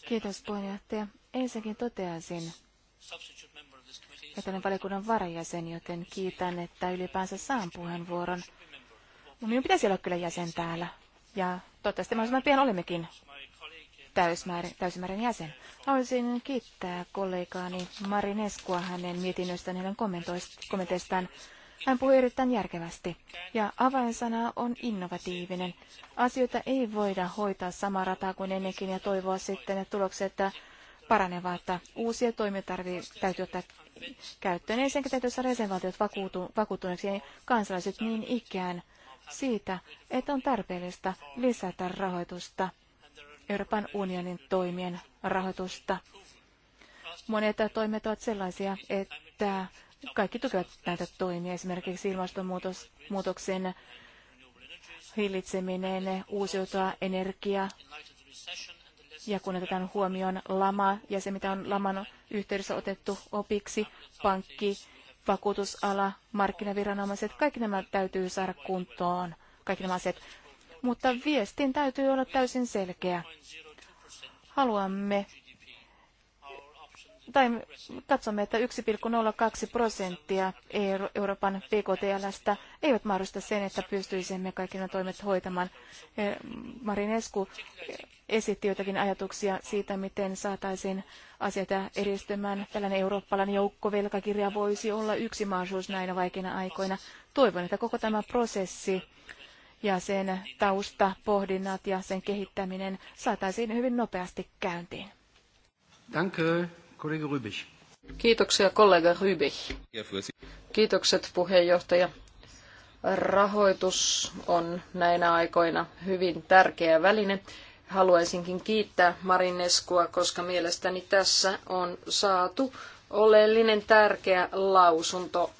Kiitos puheenjohtaja. Ensinnäkin toteaisin, ja olen valiokunnan varajäsen, joten kiitän, että ylipäänsä saan puheenvuoron. Minun pitäisi olla kyllä jäsen täällä ja toivottavasti mahdollisimman pian olemmekin täysimääräinen jäsen. Haluaisin kiittää kollegaani Mari Neskua hänen mietinnöstään ja kommenteistaan. Hän puhui erittäin järkevästi. Ja avainsana on innovatiivinen. Asioita ei voida hoitaa samaa rataa kuin ennenkin ja toivoa sitten, että tulokset että Uusia toimia tarvii, täytyy ottaa käyttöön. Ensinnäkin täytyy saada jäsenvaltiot vakuutuneeksi ja kansalaiset niin ikään siitä, että on tarpeellista lisätä rahoitusta, Euroopan unionin toimien rahoitusta. Monet toimet ovat sellaisia, että kaikki tukevat näitä toimia, esimerkiksi ilmastonmuutoksen hillitseminen, uusiutua energia, ja kun otetaan huomioon lama ja se, mitä on laman yhteydessä otettu opiksi, pankki, vakuutusala, markkinaviranomaiset, kaikki nämä täytyy saada kuntoon, kaikki nämä asiat. Mutta viestin täytyy olla täysin selkeä. Haluamme tai katsomme, että 1,02 prosenttia Euroopan PKTLstä eivät mahdollista sen, että pystyisimme kaikki nämä toimet hoitamaan. Eh, Marinesku esitti jotakin ajatuksia siitä, miten saataisiin asioita edistymään. Tällainen eurooppalainen joukkovelkakirja voisi olla yksi mahdollisuus näinä vaikeina aikoina. Toivon, että koko tämä prosessi ja sen tausta, pohdinnat ja sen kehittäminen saataisiin hyvin nopeasti käyntiin. Danke. Kollega Rybich. Kiitoksia kollega Rybich. Kiitokset puheenjohtaja. Rahoitus on näinä aikoina hyvin tärkeä väline. Haluaisinkin kiittää Marineskua, koska mielestäni tässä on saatu oleellinen tärkeä lausunto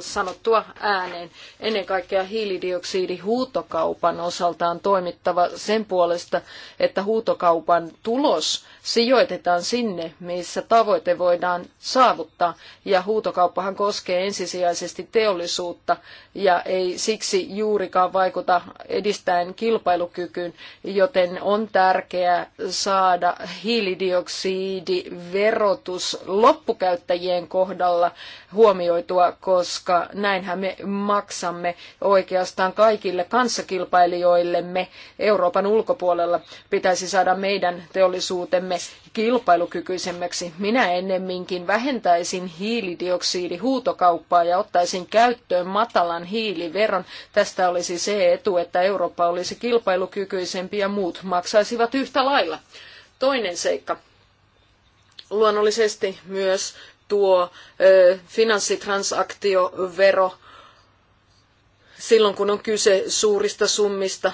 sanottua ääneen. Ennen kaikkea hiilidioksidihuutokaupan osalta on toimittava sen puolesta, että huutokaupan tulos sijoitetaan sinne, missä tavoite voidaan saavuttaa. Ja huutokauppahan koskee ensisijaisesti teollisuutta ja ei siksi juurikaan vaikuta edistäen kilpailukykyyn, joten on tärkeää saada hiilidioksidiverotus loppukäyttäjien kohdalla huomioitua koska näinhän me maksamme oikeastaan kaikille kanssakilpailijoillemme Euroopan ulkopuolella. Pitäisi saada meidän teollisuutemme kilpailukykyisemmäksi. Minä ennemminkin vähentäisin hiilidioksidihuutokauppaa ja ottaisin käyttöön matalan hiiliveron. Tästä olisi se etu, että Eurooppa olisi kilpailukykyisempi ja muut maksaisivat yhtä lailla. Toinen seikka luonnollisesti myös tuo finanssitransaktiovero silloin, kun on kyse suurista summista,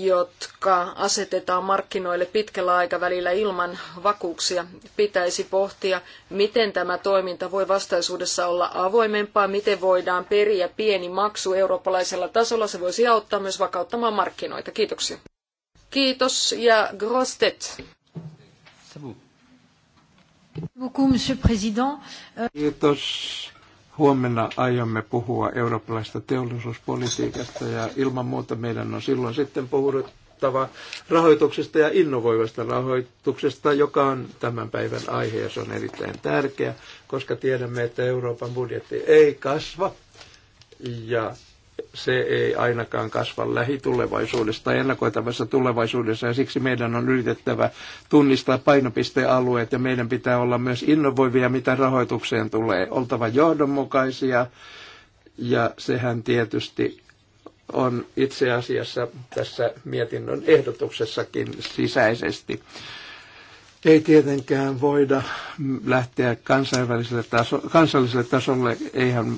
jotka asetetaan markkinoille pitkällä aikavälillä ilman vakuuksia, pitäisi pohtia, miten tämä toiminta voi vastaisuudessa olla avoimempaa, miten voidaan periä pieni maksu eurooppalaisella tasolla. Se voisi auttaa myös vakauttamaan markkinoita. Kiitoksia. Kiitos ja grostet. Kiitos. Huomenna aiomme puhua eurooppalaisesta teollisuuspolitiikasta ja ilman muuta meidän on silloin sitten puhuttava rahoituksesta ja innovoivasta rahoituksesta, joka on tämän päivän aihe ja se on erittäin tärkeä, koska tiedämme, että Euroopan budjetti ei kasva ja se ei ainakaan kasva lähitulevaisuudessa tai ennakoitavassa tulevaisuudessa ja siksi meidän on yritettävä tunnistaa painopistealueet ja meidän pitää olla myös innovoivia, mitä rahoitukseen tulee. Oltava johdonmukaisia ja sehän tietysti on itse asiassa tässä mietinnön ehdotuksessakin sisäisesti. Ei tietenkään voida lähteä kansainväliselle taso, kansalliselle tasolle, eihän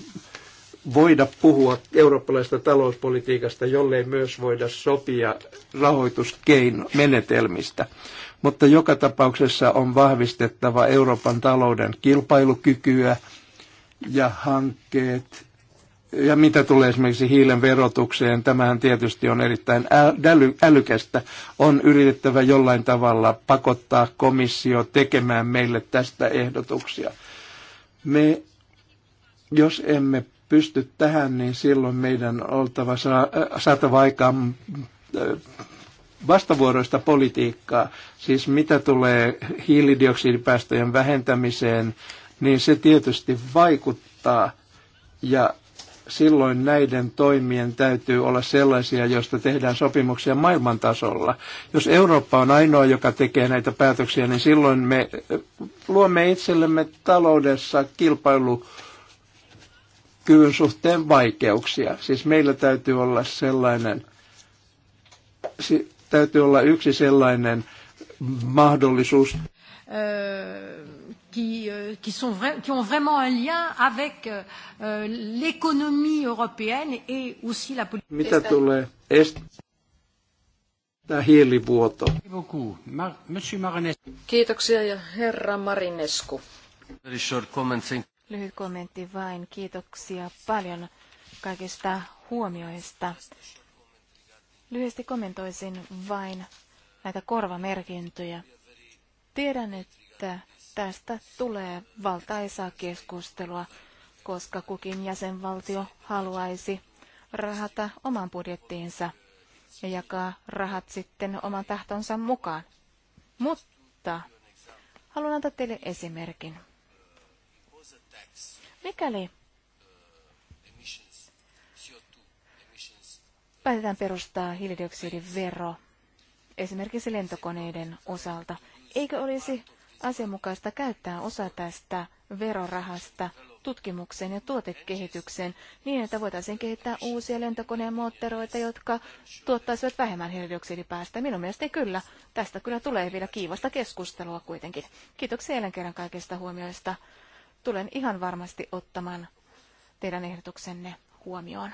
voida puhua eurooppalaisesta talouspolitiikasta, jollei myös voida sopia rahoituskeinomenetelmistä. Mutta joka tapauksessa on vahvistettava Euroopan talouden kilpailukykyä ja hankkeet. Ja mitä tulee esimerkiksi hiilen verotukseen, tämähän tietysti on erittäin äly, älykästä. On yritettävä jollain tavalla pakottaa komissio tekemään meille tästä ehdotuksia. Me jos emme pysty tähän, niin silloin meidän oltava saatava aikaan äh, vastavuoroista politiikkaa. Siis mitä tulee hiilidioksidipäästöjen vähentämiseen, niin se tietysti vaikuttaa ja silloin näiden toimien täytyy olla sellaisia, joista tehdään sopimuksia maailman tasolla. Jos Eurooppa on ainoa, joka tekee näitä päätöksiä, niin silloin me äh, luomme itsellemme taloudessa kilpailu kyvyn suhteen vaikeuksia. Siis meillä täytyy olla sellainen, täytyy olla yksi sellainen mahdollisuus, euh, qui, euh, qui, sont vra- qui ont vraiment un lien avec euh, l'économie européenne et aussi la politique. Mitä tulee estää hiilivuoto? Kiitoksia ja herra Marinescu. Very short comments. Lyhyt kommentti vain. Kiitoksia paljon kaikista huomioista. Lyhyesti kommentoisin vain näitä korvamerkintöjä. Tiedän, että tästä tulee valtaisaa keskustelua, koska kukin jäsenvaltio haluaisi rahata oman budjettiinsa ja jakaa rahat sitten oman tahtonsa mukaan. Mutta haluan antaa teille esimerkin. Mikäli päätetään perustaa hiilidioksidivero esimerkiksi lentokoneiden osalta, eikö olisi asianmukaista käyttää osa tästä verorahasta tutkimukseen ja tuotekehitykseen niin, että voitaisiin kehittää uusia lentokoneen moottoroita, jotka tuottaisivat vähemmän hiilidioksidipäästä. Minun mielestäni kyllä. Tästä kyllä tulee vielä kiivasta keskustelua kuitenkin. Kiitoksia jälleen kerran kaikista huomioista tulen ihan varmasti ottamaan teidän ehdotuksenne huomioon.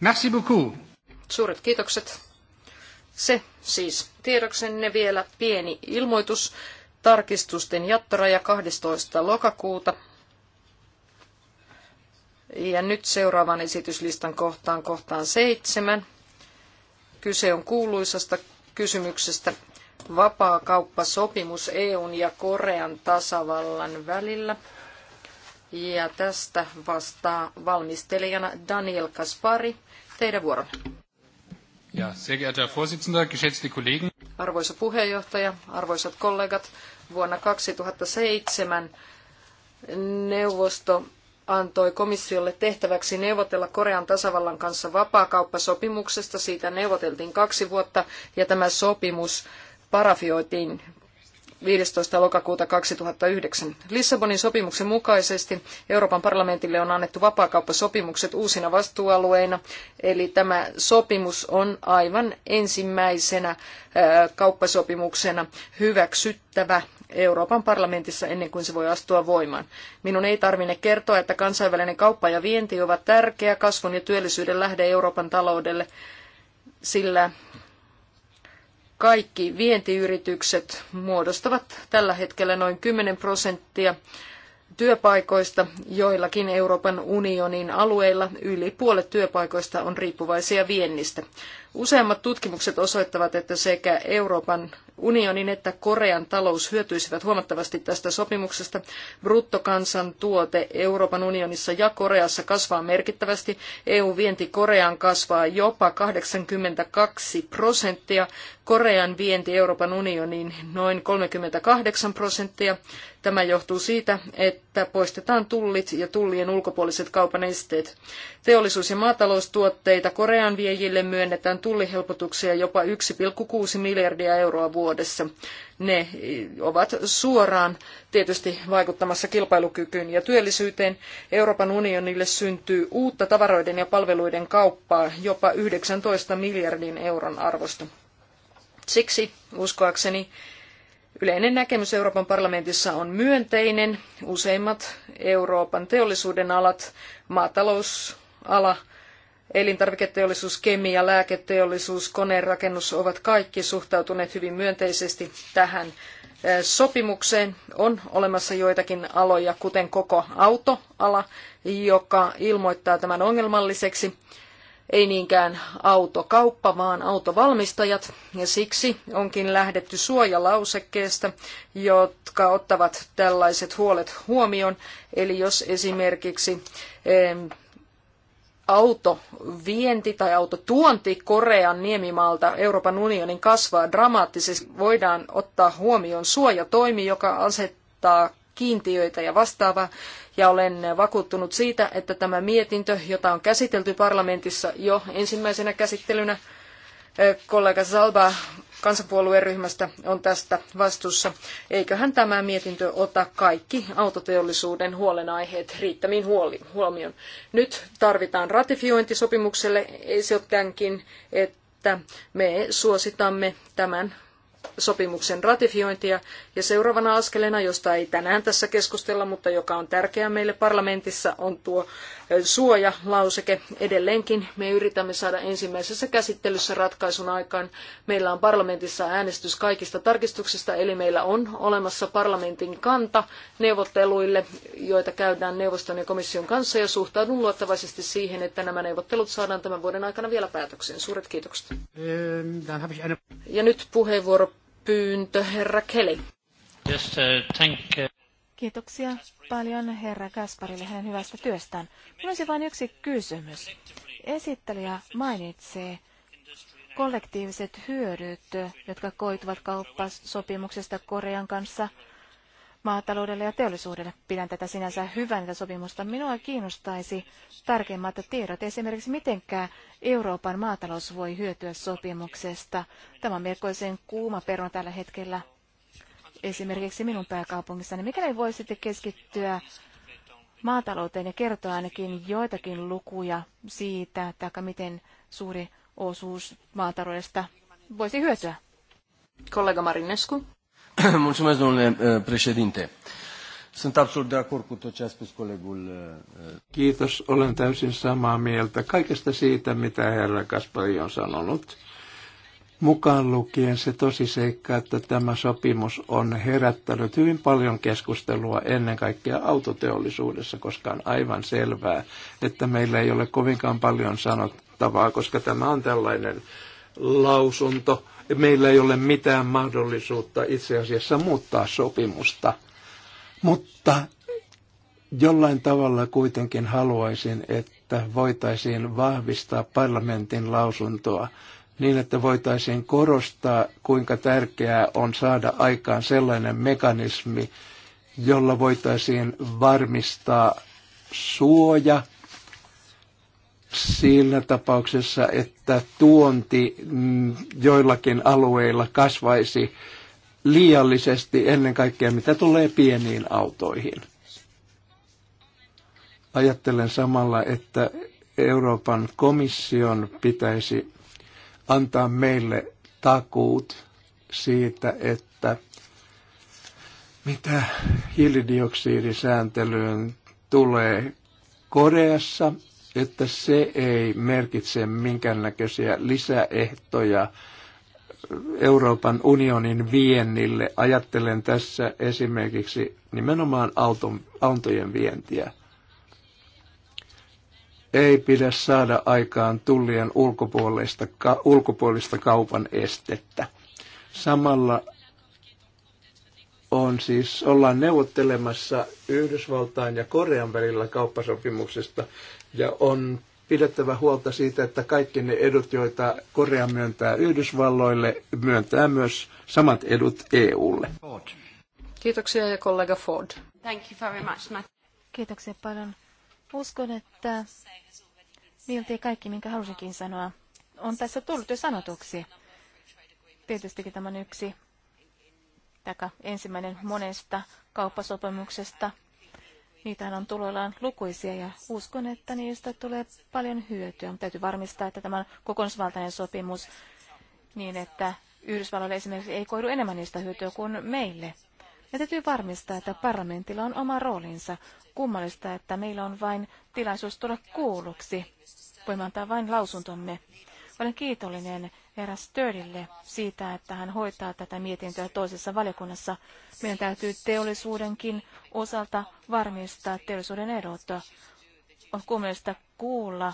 Merci beaucoup. Suuret kiitokset. Se siis tiedoksenne vielä pieni ilmoitus. Tarkistusten jattoraja 12. lokakuuta. Ja nyt seuraavan esityslistan kohtaan kohtaan seitsemän. Kyse on kuuluisasta kysymyksestä vapaakauppasopimus EUn ja Korean tasavallan välillä. Ja tästä vastaa valmistelijana Daniel Kaspari. Teidän vuoron. Ja, sehr geehrter Vorsitzender, geschätzte Kollegen. Arvoisa puheenjohtaja, arvoisat kollegat, vuonna 2007 neuvosto antoi komissiolle tehtäväksi neuvotella Korean tasavallan kanssa vapaakauppasopimuksesta. Siitä neuvoteltiin kaksi vuotta ja tämä sopimus parafioitiin 15. lokakuuta 2009. Lissabonin sopimuksen mukaisesti Euroopan parlamentille on annettu vapaakauppasopimukset uusina vastuualueina, eli tämä sopimus on aivan ensimmäisenä kauppasopimuksena hyväksyttävä Euroopan parlamentissa ennen kuin se voi astua voimaan. Minun ei tarvinne kertoa, että kansainvälinen kauppa ja vienti ovat tärkeä kasvun ja työllisyyden lähde Euroopan taloudelle, sillä kaikki vientiyritykset muodostavat tällä hetkellä noin 10 prosenttia työpaikoista joillakin Euroopan unionin alueilla yli puolet työpaikoista on riippuvaisia viennistä. Useimmat tutkimukset osoittavat, että sekä Euroopan unionin että Korean talous hyötyisivät huomattavasti tästä sopimuksesta. Bruttokansantuote Euroopan unionissa ja Koreassa kasvaa merkittävästi. EU-vienti Koreaan kasvaa jopa 82 prosenttia, Korean vienti Euroopan unioniin noin 38 prosenttia. Tämä johtuu siitä, että poistetaan tullit ja tullien ulkopuoliset kaupan esteet. Teollisuus- ja maataloustuotteita Korean viejille myönnetään tullihelpotuksia jopa 1,6 miljardia euroa vuodessa. Ne ovat suoraan tietysti vaikuttamassa kilpailukykyyn ja työllisyyteen. Euroopan unionille syntyy uutta tavaroiden ja palveluiden kauppaa jopa 19 miljardin euron arvosta. Siksi, uskoakseni, Yleinen näkemys Euroopan parlamentissa on myönteinen. Useimmat Euroopan teollisuuden alat, maatalousala, elintarviketeollisuus, kemia, lääketeollisuus, koneenrakennus ovat kaikki suhtautuneet hyvin myönteisesti tähän eh, sopimukseen. On olemassa joitakin aloja, kuten koko autoala, joka ilmoittaa tämän ongelmalliseksi ei niinkään autokauppa, vaan autovalmistajat, ja siksi onkin lähdetty suojalausekkeesta, jotka ottavat tällaiset huolet huomioon. Eli jos esimerkiksi autovienti tai autotuonti Korean niemimaalta Euroopan unionin kasvaa dramaattisesti, voidaan ottaa huomioon suojatoimi, joka asettaa kiintiöitä ja vastaavaa, ja olen vakuuttunut siitä, että tämä mietintö, jota on käsitelty parlamentissa jo ensimmäisenä käsittelynä, kollega Zalba kansanpuolueen ryhmästä on tästä vastuussa. Eiköhän tämä mietintö ota kaikki autoteollisuuden huolenaiheet riittämiin huomioon. Nyt tarvitaan ratifiointisopimukselle esittäänkin, että me suositamme tämän sopimuksen ratifiointia ja seuraavana askeleena, josta ei tänään tässä keskustella, mutta joka on tärkeä meille parlamentissa, on tuo suojalauseke. Edelleenkin me yritämme saada ensimmäisessä käsittelyssä ratkaisun aikaan. Meillä on parlamentissa äänestys kaikista tarkistuksista, eli meillä on olemassa parlamentin kanta neuvotteluille, joita käydään neuvoston ja komission kanssa, ja suhtaudun luottavaisesti siihen, että nämä neuvottelut saadaan tämän vuoden aikana vielä päätökseen. Suuret kiitokset. Ja nyt puheenvuoro pyyntö, herra Kelly. Yes, uh, thank uh... Kiitoksia paljon herra Kasparille hänen hyvästä työstään. Minulla olisi vain yksi kysymys. Esittelijä mainitsee kollektiiviset hyödyt, jotka koituvat kauppasopimuksesta Korean kanssa – maataloudelle ja teollisuudelle. Pidän tätä sinänsä hyvänä sopimusta. Minua kiinnostaisi tarkemmat tiedot, esimerkiksi mitenkä Euroopan maatalous voi hyötyä sopimuksesta. Tämä on melkoisen kuuma peruna tällä hetkellä esimerkiksi minun pääkaupungissani. Mikäli voisitte keskittyä maatalouteen ja kertoa ainakin joitakin lukuja siitä, taikka miten suuri osuus maataloudesta voisi hyötyä. Kollega Marinescu. *coughs* Mulțumesc, domnule uh, președinte. Sunt absolut de acord cu tot ce a spus colegul. Uh, uh. Kiitos, olen täysin samaa mieltä kaikesta siitä, mitä herra Kaspari on sanonut. Mukaan lukien se seikka, että tämä sopimus on herättänyt hyvin paljon keskustelua ennen kaikkea autoteollisuudessa, koska on aivan selvää, että meillä ei ole kovinkaan paljon sanottavaa, koska tämä on tällainen lausunto, meillä ei ole mitään mahdollisuutta itse asiassa muuttaa sopimusta. Mutta jollain tavalla kuitenkin haluaisin, että voitaisiin vahvistaa parlamentin lausuntoa niin, että voitaisiin korostaa, kuinka tärkeää on saada aikaan sellainen mekanismi, jolla voitaisiin varmistaa suoja siinä tapauksessa, että tuonti mm, joillakin alueilla kasvaisi liiallisesti ennen kaikkea, mitä tulee pieniin autoihin. Ajattelen samalla, että Euroopan komission pitäisi antaa meille takuut siitä, että mitä hiilidioksidisääntelyyn tulee Koreassa että se ei merkitse minkäännäköisiä lisäehtoja Euroopan unionin viennille. Ajattelen tässä esimerkiksi nimenomaan auton, autojen vientiä. Ei pidä saada aikaan tullien ulkopuolista, ka, ulkopuolista kaupan estettä. Samalla on siis, ollaan neuvottelemassa Yhdysvaltain ja Korean välillä kauppasopimuksesta, ja on pidettävä huolta siitä, että kaikki ne edut, joita Korea myöntää Yhdysvalloille, myöntää myös samat edut EUlle. Ford. Kiitoksia ja kollega Ford. Thank you very much. Kiitoksia paljon. Uskon, että miltei kaikki, minkä halusinkin sanoa, on tässä tullut jo sanotuksi. Tietystikin tämä on yksi taka ensimmäinen monesta kauppasopimuksesta, Niitähän on tuloillaan lukuisia ja uskon, että niistä tulee paljon hyötyä. Mutta täytyy varmistaa, että tämä on kokonaisvaltainen sopimus niin, että Yhdysvalloille esimerkiksi ei koidu enemmän niistä hyötyä kuin meille. Ja täytyy varmistaa, että parlamentilla on oma roolinsa. Kummallista, että meillä on vain tilaisuus tulla kuulluksi. Voimme antaa vain lausuntomme. Olen kiitollinen eräs Störille siitä, että hän hoitaa tätä mietintöä toisessa valiokunnassa. Meidän täytyy teollisuudenkin osalta varmistaa teollisuuden erot. On kummallista kuulla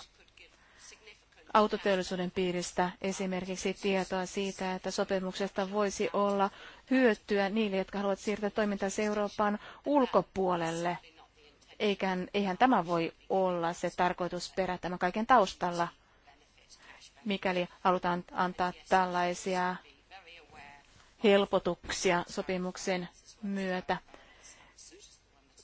autoteollisuuden piiristä esimerkiksi tietoa siitä, että sopimuksesta voisi olla hyötyä niille, jotka haluavat siirtää toimintansa Euroopan ulkopuolelle. Eikä, eihän tämä voi olla se tarkoitusperä tämän kaiken taustalla mikäli halutaan antaa tällaisia helpotuksia sopimuksen myötä.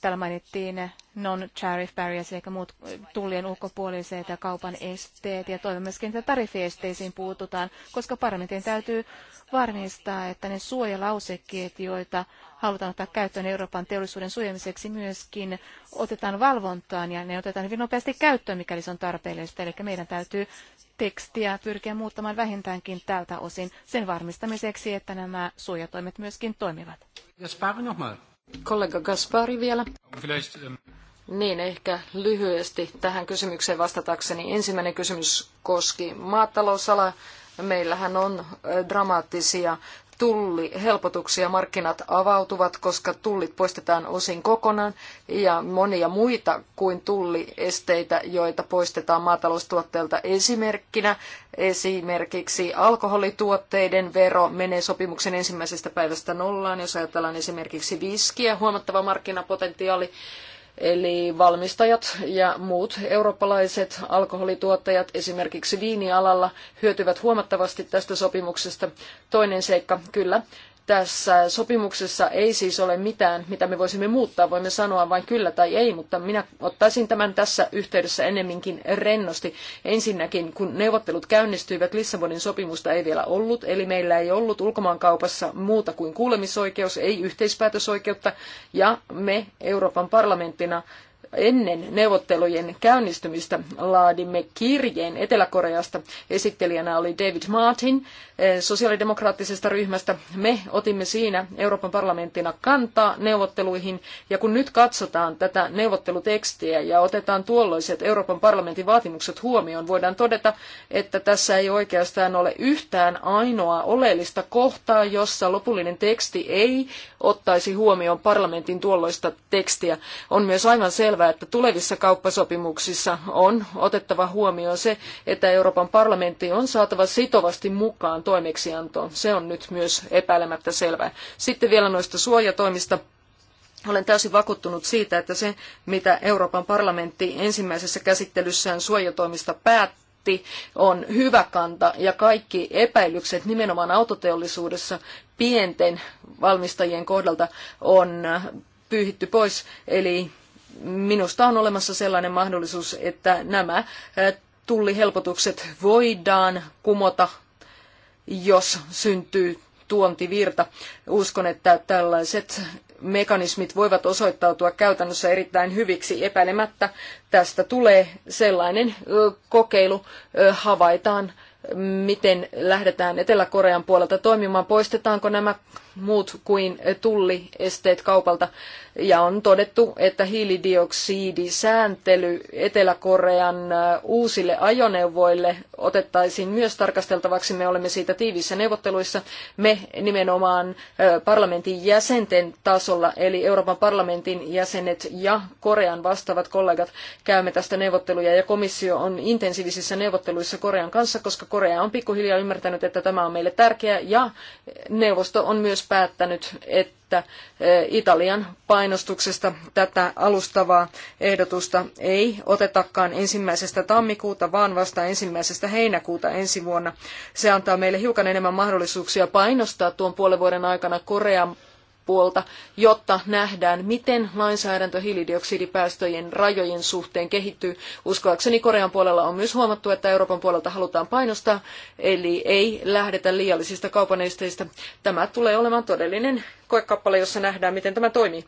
Täällä mainittiin non-tariff barriers, eli muut tullien ulkopuoliset ja kaupan esteet, ja toivon myöskin, että tarifiesteisiin puututaan, koska parlamentin täytyy varmistaa, että ne suojalausekkeet, joita halutaan ottaa käyttöön Euroopan teollisuuden suojamiseksi, myöskin otetaan valvontaan, ja ne otetaan hyvin nopeasti käyttöön, mikäli se on tarpeellista. Eli meidän täytyy tekstiä pyrkiä muuttamaan vähintäänkin tältä osin sen varmistamiseksi, että nämä suojatoimet myöskin toimivat. Ja Kollega Gaspari vielä. Niin, ehkä lyhyesti tähän kysymykseen vastatakseni. Ensimmäinen kysymys koski maatalousalaa. Meillähän on dramaattisia tullihelpotuksia. Markkinat avautuvat, koska tullit poistetaan osin kokonaan ja monia muita kuin tulliesteitä, joita poistetaan maataloustuotteilta esimerkkinä. Esimerkiksi alkoholituotteiden vero menee sopimuksen ensimmäisestä päivästä nollaan, jos ajatellaan esimerkiksi viskiä, huomattava markkinapotentiaali. Eli valmistajat ja muut eurooppalaiset alkoholituottajat esimerkiksi viinialalla hyötyvät huomattavasti tästä sopimuksesta. Toinen seikka, kyllä, tässä sopimuksessa ei siis ole mitään, mitä me voisimme muuttaa. Voimme sanoa vain kyllä tai ei, mutta minä ottaisin tämän tässä yhteydessä ennemminkin rennosti. Ensinnäkin, kun neuvottelut käynnistyivät, Lissabonin sopimusta ei vielä ollut, eli meillä ei ollut ulkomaankaupassa muuta kuin kuulemisoikeus, ei yhteispäätösoikeutta, ja me Euroopan parlamenttina ennen neuvottelujen käynnistymistä laadimme kirjeen Etelä-Koreasta. Esittelijänä oli David Martin eh, sosiaalidemokraattisesta ryhmästä. Me otimme siinä Euroopan parlamenttina kantaa neuvotteluihin ja kun nyt katsotaan tätä neuvottelutekstiä ja otetaan tuolloiset Euroopan parlamentin vaatimukset huomioon, voidaan todeta, että tässä ei oikeastaan ole yhtään ainoaa oleellista kohtaa, jossa lopullinen teksti ei ottaisi huomioon parlamentin tuolloista tekstiä. On myös aivan selvä, selvää, että tulevissa kauppasopimuksissa on otettava huomioon se, että Euroopan parlamentti on saatava sitovasti mukaan toimeksiantoon. Se on nyt myös epäilemättä selvää. Sitten vielä noista suojatoimista. Olen täysin vakuuttunut siitä, että se, mitä Euroopan parlamentti ensimmäisessä käsittelyssään suojatoimista päätti, on hyvä kanta ja kaikki epäilykset nimenomaan autoteollisuudessa pienten valmistajien kohdalta on pyyhitty pois. Eli minusta on olemassa sellainen mahdollisuus, että nämä tullihelpotukset voidaan kumota, jos syntyy tuontivirta. Uskon, että tällaiset mekanismit voivat osoittautua käytännössä erittäin hyviksi epäilemättä. Tästä tulee sellainen kokeilu, havaitaan miten lähdetään Etelä-Korean puolelta toimimaan, poistetaanko nämä muut kuin tulliesteet kaupalta. Ja on todettu, että hiilidioksidisääntely Etelä-Korean uusille ajoneuvoille otettaisiin myös tarkasteltavaksi. Me olemme siitä tiiviissä neuvotteluissa. Me nimenomaan parlamentin jäsenten tasolla, eli Euroopan parlamentin jäsenet ja Korean vastaavat kollegat käymme tästä neuvotteluja. Ja komissio on intensiivisissä neuvotteluissa Korean kanssa, koska Korea on pikkuhiljaa ymmärtänyt, että tämä on meille tärkeä ja neuvosto on myös päättänyt, että e, Italian painostuksesta tätä alustavaa ehdotusta ei otetakaan ensimmäisestä tammikuuta, vaan vasta ensimmäisestä heinäkuuta ensi vuonna. Se antaa meille hiukan enemmän mahdollisuuksia painostaa tuon puolen vuoden aikana Korean puolta, jotta nähdään, miten lainsäädäntö hiilidioksidipäästöjen rajojen suhteen kehittyy. Uskoakseni Korean puolella on myös huomattu, että Euroopan puolelta halutaan painostaa, eli ei lähdetä liiallisista kaupanesteistä. Tämä tulee olemaan todellinen koekappale, jossa nähdään, miten tämä toimii.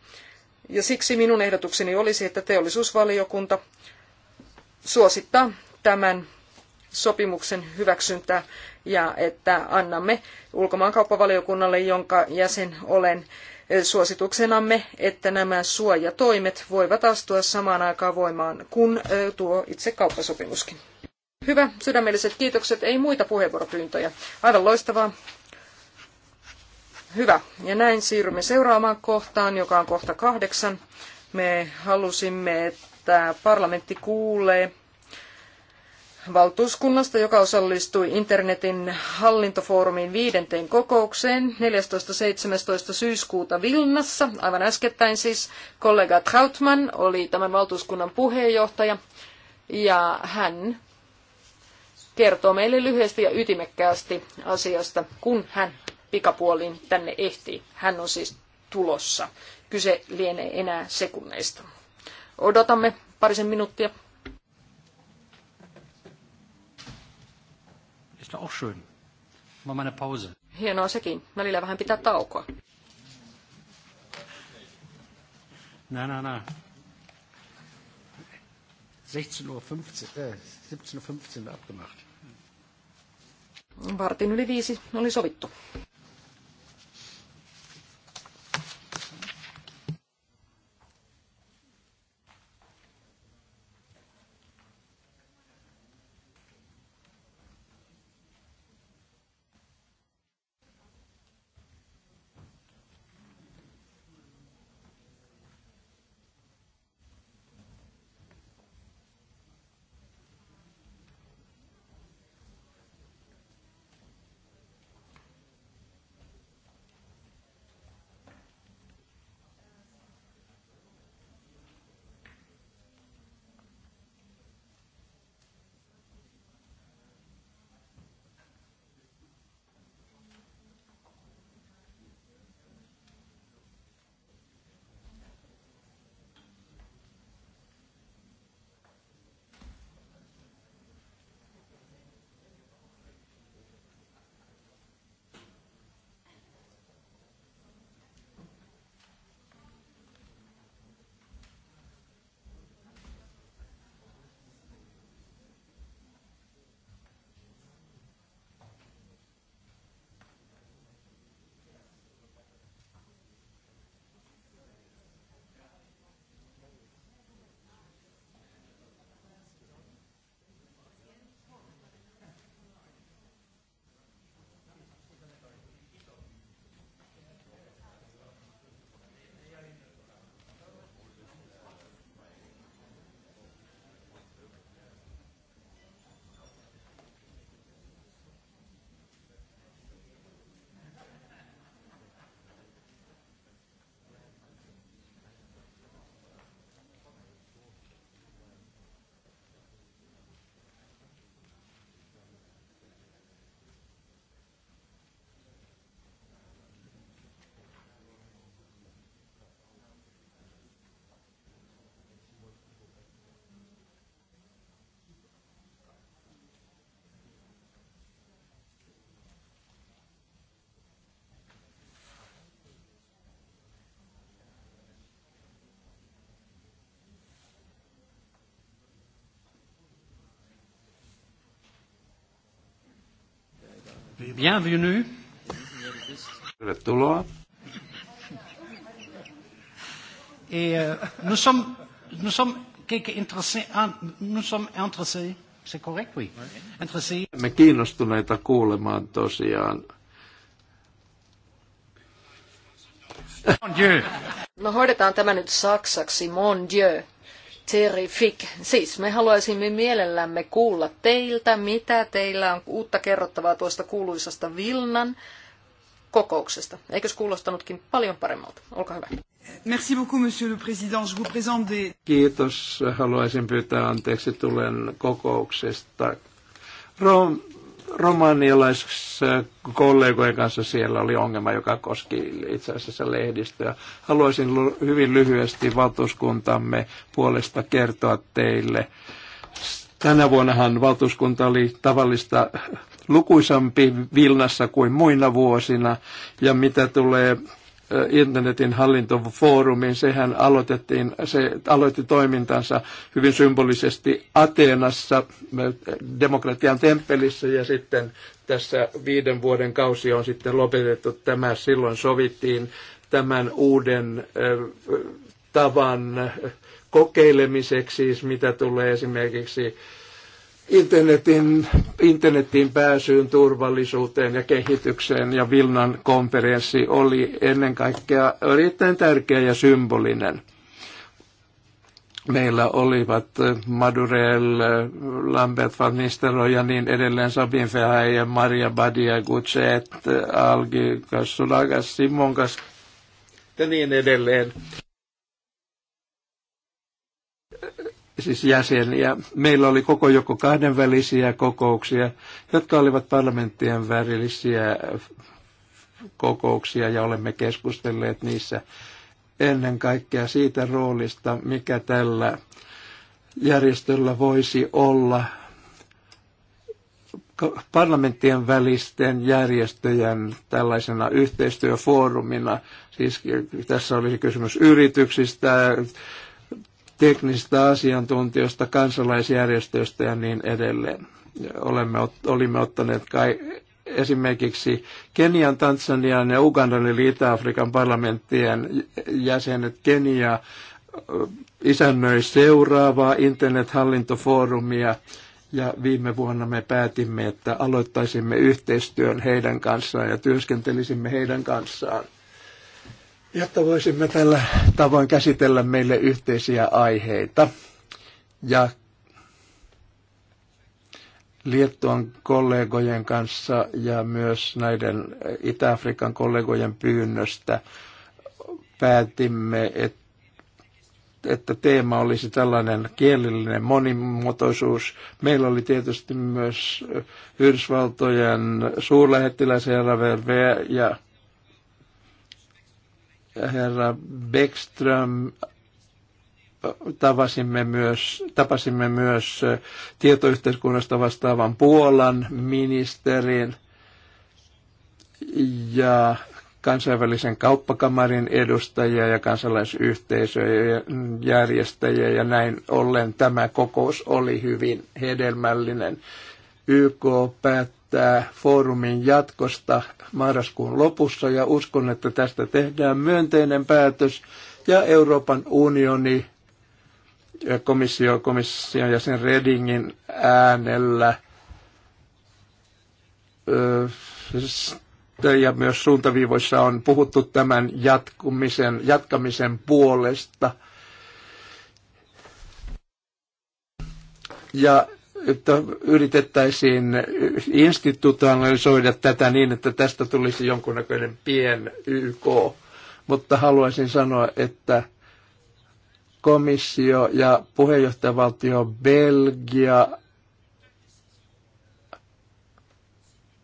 Ja siksi minun ehdotukseni olisi, että teollisuusvaliokunta suosittaa tämän sopimuksen hyväksyntä ja että annamme ulkomaankauppavaliokunnalle, jonka jäsen olen, suosituksenamme, että nämä suojatoimet voivat astua samaan aikaan voimaan kuin tuo itse kauppasopimuskin. Hyvä, sydämelliset kiitokset, ei muita puheenvuoropyyntöjä. Aivan loistavaa. Hyvä, ja näin siirrymme seuraavaan kohtaan, joka on kohta kahdeksan. Me halusimme, että parlamentti kuulee valtuuskunnasta, joka osallistui internetin hallintofoorumin viidenteen kokoukseen 14.17. syyskuuta Vilnassa, aivan äskettäin siis. Kollega Trautman oli tämän valtuuskunnan puheenjohtaja ja hän kertoo meille lyhyesti ja ytimekkäästi asiasta, kun hän pikapuoliin tänne ehtii. Hän on siis tulossa. Kyse lienee enää sekunneista. Odotamme parisen minuuttia. Ist auch schön. Mal eine Pause. Hienoa sekin. Välillä vähän pitää taukoa. Na, na, na. 16.15 Uhr, äh, 17.15 Uhr abgemacht. Vartin yli viisi oli sovittu. Bienvenue. Tervetuloa. Et euh, nous sommes, nous sommes intéressés, nous sommes intéressés, c'est correct, oui. Intéressés. Me kiinnostuneita kuulemaan tosiaan. Mon Dieu. No hoidetaan tämä nyt saksaksi, mon Dieu. Terrific. Siis me haluaisimme mielellämme kuulla teiltä, mitä teillä on uutta kerrottavaa tuosta kuuluisasta Vilnan kokouksesta. Eikös kuulostanutkin paljon paremmalta? Olkaa hyvä. Merci beaucoup, monsieur le président. Je vous présente Kiitos. Haluaisin pyytää anteeksi. Tulen kokouksesta Rom, kollegojen kanssa siellä oli ongelma, joka koski itse asiassa lehdistöä. Haluaisin hyvin lyhyesti valtuuskuntamme puolesta kertoa teille. Tänä vuonnahan valtuuskunta oli tavallista lukuisampi Vilnassa kuin muina vuosina. Ja mitä tulee internetin hallintofoorumiin. Sehän aloitettiin, se aloitti toimintansa hyvin symbolisesti Ateenassa, demokratian temppelissä ja sitten tässä viiden vuoden kausi on sitten lopetettu. Tämä silloin sovittiin tämän uuden tavan kokeilemiseksi, mitä tulee esimerkiksi internetin, internetin pääsyyn, turvallisuuteen ja kehitykseen. Ja Vilnan konferenssi oli ennen kaikkea erittäin tärkeä ja symbolinen. Meillä olivat Madurel, Lambert van Nistelrooy ja niin edelleen, Sabin ja Maria Badia, Gutset, Algi, Kassulagas, Simonkas ja niin edelleen. siis jäseniä. ja meillä oli koko joko kahdenvälisiä kokouksia, jotka olivat parlamenttien välisiä kokouksia, ja olemme keskustelleet niissä ennen kaikkea siitä roolista, mikä tällä järjestöllä voisi olla parlamenttien välisten järjestöjen tällaisena yhteistyöfoorumina. Siis tässä olisi kysymys yrityksistä, teknisestä asiantuntijoista, kansalaisjärjestöistä ja niin edelleen. Olemme, olimme ottaneet kai, esimerkiksi Kenian, Tansanian ja Ugandan eli Itä-Afrikan parlamenttien jäsenet Kenia isännöi seuraavaa internethallintofoorumia ja viime vuonna me päätimme, että aloittaisimme yhteistyön heidän kanssaan ja työskentelisimme heidän kanssaan jotta voisimme tällä tavoin käsitellä meille yhteisiä aiheita. Ja Liettuan kollegojen kanssa ja myös näiden Itä-Afrikan kollegojen pyynnöstä päätimme, että että teema olisi tällainen kielellinen monimuotoisuus. Meillä oli tietysti myös Yhdysvaltojen suurlähettiläs ja herra Beckström tapasimme myös, tapasimme myös tietoyhteiskunnasta vastaavan Puolan ministerin ja kansainvälisen kauppakamarin edustajia ja kansalaisyhteisöjä järjestäjiä ja näin ollen tämä kokous oli hyvin hedelmällinen. YK päätti päättää foorumin jatkosta marraskuun lopussa ja uskon, että tästä tehdään myönteinen päätös ja Euroopan unioni ja komissio, komission ja sen Redingin äänellä ja myös suuntaviivoissa on puhuttu tämän jatkumisen, jatkamisen puolesta. Ja että yritettäisiin institutionalisoida tätä niin, että tästä tulisi jonkunnäköinen pien YK. Mutta haluaisin sanoa, että komissio ja puheenjohtajavaltio Belgia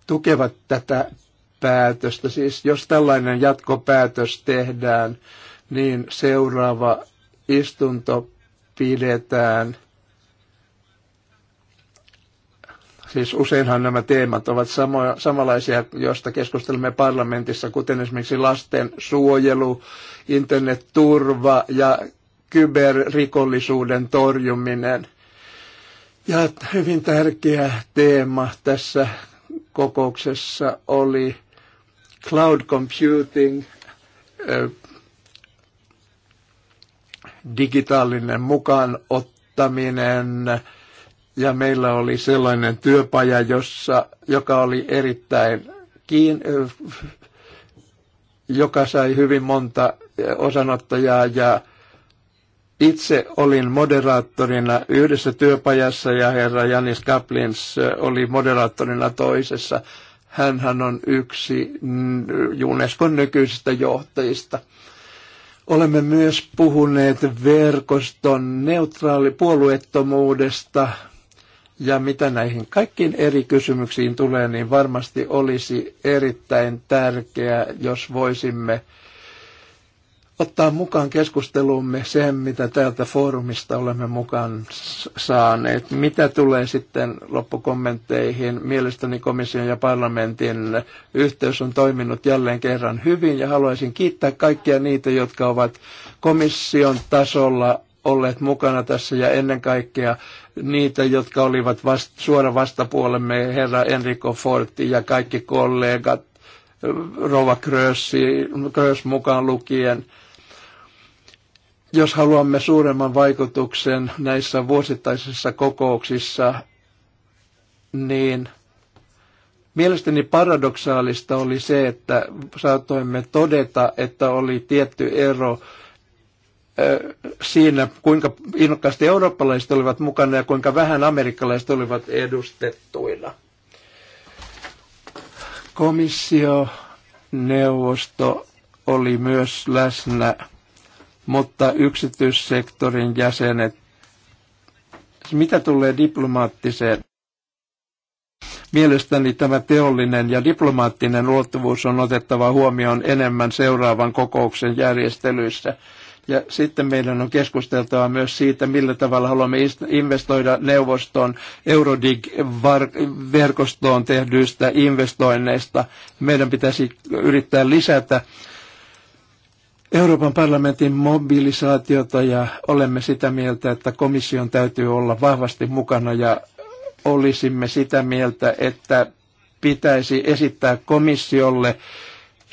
tukevat tätä päätöstä. Siis jos tällainen jatkopäätös tehdään, niin seuraava istunto pidetään – Siis useinhan nämä teemat ovat samoja, samanlaisia, joista keskustelemme parlamentissa, kuten esimerkiksi lasten suojelu, internetturva ja kyberrikollisuuden torjuminen. Ja hyvin tärkeä teema tässä kokouksessa oli cloud computing, digitaalinen mukaan ottaminen, ja meillä oli sellainen työpaja, jossa, joka oli erittäin kiin, joka sai hyvin monta osanottajaa ja itse olin moderaattorina yhdessä työpajassa ja herra Janis Kaplins oli moderaattorina toisessa. Hänhän on yksi Junescon nykyisistä johtajista. Olemme myös puhuneet verkoston neutraali puolueettomuudesta, ja mitä näihin kaikkiin eri kysymyksiin tulee, niin varmasti olisi erittäin tärkeää, jos voisimme ottaa mukaan keskusteluumme sen, mitä täältä foorumista olemme mukaan saaneet. Mitä tulee sitten loppukommentteihin, mielestäni komission ja parlamentin yhteys on toiminut jälleen kerran hyvin ja haluaisin kiittää kaikkia niitä, jotka ovat komission tasolla olleet mukana tässä ja ennen kaikkea niitä, jotka olivat vast, suora vastapuolemme, herra Enrico Forti ja kaikki kollegat, Rova Krössi, Krös mukaan lukien. Jos haluamme suuremman vaikutuksen näissä vuosittaisissa kokouksissa, niin Mielestäni paradoksaalista oli se, että saatoimme todeta, että oli tietty ero siinä, kuinka innokkaasti eurooppalaiset olivat mukana ja kuinka vähän amerikkalaiset olivat edustettuina. Komissio, neuvosto oli myös läsnä, mutta yksityissektorin jäsenet, mitä tulee diplomaattiseen, Mielestäni tämä teollinen ja diplomaattinen luottuvuus on otettava huomioon enemmän seuraavan kokouksen järjestelyissä. Ja sitten meidän on keskusteltava myös siitä, millä tavalla haluamme investoida neuvoston Eurodig-verkostoon tehdyistä investoinneista. Meidän pitäisi yrittää lisätä Euroopan parlamentin mobilisaatiota ja olemme sitä mieltä, että komission täytyy olla vahvasti mukana ja olisimme sitä mieltä, että pitäisi esittää komissiolle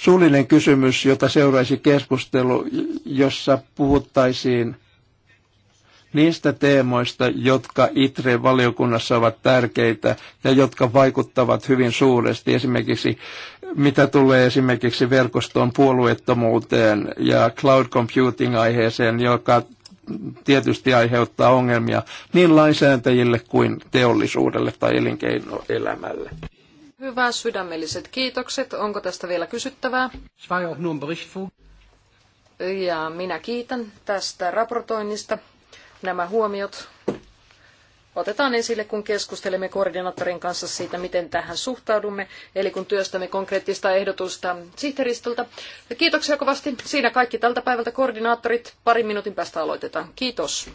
suullinen kysymys, jota seuraisi keskustelu, jossa puhuttaisiin niistä teemoista, jotka ITRE-valiokunnassa ovat tärkeitä ja jotka vaikuttavat hyvin suuresti, esimerkiksi mitä tulee esimerkiksi verkostoon puolueettomuuteen ja cloud computing-aiheeseen, joka tietysti aiheuttaa ongelmia niin lainsäätäjille kuin teollisuudelle tai elinkeinoelämälle. Hyvä, sydämelliset kiitokset. Onko tästä vielä kysyttävää? Ja minä kiitän tästä raportoinnista. Nämä huomiot otetaan esille, kun keskustelemme koordinaattorin kanssa siitä, miten tähän suhtaudumme, eli kun työstämme konkreettista ehdotusta sihteeristöltä. Kiitoksia kovasti. Siinä kaikki tältä päivältä koordinaattorit. Parin minuutin päästä aloitetaan. Kiitos.